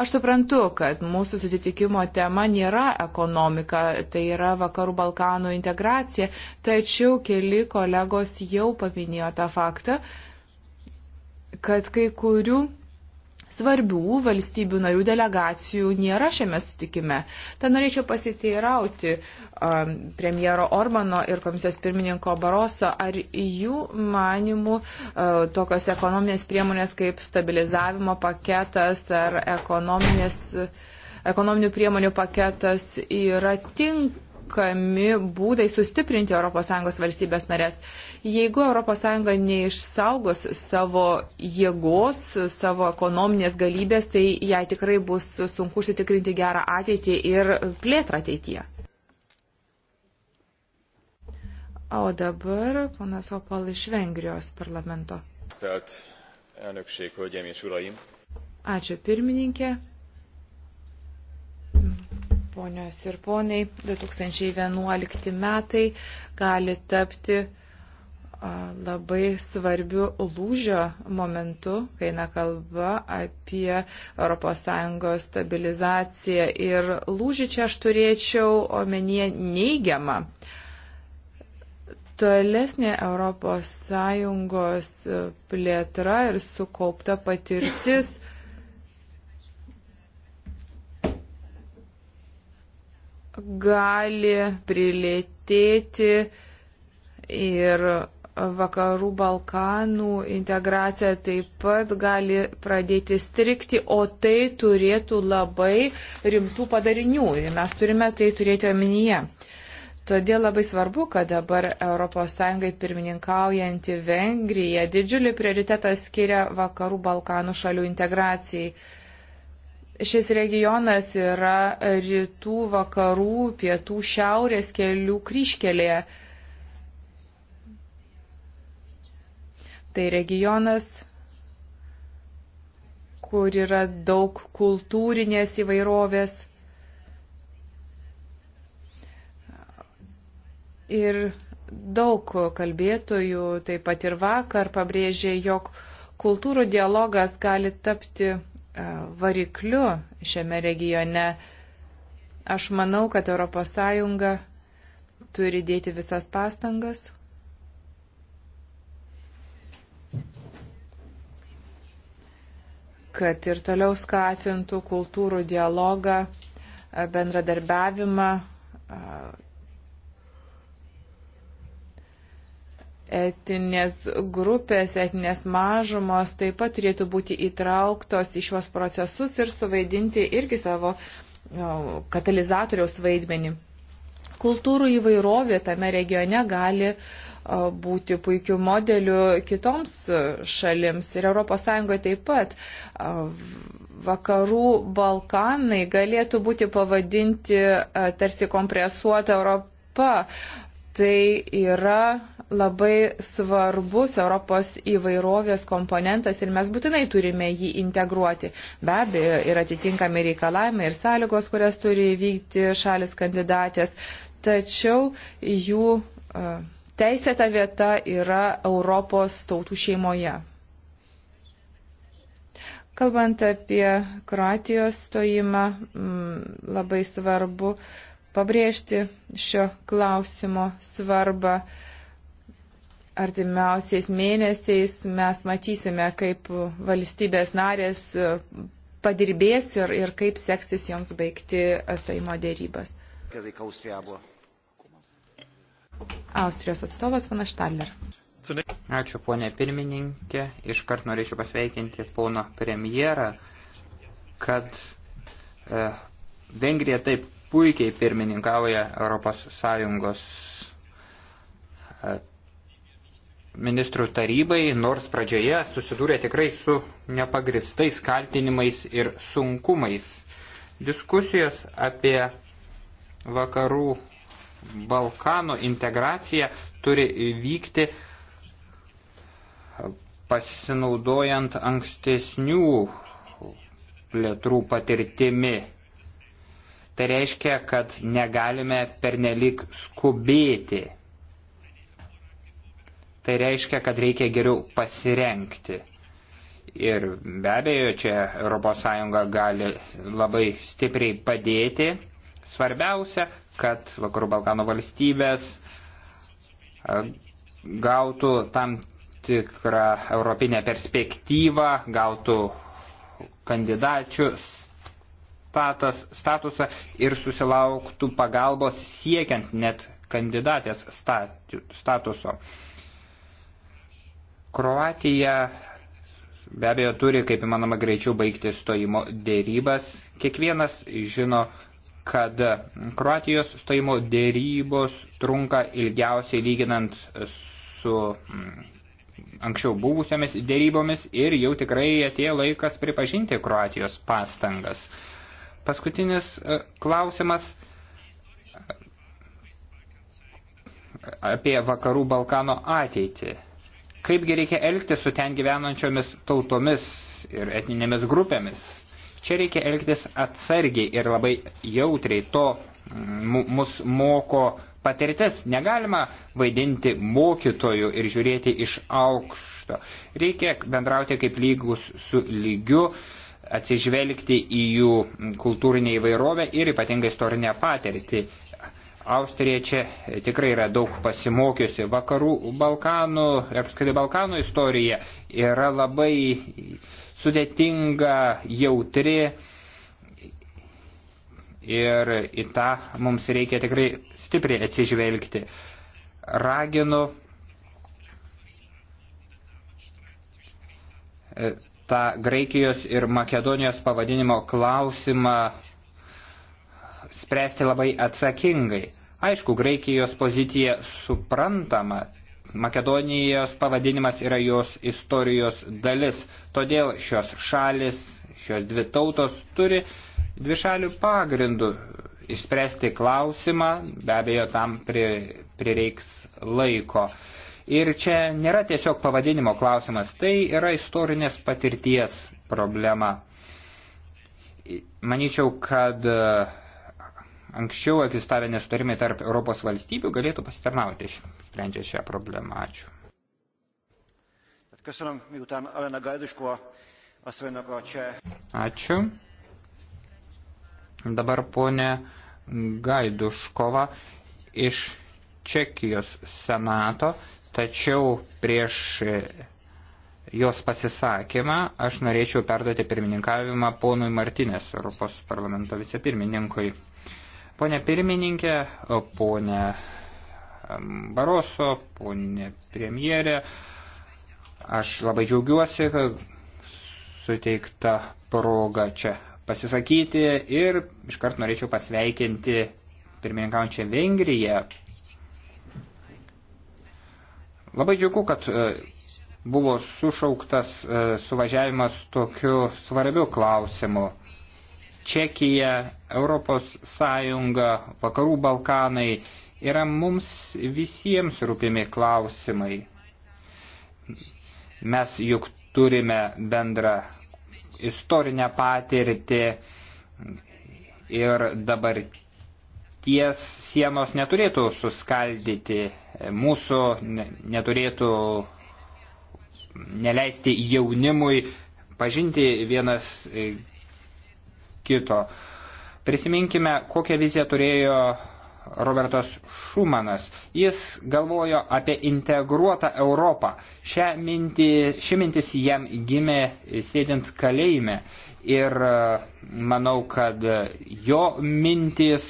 Aš suprantu, kad mūsų susitikimo tema nėra ekonomika, tai yra Vakarų Balkanų integracija, tačiau keli kolegos jau paminėjo tą faktą, kad kai kurių svarbių valstybių narių delegacijų nėra šiame sutikime. Tad norėčiau pasiteirauti um, premjero Orbano ir komisijos pirmininko Baroso, ar jų manimų uh, tokios ekonominės priemonės kaip stabilizavimo paketas ar ekonominės. Ekonominių priemonių paketas yra tinkamas tinkami būdai sustiprinti ES valstybės narės. Jeigu ES neišsaugos savo jėgos, savo ekonominės galybės, tai jai tikrai bus sunku užsitikrinti gerą ateitį ir plėtrą ateityje. O dabar ponas Opal iš Vengrijos parlamento. Ačiū pirmininkė. Ponios ir ponai, 2011 metai gali tapti labai svarbiu lūžio momentu, kai eina kalba apie ES stabilizaciją. Ir lūžį čia aš turėčiau omenyje neigiamą. Tolesnė ES plėtra ir sukaupta patirtis gali prilėtėti ir vakarų Balkanų integracija taip pat gali pradėti strikti, o tai turėtų labai rimtų padarinių ir mes turime tai turėti omenyje. Todėl labai svarbu, kad dabar ES pirmininkaujanti Vengrija didžiulį prioritetą skiria vakarų Balkanų šalių integracijai. Šis regionas yra rytų, vakarų, pietų, šiaurės kelių kryškelėje. Tai regionas, kur yra daug kultūrinės įvairovės. Ir daug kalbėtojų taip pat ir vakar pabrėžė, jog kultūrų dialogas gali tapti E, varikliu šiame regione. Aš manau, kad ES turi dėti visas pastangas. kad ir toliau skatintų kultūrų dialogą, e, bendradarbiavimą, e, etinės grupės, etinės mažumos taip pat turėtų būti įtrauktos į šiuos procesus ir suvaidinti irgi savo katalizatoriaus vaidmenį. Kultūrų įvairovė tame regione gali būti puikiu modeliu kitoms šalims ir ES taip pat. Vakarų Balkanai galėtų būti pavadinti e, tarsi kompresuota Europa. Tai yra labai svarbus Europos įvairovės komponentas ir mes būtinai turime jį integruoti. Be abejo, yra atitinkami reikalavimai ir sąlygos, kurias turi vykti šalis kandidatės, tačiau jų e, teisėta vieta yra Europos tautų šeimoje. Kalbant apie Kroatijos stojimą, mm, labai svarbu pabrėžti šio klausimo svarbą artimiausiais mėnesiais mes matysime, kaip valstybės narės e, padirbės ir, ir kaip seksis joms baigti stojimo dėrybas. Austrijos atstovas pana Štadler. Ačiū ponė pirmininkė. Iškart norėčiau pasveikinti pono premjerą, kad e, Vengrija taip puikiai pirmininkauja Europos Sąjungos e, ministrų tarybai, nors pradžioje susidūrė tikrai su nepagristais kaltinimais ir sunkumais. Diskusijos apie vakarų Balkano integraciją turi vykti pasinaudojant ankstesnių plėtrų patirtimi. Tai reiškia, kad negalime pernelik skubėti Tai reiškia, kad reikia geriau pasirenkti. Ir be abejo, čia ES gali labai stipriai padėti. Svarbiausia, kad Vakarų Balkanų valstybės gautų tam tikrą europinę perspektyvą, gautų kandidačių statas, statusą ir susilauktų pagalbos siekiant net kandidatės statuso. Kroatija be abejo turi, kaip įmanoma, greičiau baigti stojimo dėrybas. Kiekvienas žino, kad Kroatijos stojimo dėrybos trunka ilgiausiai lyginant su mm, anksčiau buvusiamis dėrybomis ir jau tikrai atėjo laikas pripažinti Kroatijos pastangas. Paskutinis e, klausimas e, apie vakarų Balkano ateitį kaipgi reikia elgtis su ten gyvenančiomis tautomis ir etninėmis grupėmis. Čia reikia elgtis atsargiai ir labai jautriai. To mm, mus moko patirtis. Negalima vaidinti mokytojų ir žiūrėti iš aukšto. Reikia bendrauti kaip lygus su lygiu atsižvelgti į jų kultūrinę įvairovę ir ypatingą istorinę patirtį. Austrija čia e, tikrai yra daug pasimokiusi. Vakarų Balkanų, apskritai Balkanų istorija yra labai sudėtinga, jautri ir į tą mums reikia tikrai stipriai atsižvelgti. Raginu e, tą Graikijos ir Makedonijos pavadinimo klausimą spręsti labai atsakingai. Aišku, Graikijos pozicija suprantama, Makedonijos pavadinimas yra jos istorijos dalis, todėl šios šalis, šios dvi tautos turi dvišalių pagrindų išspręsti klausimą, be abejo tam pri, prireiks laiko. Ir čia nėra tiesiog pavadinimo klausimas, tai yra istorinės patirties problema. Manyčiau, kad uh, anksčiau egzistavę nesutarimai tarp Europos valstybių galėtų pasitarnauti, sprendžia šią problemą. Ačiū. Ačiū. Dabar ponė Gaiduškova iš Čekijos senato, tačiau prieš e, jos pasisakymą aš norėčiau perduoti pirmininkavimą ponui Martinės, Europos parlamento vicepirmininkui. Pone pirmininkė, pone Baroso, ponė premjerė. Aš labai džiaugiuosi, kad suteikta proga čia pasisakyti ir iškart norėčiau pasveikinti pirmininkaujančią Vengriją. Labai džiugu, kad e, buvo sušauktas e, suvažiavimas tokiu svarbiu klausimu. Čekija, Europos Sąjunga, Vakarų Balkanai yra mums visiems rūpimi klausimai. Mes juk turime bendrą istorinę patirtį ir dabarties sienos neturėtų suskaldyti, mūsų neturėtų neleisti jaunimui pažinti vienas kito. Prisiminkime, kokią viziją turėjo Robertas Šumanas. Jis galvojo apie integruotą Europą. Šią mintį, ši mintis jam gimė sėdint kalėjime. Ir e, manau, kad jo mintis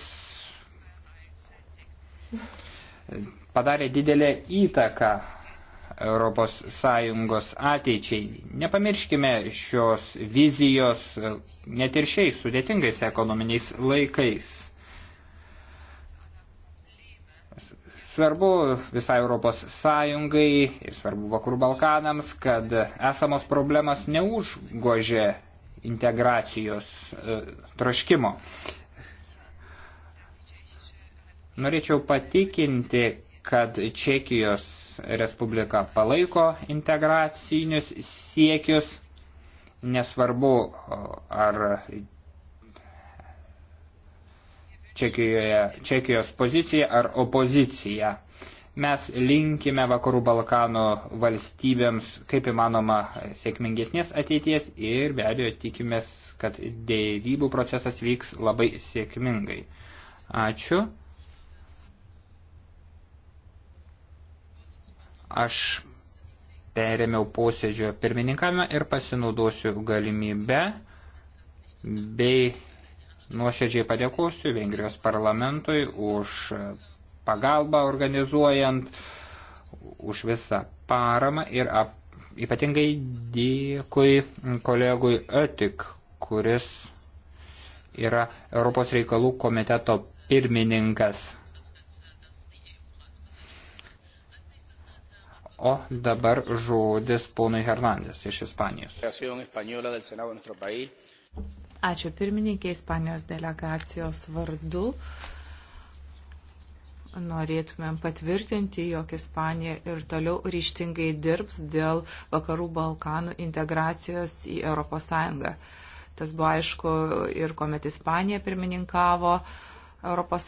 padarė didelę įtaką ES ateičiai. Nepamirškime šios vizijos e, net ir šiais sudėtingais ekonominiais laikais. Svarbu visai Europos Sąjungai ir svarbu Vakarų Balkanams, kad esamos problemas neužgožė integracijos e, troškimo. Norėčiau patikinti, kad Čekijos Respublika palaiko integracinius siekius, nesvarbu ar Čekijoje, Čekijos pozicija ar opozicija. Mes linkime Vakarų Balkanų valstybėms kaip įmanoma sėkmingesnės ateities ir be abejo tikimės, kad dėrybų procesas vyks labai sėkmingai. Ačiū. aš perėmiau posėdžio pirmininkavimą ir pasinaudosiu galimybę bei nuoširdžiai padėkosiu Vengrijos parlamentui už pagalbą organizuojant, už visą paramą ir ap, ypatingai dėkui kolegui Ötik, kuris yra Europos reikalų komiteto pirmininkas. O dabar žodis ponui Hernandės iš Ispanijos. Ačiū pirmininkė Ispanijos delegacijos vardu. Norėtumėm patvirtinti, jog Ispanija ir toliau ryštingai dirbs dėl vakarų Balkanų integracijos į ES. Tas buvo aišku ir kuomet Ispanija pirmininkavo. Uh, ES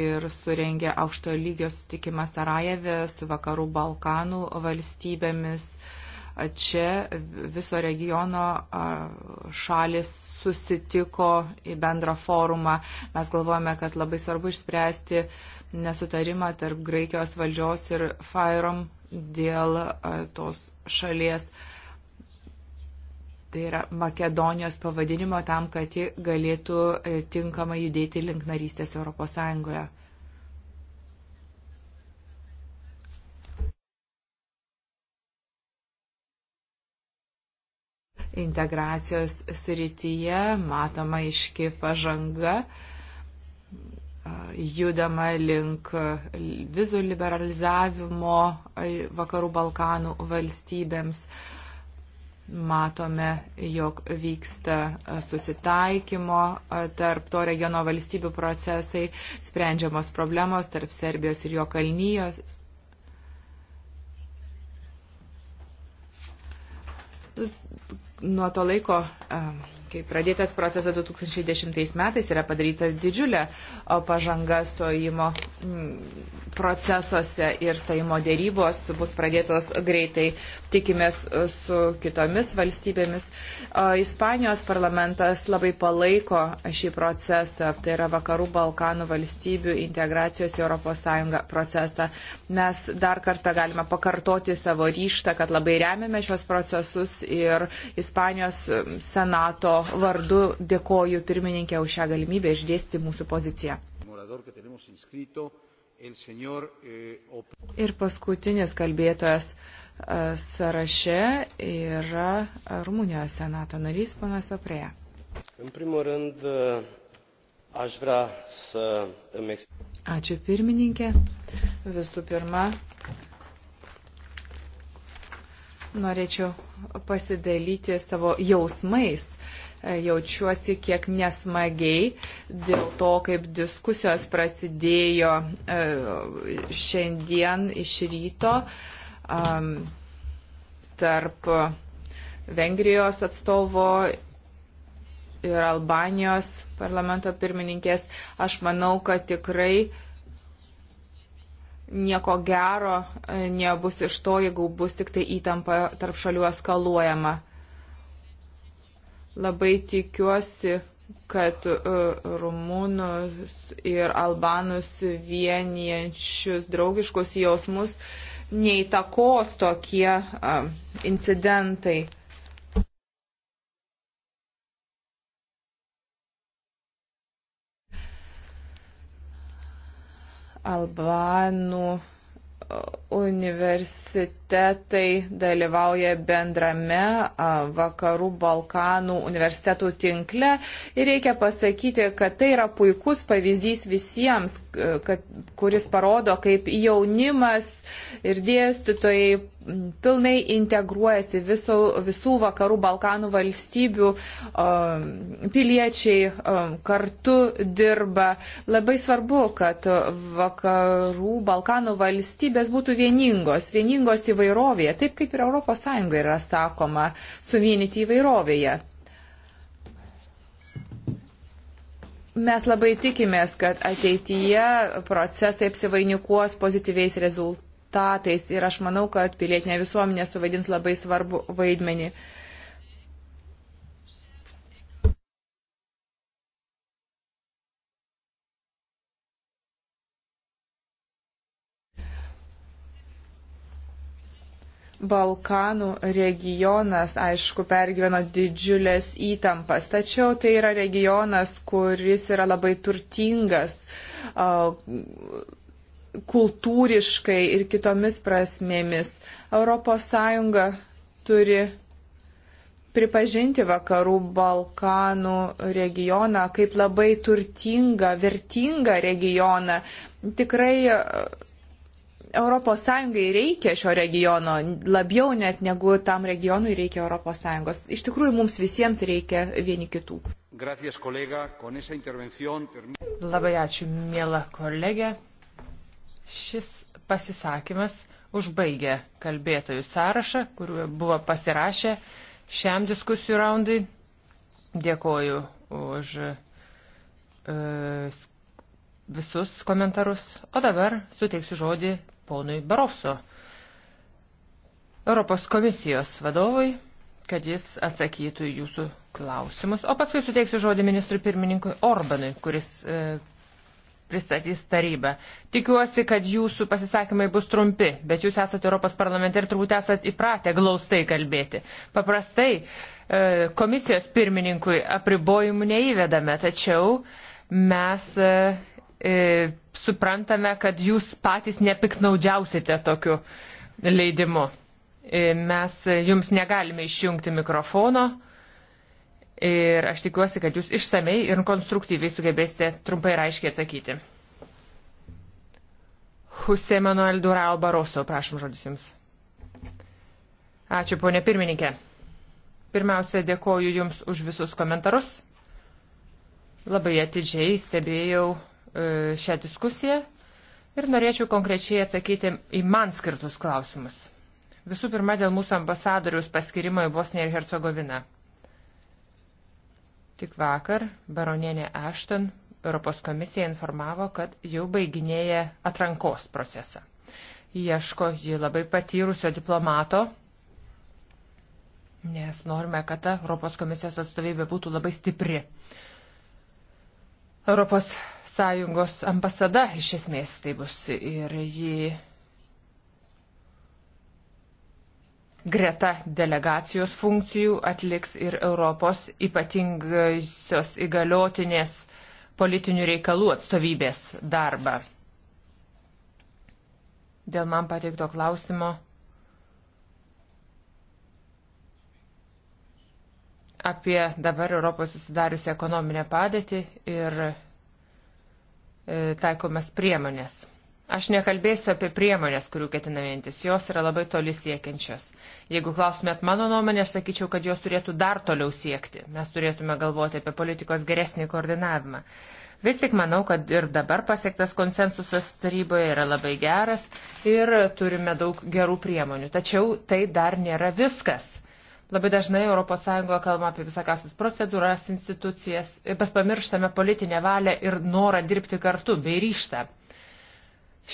ir surengė aukšto lygio sutikimą Sarajeve su vakarų Balkanų valstybėmis. Čia viso regiono šalis susitiko į bendrą forumą. Mes galvojame, kad labai svarbu išspręsti nesutarimą tarp Graikijos valdžios ir Fairom dėl tos šalies uh, Tai yra Makedonijos pavadinimo tam, kad ji galėtų e, tinkamai judėti link narystės Europos Sąjungoje. integracijos srityje matoma iški pažanga, judama link vizų liberalizavimo vakarų Balkanų valstybėms matome, jog vyksta susitaikymo tarp to regiono valstybių procesai, sprendžiamos problemos tarp Serbijos ir jo kalnyjos. Nuo to laiko, kai pradėtas procesas 2010 metais, yra padarytas didžiulė pažanga stojimo procesuose ir stojimo dėrybos bus pradėtos greitai, tikimės, e, su kitomis valstybėmis. E, Ispanijos parlamentas labai palaiko šį procesą, tai yra Vakarų Balkanų valstybių integracijos į ES procesą. Mes dar kartą galime pakartoti savo ryštą, kad labai remiame šios procesus ir Ispanijos e, senato vardu dėkoju pirmininkė už šią galimybę išdėsti mūsų poziciją. Morador, Eh, Ir paskutinis kalbėtojas e, sąraše yra Rumunijos senato narys panas Opreja. E, Ačiū pirmininkė. Visų pirma, norėčiau pasidalyti savo jausmais E, jaučiuosi kiek nesmagiai dėl to, kaip diskusijos prasidėjo e, šiandien iš ryto tarp Vengrijos atstovo ir Albanijos parlamento pirmininkės. Aš manau, kad tikrai nieko gero e, nebus iš to, jeigu bus tik tai įtampa tarp šalių eskaluojama. Labai tikiuosi, kad e, rumūnus ir albanus vienijančius draugiškus jausmus neįtakos tokie e, incidentai. Albanų e, universitetas universitetai dalyvauja bendrame vakarų Balkanų universitetų tinkle. Ir reikia pasakyti, kad tai yra puikus pavyzdys visiems, kad, kuris parodo, kaip jaunimas ir dėstytojai pilnai integruojasi viso, visų vakarų Balkanų valstybių um, piliečiai um, kartu dirba. Labai svarbu, kad vakarų Balkanų valstybės būtų vieningos, vieningos į įvairovėje, taip kaip ir ES yra sakoma, suvienyti įvairovėje. Mes labai tikimės, kad ateityje procesai apsivainikuos pozityviais rezultatais ir aš manau, kad pilietinė visuomenė suvaidins labai svarbu vaidmenį. Uh, Balkanų regionas, aišku, pergyveno didžiulės įtampas, tačiau tai yra regionas, kuris yra labai turtingas kultūriškai ir kitomis prasmėmis. ES turi pripažinti vakarų Balkanų regioną kaip labai turtingą, vertingą regioną. Tikrai ES reikia šio regiono labiau net negu tam regionui reikia ES. Iš tikrųjų, mums visiems reikia vieni kitų. Gracias, intervención... Labai ačiū, mėla kolegė. Šis pasisakymas užbaigė kalbėtojų sąrašą, kuriuo buvo pasirašę šiam diskusijų raundai. Dėkoju už. Uh, visus komentarus, o dabar suteiksiu žodį ponui Baroso, Europos komisijos vadovui, kad jis atsakytų jūsų klausimus. O paskui suteiksiu žodį ministrui pirmininkui Orbanui, kuris e, pristatys tarybą. Tikiuosi, kad jūsų pasisakymai bus trumpi, bet jūs esate Europos parlamente ir turbūt esate įpratę glaustai kalbėti. Paprastai e, komisijos pirmininkui apribojimų neįvedame, tačiau mes. E, e, suprantame, kad jūs patys nepiknaudžiausite tokiu leidimu. E, mes jums negalime išjungti mikrofono ir aš tikiuosi, kad jūs išsamei ir konstruktyviai sugebėsite trumpai ir aiškiai atsakyti. Husė Manuel Durao Baroso, prašom žodis jums. Ačiū, ponė pirmininkė. Pirmiausia, dėkoju Jums už visus komentarus. Labai atidžiai stebėjau E, šią diskusiją ir norėčiau konkrečiai atsakyti į man skirtus klausimus. Visų pirma, dėl mūsų ambasadoriaus paskirimo į Bosniją ir Hercegoviną. Tik vakar baronienė Ashton Europos komisija informavo, kad jau baiginėja atrankos procesą. Ieško jį labai patyrusio diplomato, nes norime, kad ta Europos komisijos atstovybė būtų labai stipri. Europos sąjungos ambasada iš esmės tai bus ir ji greta delegacijos funkcijų atliks ir Europos ypatingosios įgaliotinės politinių reikalų atstovybės darbą. Dėl man pateikto klausimo apie dabar Europos susidariusią ekonominę padėtį ir E, taikomas priemonės. Aš nekalbėsiu apie priemonės, kurių ketinamintis, jos yra labai toli siekiančios. Jeigu klausumėt mano nuomonę, aš sakyčiau, kad jos turėtų dar toliau siekti. Mes turėtume galvoti apie politikos geresnį koordinavimą. Vis tik manau, kad ir dabar pasiektas konsensusas taryboje yra labai geras ir turime daug gerų priemonių. Tačiau tai dar nėra viskas. Labai dažnai ES kalba apie visokiausias procedūras, institucijas, bet pamirštame politinę valią ir norą dirbti kartu bei ryštą.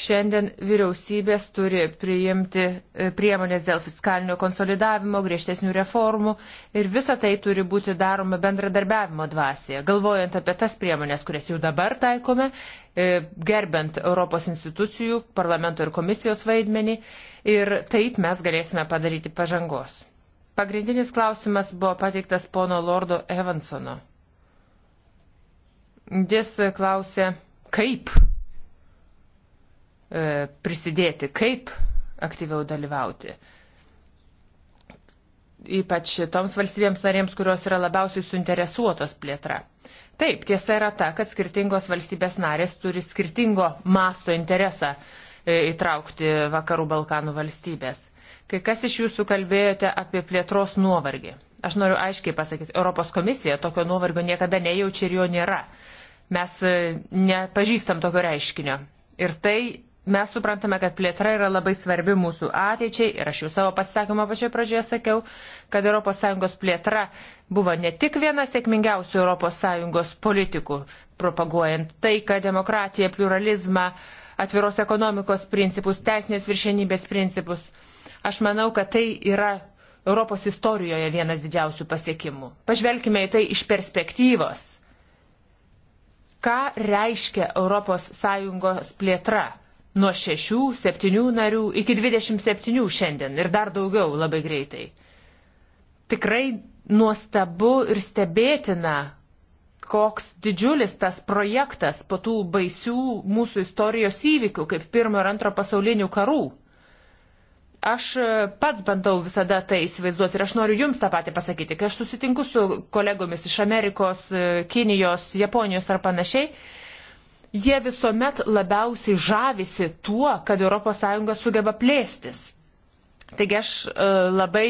Šiandien vyriausybės turi priimti e, priemonės dėl fiskalinio konsolidavimo, griežtesnių reformų ir visa tai turi būti daroma bendradarbiavimo dvasėje, galvojant apie tas priemonės, kurias jau dabar taikome, e, gerbent Europos institucijų, parlamento ir komisijos vaidmenį ir taip mes galėsime padaryti pažangos. Pagrindinis klausimas buvo pateiktas pono Lordo Evansono. Jis klausė, kaip e, prisidėti, kaip aktyviau dalyvauti. Ypač toms valstybėms narėms, kurios yra labiausiai suinteresuotos plėtra. Taip, tiesa yra ta, kad skirtingos valstybės narės turi skirtingo masto interesą e, įtraukti Vakarų Balkanų valstybės. Kai kas iš jūsų kalbėjote apie plėtros nuovargį. Aš noriu aiškiai pasakyti, Europos komisija tokio nuovargio niekada nejaučia ir jo nėra. Mes e, nepažįstam tokio reiškinio. Ir tai mes suprantame, kad plėtra yra labai svarbi mūsų ateičiai ir aš jau savo pasisakymą pačioje pradžioje sakiau, kad ES plėtra buvo ne tik viena sėkmingiausių ES politikų, propaguojant taiką, demokratiją, pluralizmą, atviros ekonomikos principus, teisinės viršenybės principus. Aš manau, kad tai yra Europos istorijoje vienas didžiausių pasiekimų. Pažvelkime į tai iš perspektyvos. Ką reiškia ES plėtra? Nuo 6-7 narių iki 27 šiandien ir dar daugiau labai greitai. Tikrai nuostabu ir stebėtina, koks didžiulis tas projektas po tų baisių mūsų istorijos įvykių, kaip pirmo ir antro pasaulinių karų. Aš e, pats bandau visada tai įsivaizduoti ir aš noriu jums tą patį pasakyti. Kai aš susitinku su kolegomis iš Amerikos, e, Kinijos, Japonijos ar panašiai, jie visuomet labiausiai žavisi tuo, kad ES sugeba plėstis. Taigi aš e, labai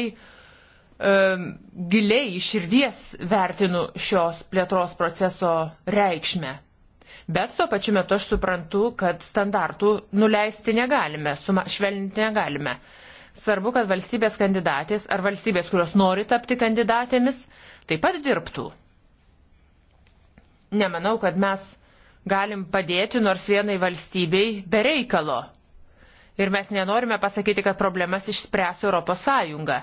giliai iš širdies vertinu šios plėtros proceso reikšmę. Bet tuo pačiu metu aš suprantu, kad standartų nuleisti negalime, švelninti negalime. Svarbu, kad valstybės kandidatės ar valstybės, kurios nori tapti kandidatėmis, taip pat dirbtų. Nemanau, kad mes galim padėti nors vienai valstybei be reikalo. Ir mes nenorime pasakyti, kad problemas išspręs Europos Sąjunga.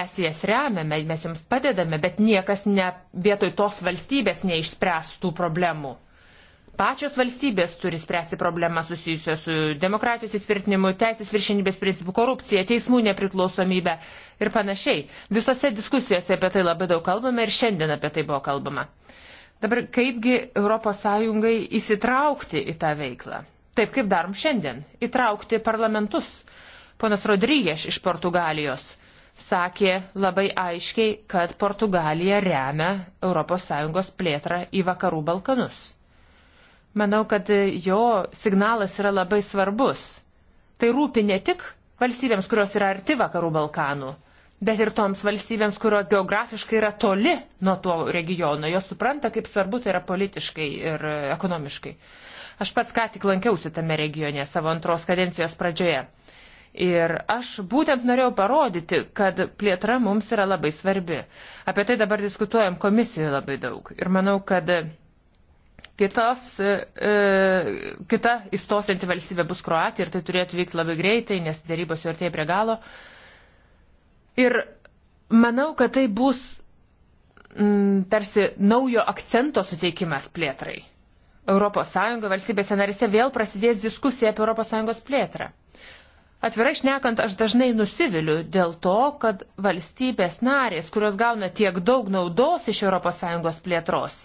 Mes jas remiame, mes jums padedame, bet niekas ne vietoj tos valstybės neišspręs tų problemų. Pačios valstybės turi spręsti problemą susijusią su demokratijos įtvirtinimu, teisės viršinybės principų, korupcija, teismų nepriklausomybė ir panašiai. Visose diskusijose apie tai labai daug kalbame ir šiandien apie tai buvo kalbama. Dabar kaipgi ES įsitraukti į tą veiklą? Taip kaip darom šiandien - įtraukti parlamentus. Ponas Rodrygės iš Portugalijos sakė labai aiškiai, kad Portugalija remia ES plėtrą į vakarų Balkanus. Manau, kad jo signalas yra labai svarbus. Tai rūpi ne tik valstybėms, kurios yra arti vakarų Balkanų, bet ir toms valstybėms, kurios geografiškai yra toli nuo to regiono. Jos supranta, kaip svarbu tai yra politiškai ir ekonomiškai. Aš pats ką tik lankiausi tame regione savo antros kadencijos pradžioje. Ir aš būtent norėjau parodyti, kad plėtra mums yra labai svarbi. Apie tai dabar diskutuojam komisijoje labai daug. Ir manau, kad Kitos, e, e kita įstosianti valstybė bus Kroatija ir tai turėtų vykti labai greitai, nes darybos jau artėja prie galo. Ir manau, kad tai bus m, mm, tarsi naujo akcento suteikimas plėtrai. ES valstybėse narise vėl prasidės diskusija apie ES plėtrą. Atvirai šnekant, aš dažnai nusiviliu dėl to, kad valstybės narės, kurios gauna tiek daug naudos iš ES plėtros,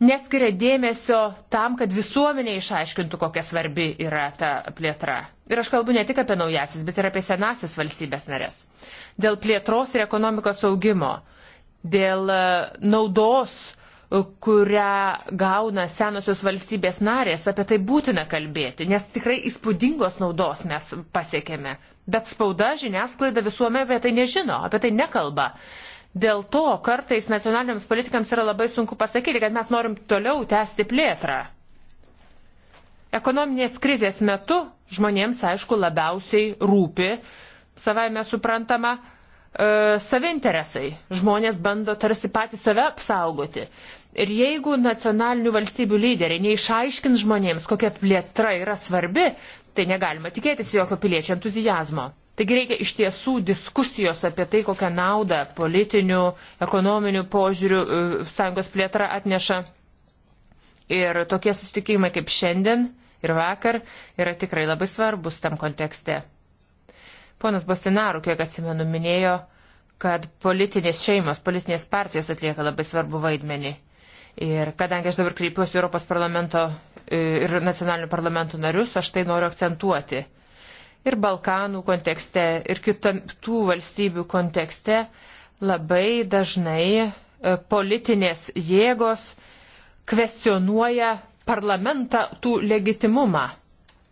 neskiria dėmesio tam, kad visuomenė išaiškintų, kokia svarbi yra ta plėtra. Ir aš kalbu ne tik apie naujasis, bet ir apie senasis valstybės narės. Dėl plėtros ir ekonomikos augimo, dėl e, naudos, e, kurią gauna senosios valstybės narės, apie tai būtina kalbėti, nes tikrai įspūdingos naudos mes pasiekėme. Bet spauda, žiniasklaida visuomenė apie tai nežino, apie tai nekalba. Dėl to kartais nacionaliniams politikams yra labai sunku pasakyti, kad mes norim toliau tęsti plėtrą. Ekonominės krizės metu žmonėms, aišku, labiausiai rūpi, savai mes suprantama, e, savinteresai. Žmonės bando tarsi patį save apsaugoti. Ir jeigu nacionalinių valstybių lyderiai neišaiškins žmonėms, kokia plėtra yra svarbi, tai negalima tikėtis jokio piliečio entuzijazmo. Taigi reikia iš tiesų diskusijos apie tai, kokią naudą politinių, ekonominių požiūrių e, sąjungos plėtra atneša. Ir tokie susitikimai kaip šiandien ir vakar yra tikrai labai svarbus tam kontekste. Ponas Bostinaru, kiek atsimenu, minėjo, kad politinės šeimos, politinės partijos atlieka labai svarbu vaidmenį. Ir kadangi aš dabar kreipiuosi Europos parlamento e, ir nacionalinių parlamentų narius, aš tai noriu akcentuoti ir Balkanų kontekste, ir kitų valstybių kontekste labai dažnai e, politinės jėgos kvestionuoja parlamentą tų legitimumą.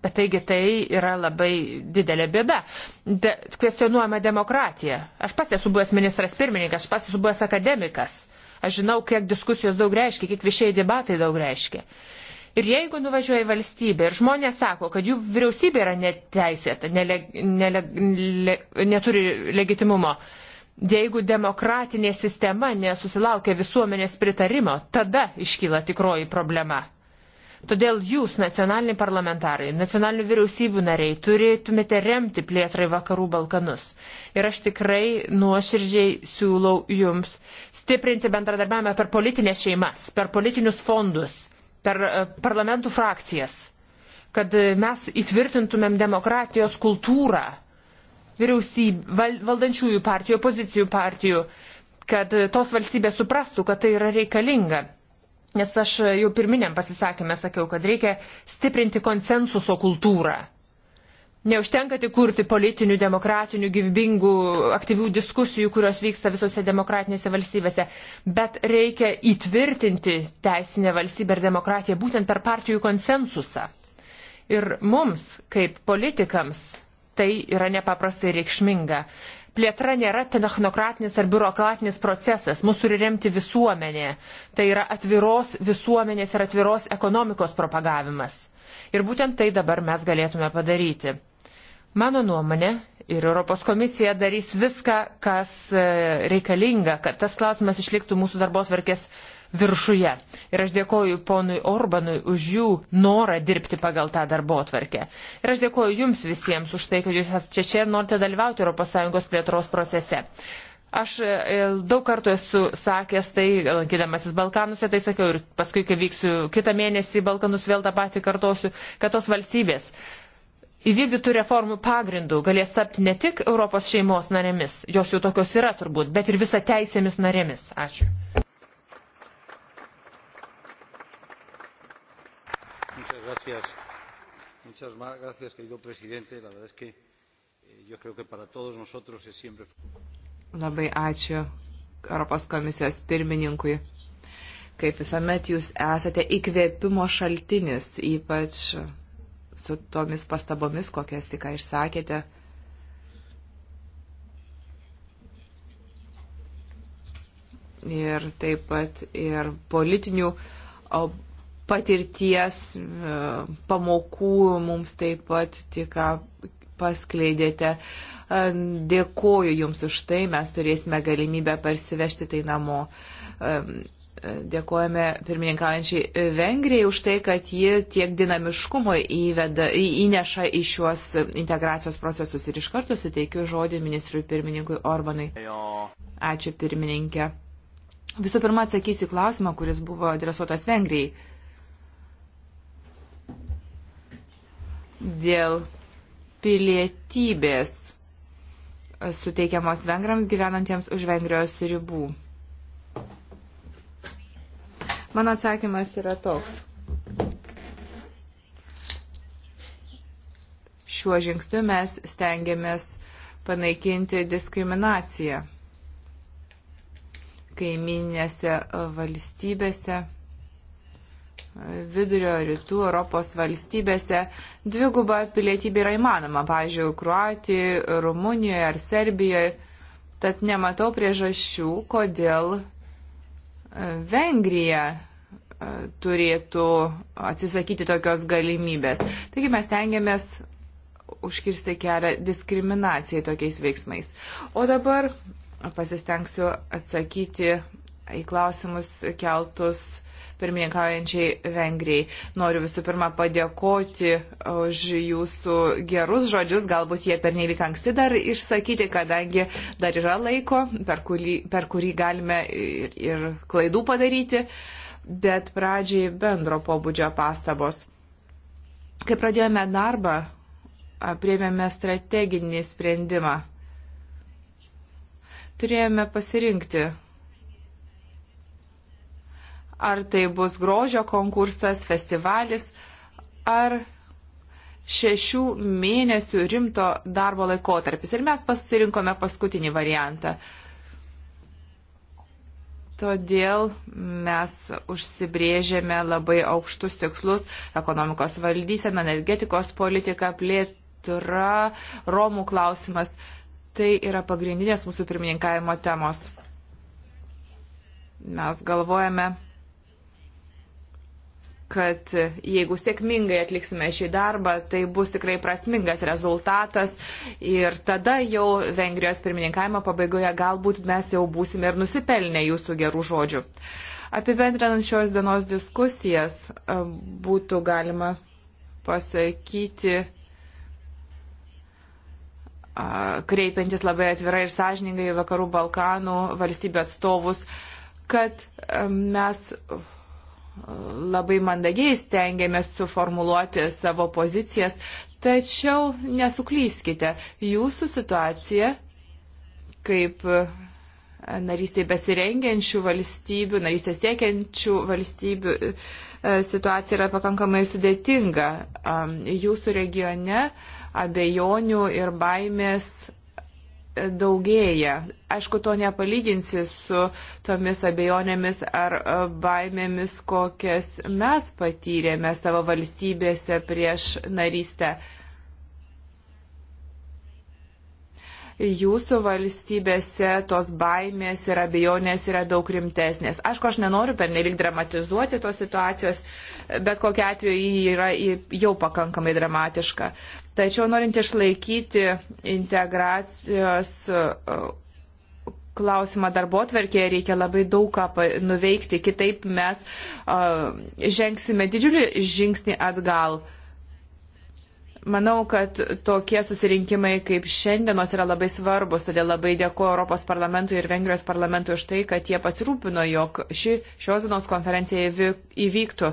Bet taigi tai yra labai didelė bėda. De, kvestionuojama demokratija. Aš pats esu buvęs ministras pirmininkas, aš pats esu buvęs akademikas. Aš žinau, kiek diskusijos daug reiškia, kiek viešieji debatai daug reiškia. Ir jeigu nuvažiuoja į valstybę ir žmonės sako, kad jų vyriausybė yra neteisėta, nele, nele, le, neturi legitimumo, jeigu demokratinė sistema nesusilaukia visuomenės pritarimo, tada iškyla tikroji problema. Todėl jūs, nacionaliniai parlamentarai, nacionalinių vyriausybių nariai, turėtumėte remti plėtrai vakarų Balkanus. Ir aš tikrai nuoširdžiai siūlau jums stiprinti bendradarbiavimą per politinės šeimas, per politinius fondus per e, parlamentų frakcijas, kad e, mes įtvirtintumėm demokratijos kultūrą vyriausybių, val, valdančiųjų partijų, opozicijų partijų, kad e, tos valstybės suprastų, kad tai yra reikalinga. Nes aš jau pirminiam pasisakymę sakiau, kad reikia stiprinti konsensuso kultūrą. Neužtenka tik kurti politinių, demokratinių, gyvybingų, aktyvių diskusijų, kurios vyksta visose demokratinėse valstybėse, bet reikia įtvirtinti teisinę valstybę ir demokratiją būtent per partijų konsensusą. Ir mums, kaip politikams, tai yra nepaprastai reikšminga. Plėtra nėra technokratinis ar biurokratinis procesas, mūsų turi remti visuomenė. Tai yra atviros visuomenės ir atviros ekonomikos propagavimas. Ir būtent tai dabar mes galėtume padaryti. Mano nuomonė ir Europos komisija darys viską, kas e, reikalinga, kad tas klausimas išliktų mūsų darbos varkės viršuje. Ir aš dėkoju ponui Orbanui už jų norą dirbti pagal tą darbo atvarkę. Ir aš dėkoju jums visiems už tai, kad jūs čia čia norite dalyvauti ES plėtros procese. Aš e, daug kartų esu sakęs tai, lankydamasis Balkanuose, tai sakiau ir paskui, kai vyksiu kitą mėnesį į Balkanus, vėl tą patį kartosiu, kad tos valstybės įvykdytų reformų pagrindų galės tapti ne tik Europos šeimos narėmis, jos jau tokios yra turbūt, bet ir visą teisėmis narėmis. Ačiū. Muchas gracias. Muchas gracias, querido presidente. La verdad es que eh, yo creo que para todos nosotros es siempre. Labai ačiū Europos komisijos pirmininkui. Kaip visuomet jūs esate įkvėpimo šaltinis, ypač su tomis pastabomis, kokias tik išsakėte. Ir taip pat ir politinių patirties e, pamokų mums taip pat tik paskleidėte. E, dėkoju Jums už tai, mes turėsime galimybę parsivežti tai namo. E, Dėkojame pirmininkaujančiai Vengrijai už tai, kad ji tiek dinamiškumo įveda, įneša į šiuos integracijos procesus ir iš karto suteikiu žodį ministrui pirmininkui Orbanui. Ačiū pirmininkė. Visų pirma, atsakysiu klausimą, kuris buvo adresuotas Vengrijai. Dėl pilietybės suteikiamos vengrams gyvenantiems už Vengrijos ribų. Mano atsakymas yra toks. Šiuo žingsniu mes stengiamės panaikinti diskriminaciją kaiminėse valstybėse vidurio rytų Europos valstybėse dviguba pilietybė yra įmanoma, pavyzdžiui, Kruatijoje, Rumunijoje ar Serbijoje. Tad nematau priežasčių, kodėl e, Vengrija E, turėtų atsisakyti tokios galimybės. Taigi mes tengiamės užkirsti kelią diskriminacijai tokiais veiksmais. O dabar pasistengsiu atsakyti į klausimus keltus pirmininkaujančiai Vengrijai. Noriu visų pirma padėkoti už jūsų gerus žodžius, galbūt jie pernelyg anksti dar išsakyti, kadangi dar yra laiko, per kurį, per kurį galime ir, ir klaidų padaryti. Uh, bet pradžiai bendro pobūdžio pastabos. Kai pradėjome darbą, priemėme strateginį sprendimą. Turėjome pasirinkti, ar tai bus grožio konkursas, festivalis, ar šešių mėnesių rimto darbo laikotarpis. Ir mes pasirinkome paskutinį variantą. Uh, Todėl mes užsibrėžėme labai aukštus tikslus - ekonomikos valdysena, energetikos politika, plėtra, Romų klausimas. Tai yra pagrindinės mūsų pirmininkavimo temos. Mes galvojame kad jeigu sėkmingai atliksime šį darbą, tai bus tikrai prasmingas rezultatas ir tada jau Vengrijos pirmininkavimo pabaigoje galbūt mes jau būsime ir nusipelnę jūsų gerų žodžių. Apibendrinant šios dienos diskusijas, būtų galima pasakyti, kreipiantis labai atvirai ir sąžiningai vakarų Balkanų valstybių atstovus, kad mes labai mandagiai stengiamės suformuluoti savo pozicijas, tačiau nesuklyskite, jūsų situacija kaip narystėje besirengiančių valstybių, narystės siekiančių valstybių e, situacija yra pakankamai sudėtinga. Jūsų regione abejonių ir baimės daugėja. Aišku, to nepalyginsi su tomis abejonėmis ar e, baimėmis, kokias mes patyrėme savo valstybėse prieš narystę. jūsų valstybėse tos baimės ir abejonės yra daug rimtesnės. Aišku, aš nenoriu pernelyg dramatizuoti tos situacijos, bet kokia atveju ji yra jau pakankamai dramatiška. Tačiau norint išlaikyti integracijos uh, klausimą darbo atverkėje reikia labai daug ką nuveikti, kitaip mes uh, žengsime didžiulį žingsnį atgal. Uh, Manau, kad tokie susirinkimai kaip šiandienos yra labai svarbus, todėl labai dėkuoju Europos parlamentui ir Vengrijos parlamentui už tai, kad jie pasirūpino, jog ši šios dienos konferencija įvyktų.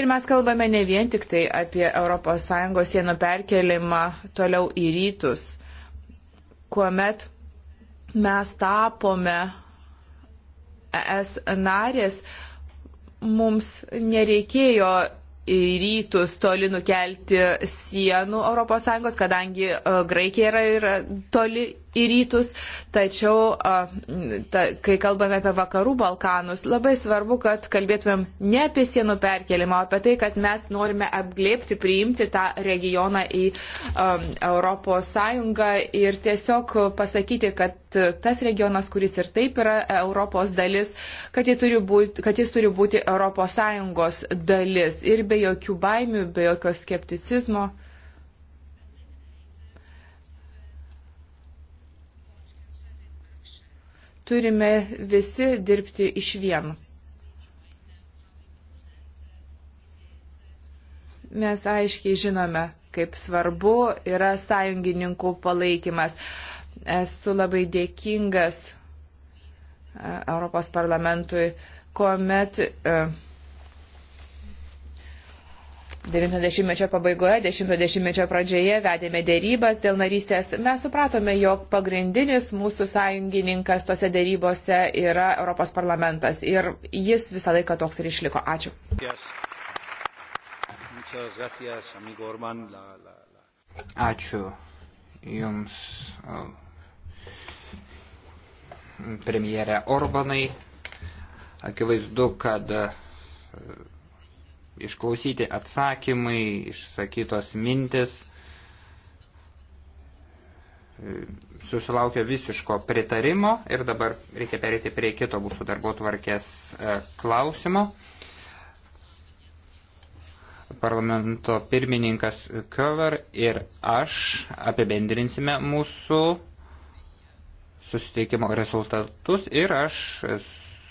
Ir mes kalbame ne vien tik tai apie ES sienų perkelimą toliau į rytus, kuomet mes tapome ES narės, mums nereikėjo į rytus toli nukelti sienų ES, kadangi e, Graikija yra, yra toli į rytus, tačiau ta, kai kalbame apie vakarų Balkanus, labai svarbu, kad kalbėtumėm ne apie sienų perkelimą, o apie tai, kad mes norime apglėpti, priimti tą regioną į um, Europos Sąjungą ir tiesiog pasakyti, kad tas regionas, kuris ir taip yra Europos dalis, kad, būti, kad jis turi būti Europos Sąjungos dalis ir be jokių baimių, be jokio skepticizmo. turime visi dirbti iš vien. Mes aiškiai žinome, kaip svarbu yra sąjungininkų palaikymas. Esu labai dėkingas e, Europos parlamentui, kuomet uh, 90-mečio pabaigoje, 10-mečio pradžioje vedėme dėrybas dėl narystės. Mes supratome, jog pagrindinis mūsų sąjungininkas tose dėrybose yra Europos parlamentas ir jis visą laiką toks ir išliko. Ačiū. Ačiū Jums, uh, premjerė Orbanai. Akivaizdu, kad uh, išklausyti atsakymai, išsakytos mintis susilaukė visiško pritarimo ir dabar reikia perėti prie kito mūsų darbo tvarkės e, klausimo. Parlamento pirmininkas Köver ir aš apibendrinsime mūsų susitikimo rezultatus ir aš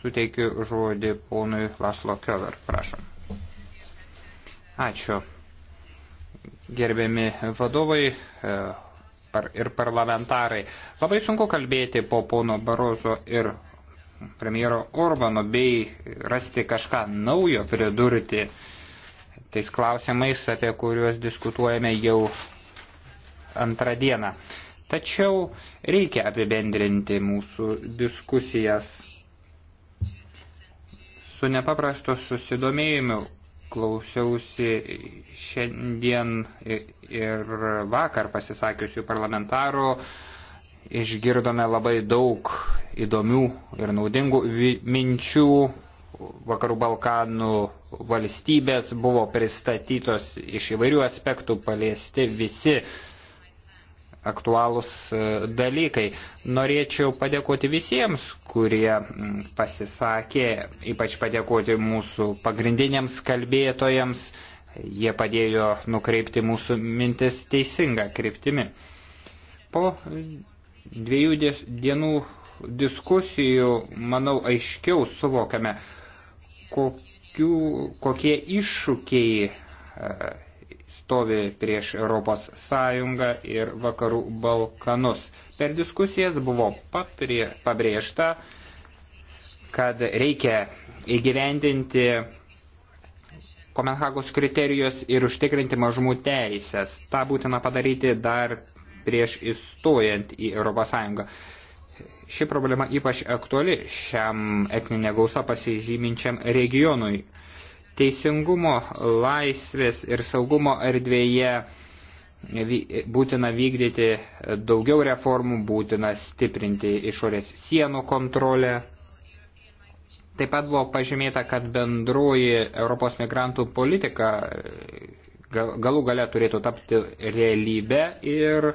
suteikiu žodį ponui Laslo Köver. Prašom. Ačiū. Gerbiami vadovai e, ir parlamentarai. Labai sunku kalbėti po pono Barozo ir premjero Orbano bei rasti kažką naujo pridurti tais klausimais, apie kuriuos diskutuojame jau antrą dieną. Tačiau reikia apibendrinti mūsų diskusijas. Su nepaprastu susidomėjimu klausiausi šiandien ir vakar pasisakiusių parlamentarų, išgirdome labai daug įdomių ir naudingų minčių. Vakarų Balkanų valstybės buvo pristatytos iš įvairių aspektų, paliesti visi aktualūs e, dalykai. Norėčiau padėkoti visiems, kurie pasisakė, ypač padėkoti mūsų pagrindiniams kalbėtojams. Jie padėjo nukreipti mūsų mintis teisinga kryptimi. Po dviejų dienų diskusijų, manau, aiškiau suvokiame, kokių, kokie iššūkiai e, stovi prieš Europos Sąjungą ir Vakarų Balkanus. Per diskusijas buvo paprie, pabrėžta, kad reikia įgyvendinti Kopenhagos kriterijus ir užtikrinti mažumų teisės. Ta būtina padaryti dar prieš įstojant į Europos Sąjungą. Ši problema ypač aktuali šiam etninė gausa pasižyminčiam regionui. Teisingumo, laisvės ir saugumo erdvėje būtina vykdyti daugiau reformų, būtina stiprinti išorės sienų kontrolę. Taip pat buvo pažymėta, kad bendroji Europos migrantų politika e, galų gale turėtų tapti realybę ir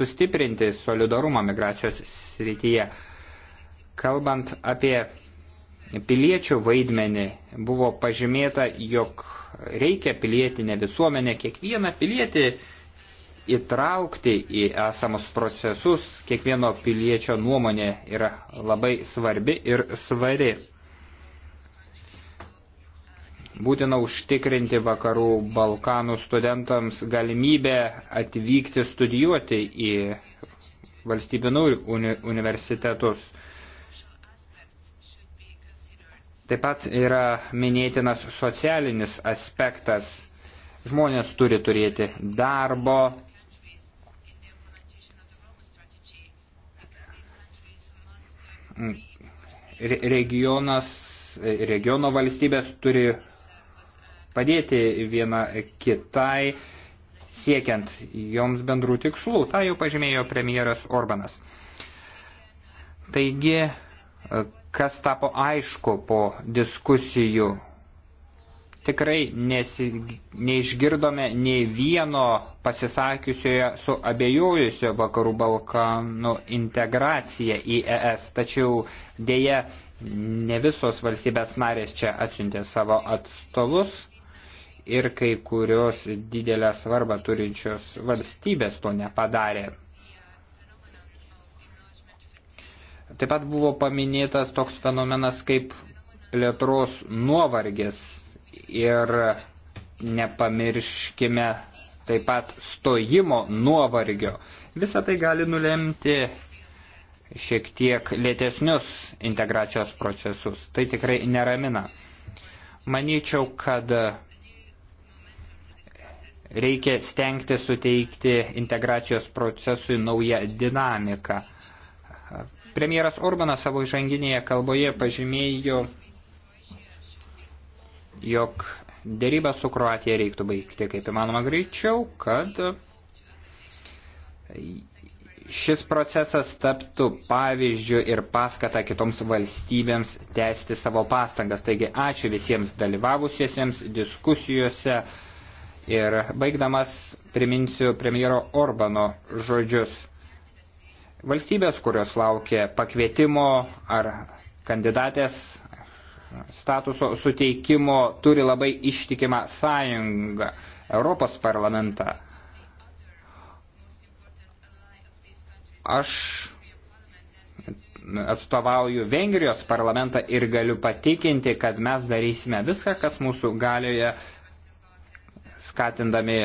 sustiprinti solidarumą migracijos srityje. Kalbant apie piliečių vaidmenį, buvo pažymėta, jog reikia pilietinę visuomenę, kiekvieną pilietį įtraukti į esamus procesus, kiekvieno piliečio nuomonė yra labai svarbi ir svari. Būtina užtikrinti vakarų Balkanų studentams galimybę atvykti studijuoti į valstybinų universitetus. Taip pat yra minėtinas socialinis aspektas. Žmonės turi turėti darbo. Regionas, regiono valstybės turi padėti viena kitai, siekiant joms bendrų tikslų. Ta jau pažymėjo premjeras Orbanas. Taigi, kas tapo aišku po diskusijų. Tikrai nesi, neišgirdome nei vieno pasisakiusioje su abejojusio vakarų Balkanų integracija į ES, tačiau dėje ne visos valstybės narės čia atsiuntė savo atstovus ir kai kurios didelę svarbą turinčios valstybės to nepadarė. Taip pat buvo paminėtas toks fenomenas kaip plėtros nuovargis ir nepamirškime taip pat stojimo nuovargio. Visą tai gali nulemti šiek tiek lėtesnius integracijos procesus. Tai tikrai neramina. Manyčiau, kad reikia stengti suteikti integracijos procesui naują dinamiką. Premjeras Orbanas savo žanginėje kalboje pažymėjo, jog dėrybą su Kroatija reiktų baigti kaip įmanoma greičiau, kad šis procesas taptų pavyzdžių ir paskatą kitoms valstybėms tęsti savo pastangas. Taigi ačiū visiems dalyvavusiesiems diskusijose ir baigdamas priminsiu premjero Orbano žodžius. Valstybės, kurios laukia pakvietimo ar kandidatės statuso suteikimo, turi labai ištikimą sąjungą Europos parlamentą. Aš atstovauju Vengrijos parlamentą ir galiu patikinti, kad mes darysime viską, kas mūsų galioje, skatindami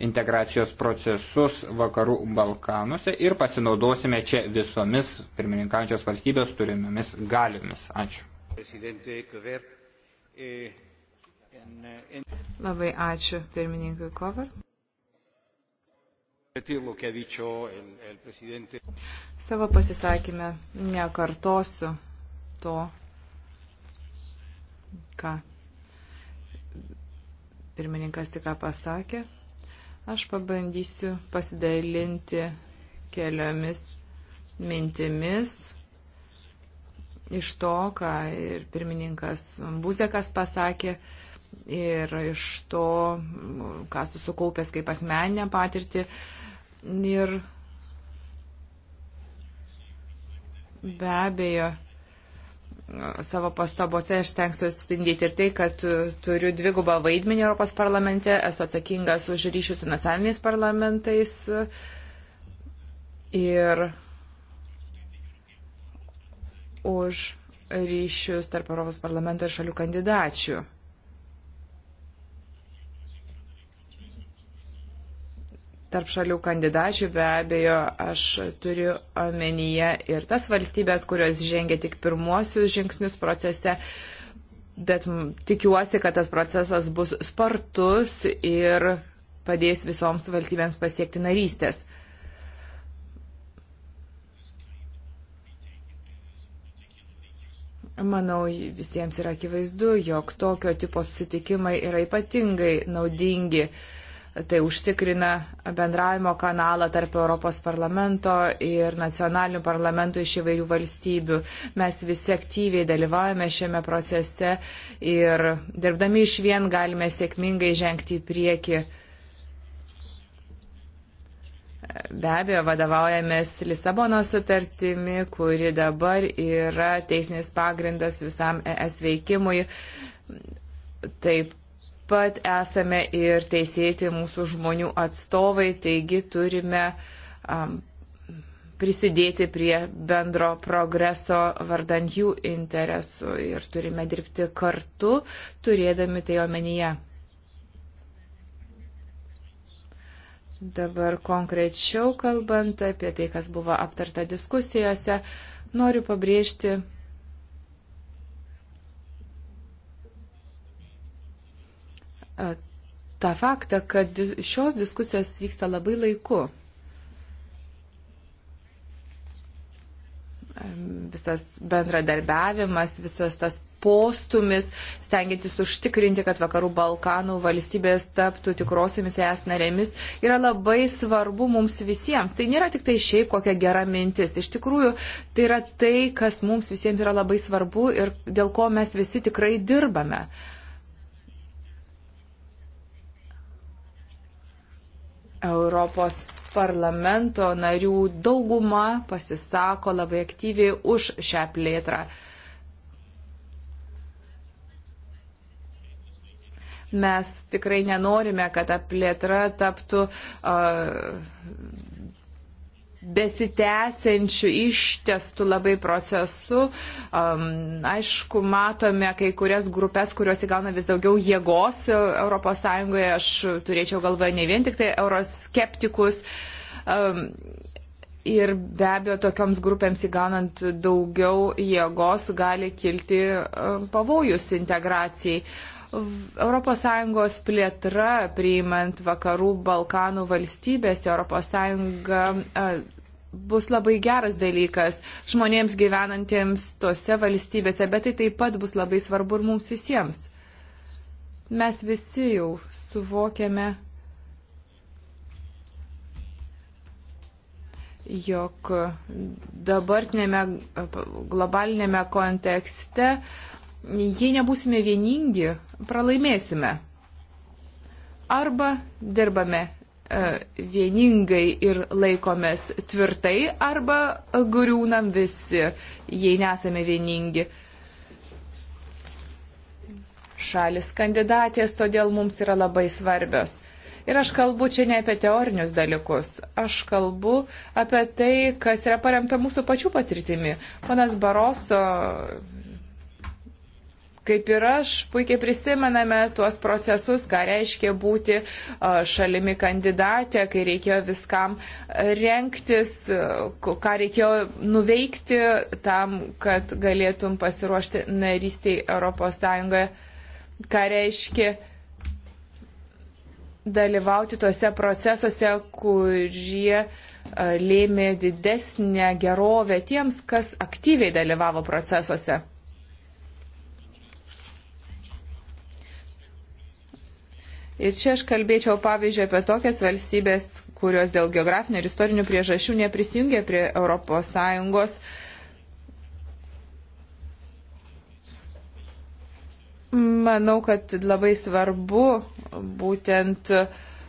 integracijos procesus vakarų Balkanuose ir pasinaudosime čia visomis pirmininkančios valstybės turimomis galiomis. Ačiū. Eh, Labai ačiū pirmininkui Kovar. Savo pasisakymę nekartosiu to, ką pirmininkas tik ką pasakė. Aš pabandysiu pasidalinti keliomis mintimis iš to, ką ir pirmininkas Buzekas pasakė, ir iš to, ką susikaupęs kaip asmeninę patirtį. Ir be abejo, savo pastabose aš tenksiu atspindėti ir tai, kad turiu dvigubą vaidmenį Europos parlamente, esu atsakingas už ryšius su nacionaliniais parlamentais ir už ryšius tarp Europos parlamento ir šalių kandidačių. tarp šalių kandidačių be abejo aš turiu omenyje ir tas valstybės, kurios žengia tik pirmuosius žingsnius procese, bet tikiuosi, kad tas procesas bus spartus ir padės visoms valstybėms pasiekti narystės. Manau, visiems yra akivaizdu, jog tokio tipo susitikimai yra ypatingai naudingi uh, Tai užtikrina bendravimo kanalą tarp Europos parlamento ir nacionalinių parlamentų iš įvairių valstybių. Mes visi aktyviai dalyvaujame šiame procese ir dirbdami iš vien galime sėkmingai žengti į priekį be abejo vadovaujamės Lisabono sutartimi, kuri dabar yra teisinis pagrindas visam ES veikimui. Taip pat esame ir teisėti mūsų žmonių atstovai, taigi turime um, prisidėti prie bendro progreso vardant jų interesų ir turime dirbti kartu, turėdami tai omenyje. Dabar konkrečiau kalbant apie tai, kas buvo aptarta diskusijose, noriu pabrėžti E, tą faktą, kad šios diskusijos vyksta labai laiku. E, visas bendradarbiavimas, visas tas postumis, stengiantis užtikrinti, kad vakarų Balkanų valstybės taptų tikrosiamis es narėmis, yra labai svarbu mums visiems. Tai nėra tik tai šiaip kokia gera mintis. Iš tikrųjų, tai yra tai, kas mums visiems yra labai svarbu ir dėl ko mes visi tikrai dirbame. Uh, Europos parlamento narių dauguma pasisako labai aktyviai už šią plėtrą. mes tikrai nenorime, kad ta plėtra taptų uh, besitęsiančių ištestų labai procesu. Um, aišku, matome kai kurias grupės, kurios įgauna vis daugiau jėgos ES. Aš turėčiau galvoje ne vien tik tai euroskeptikus. Um, Ir be abejo, tokioms grupėms įgaunant daugiau jėgos gali kilti um, pavojus integracijai. ES plėtra priimant vakarų Balkanų valstybės, ES bus labai geras dalykas žmonėms gyvenantiems tose valstybėse, bet tai taip pat bus labai svarbu ir mums visiems. Mes visi jau suvokiame, jog dabartinėme globalinėme kontekste, jei nebusime vieningi, pralaimėsime. Arba dirbame E, vieningai ir laikomės tvirtai arba griūnam visi, jei nesame vieningi. Šalis kandidatės todėl mums yra labai svarbios. Ir aš kalbu čia ne apie teorinius dalykus, aš kalbu apie tai, kas yra paremta mūsų pačių patirtimi. Ponas Baroso kaip ir aš, puikiai prisimename tuos procesus, ką reiškia būti šalimi kandidatė, kai reikėjo viskam e, renktis, e, ką reikėjo nuveikti tam, kad galėtum pasiruošti narystiai ES, ką reiškia dalyvauti tuose procesuose, kurie lėmė didesnę gerovę tiems, kas aktyviai dalyvavo procesuose. Ir čia aš kalbėčiau pavyzdžiui apie tokias valstybės, kurios dėl geografinių ir istorinių priežasčių neprisijungė prie ES. Manau, kad labai svarbu būtent uh,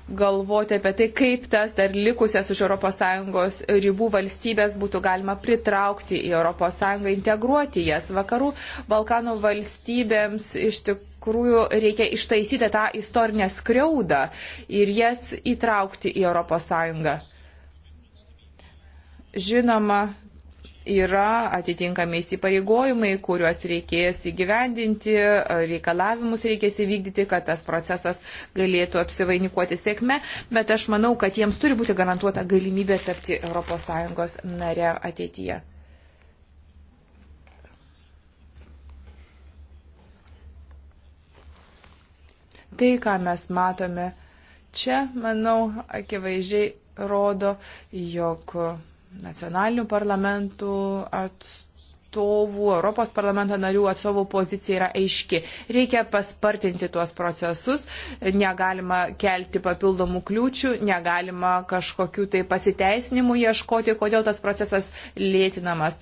galvoti apie tai, kaip tas dar likusias už ES ribų valstybės būtų galima pritraukti į ES, integruoti jas. Vakarų Balkanų valstybėms iš tikrųjų reikia ištaisyti tą istorinę skriaudą ir jas įtraukti į ES. Žinoma, yra atitinkami įsipareigojimai, kuriuos reikės įgyvendinti, e, reikalavimus reikės įvykdyti, kad tas procesas galėtų apsivainikuoti sėkme, bet aš manau, kad jiems turi būti garantuota galimybė tapti ES nare ateityje. Tai, ką mes matome čia, manau, akivaizdžiai rodo, jog nacionalinių parlamentų atstovų atstovų, Europos parlamento narių atstovų pozicija yra aiški. Reikia paspartinti tuos procesus, negalima kelti papildomų kliūčių, negalima kažkokių tai pasiteisinimų ieškoti, kodėl tas procesas lėtinamas.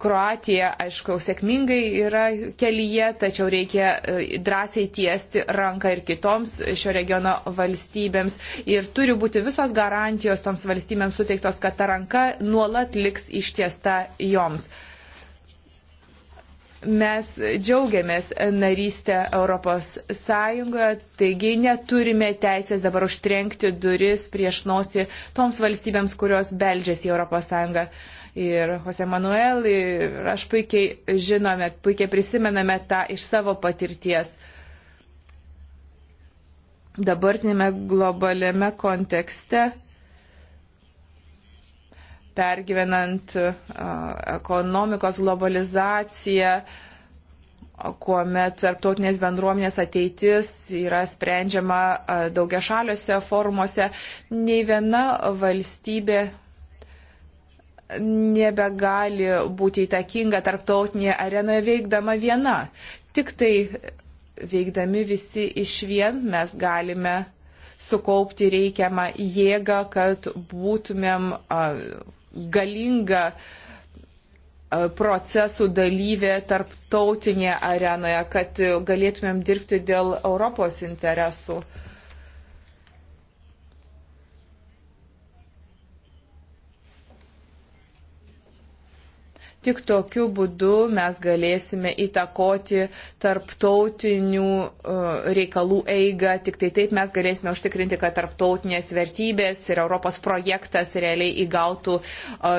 Kroatija, aišku, sėkmingai yra kelyje, tačiau reikia e, drąsiai tiesti ranką ir kitoms šio regiono valstybėms. Ir turi būti visos garantijos toms valstybėms suteiktos, kad ta ranka nuolat liks ištiesta joms. Mes džiaugiamės narystę Europos Sąjungoje, taigi neturime teisės dabar užtrenkti duris prieš nosį toms valstybėms, kurios beldžiasi į Europos Sąjungą. Uh, ir Jose Manuel ir aš puikiai žinome, puikiai prisimename tą iš savo patirties. Dabartinėme globaliame kontekste pergyvenant ekonomikos globalizaciją, kuomet tarptautinės bendruomenės ateitis yra sprendžiama daugia šaliuose formuose, nei viena valstybė nebegali būti įtakinga tarptautinėje arenoje veikdama viena. Tik tai veikdami visi iš vien mes galime sukaupti reikiamą jėgą, kad būtumėm galinga procesų dalyvė tarptautinėje arenoje, kad galėtumėm dirbti dėl Europos interesų. Uh, Tik tokiu būdu mes galėsime įtakoti tarptautinių e, reikalų eigą, tik tai taip mes galėsime užtikrinti, kad tarptautinės vertybės ir Europos projektas realiai įgautų e,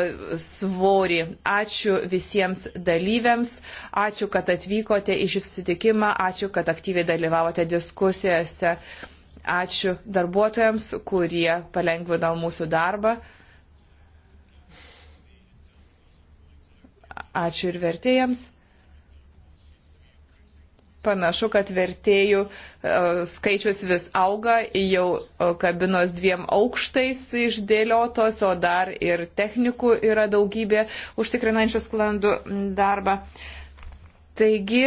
svorį. Ačiū visiems dalyviams, ačiū, kad atvykote į šį susitikimą, ačiū, kad aktyviai dalyvavote diskusijose. Ačiū darbuotojams, kurie palengvino mūsų darbą. Ačiū ir vertėjams. Panašu, kad vertėjų e, skaičius vis auga, jau e, kabinos dviem aukštais išdėliotos, o dar ir technikų yra daugybė užtikrinančių sklandų darbą. Taigi,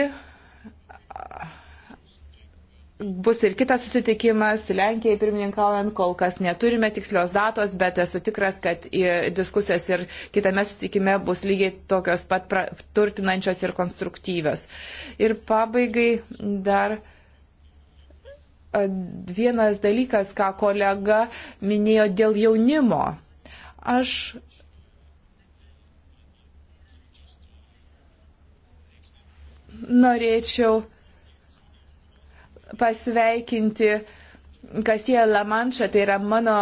bus ir kitas susitikimas, Lenkijai pirmininkaujant, kol kas neturime tikslios datos, bet esu tikras, kad diskusijos ir kitame susitikime bus lygiai tokios pat pra, turtinančios ir konstruktyvios. Ir pabaigai dar vienas dalykas, ką kolega minėjo dėl jaunimo. Aš norėčiau pasveikinti Kasie Lamanša, tai yra mano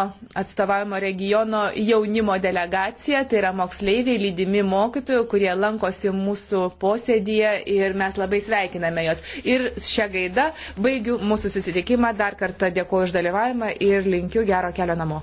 atstovavimo regiono jaunimo delegacija, tai yra moksleiviai lydimi mokytojų, kurie lankosi mūsų posėdėje ir mes labai sveikiname juos. Ir šią gaidą baigiu mūsų susitikimą, dar kartą dėkuoju už dalyvavimą ir linkiu gero kelio namo.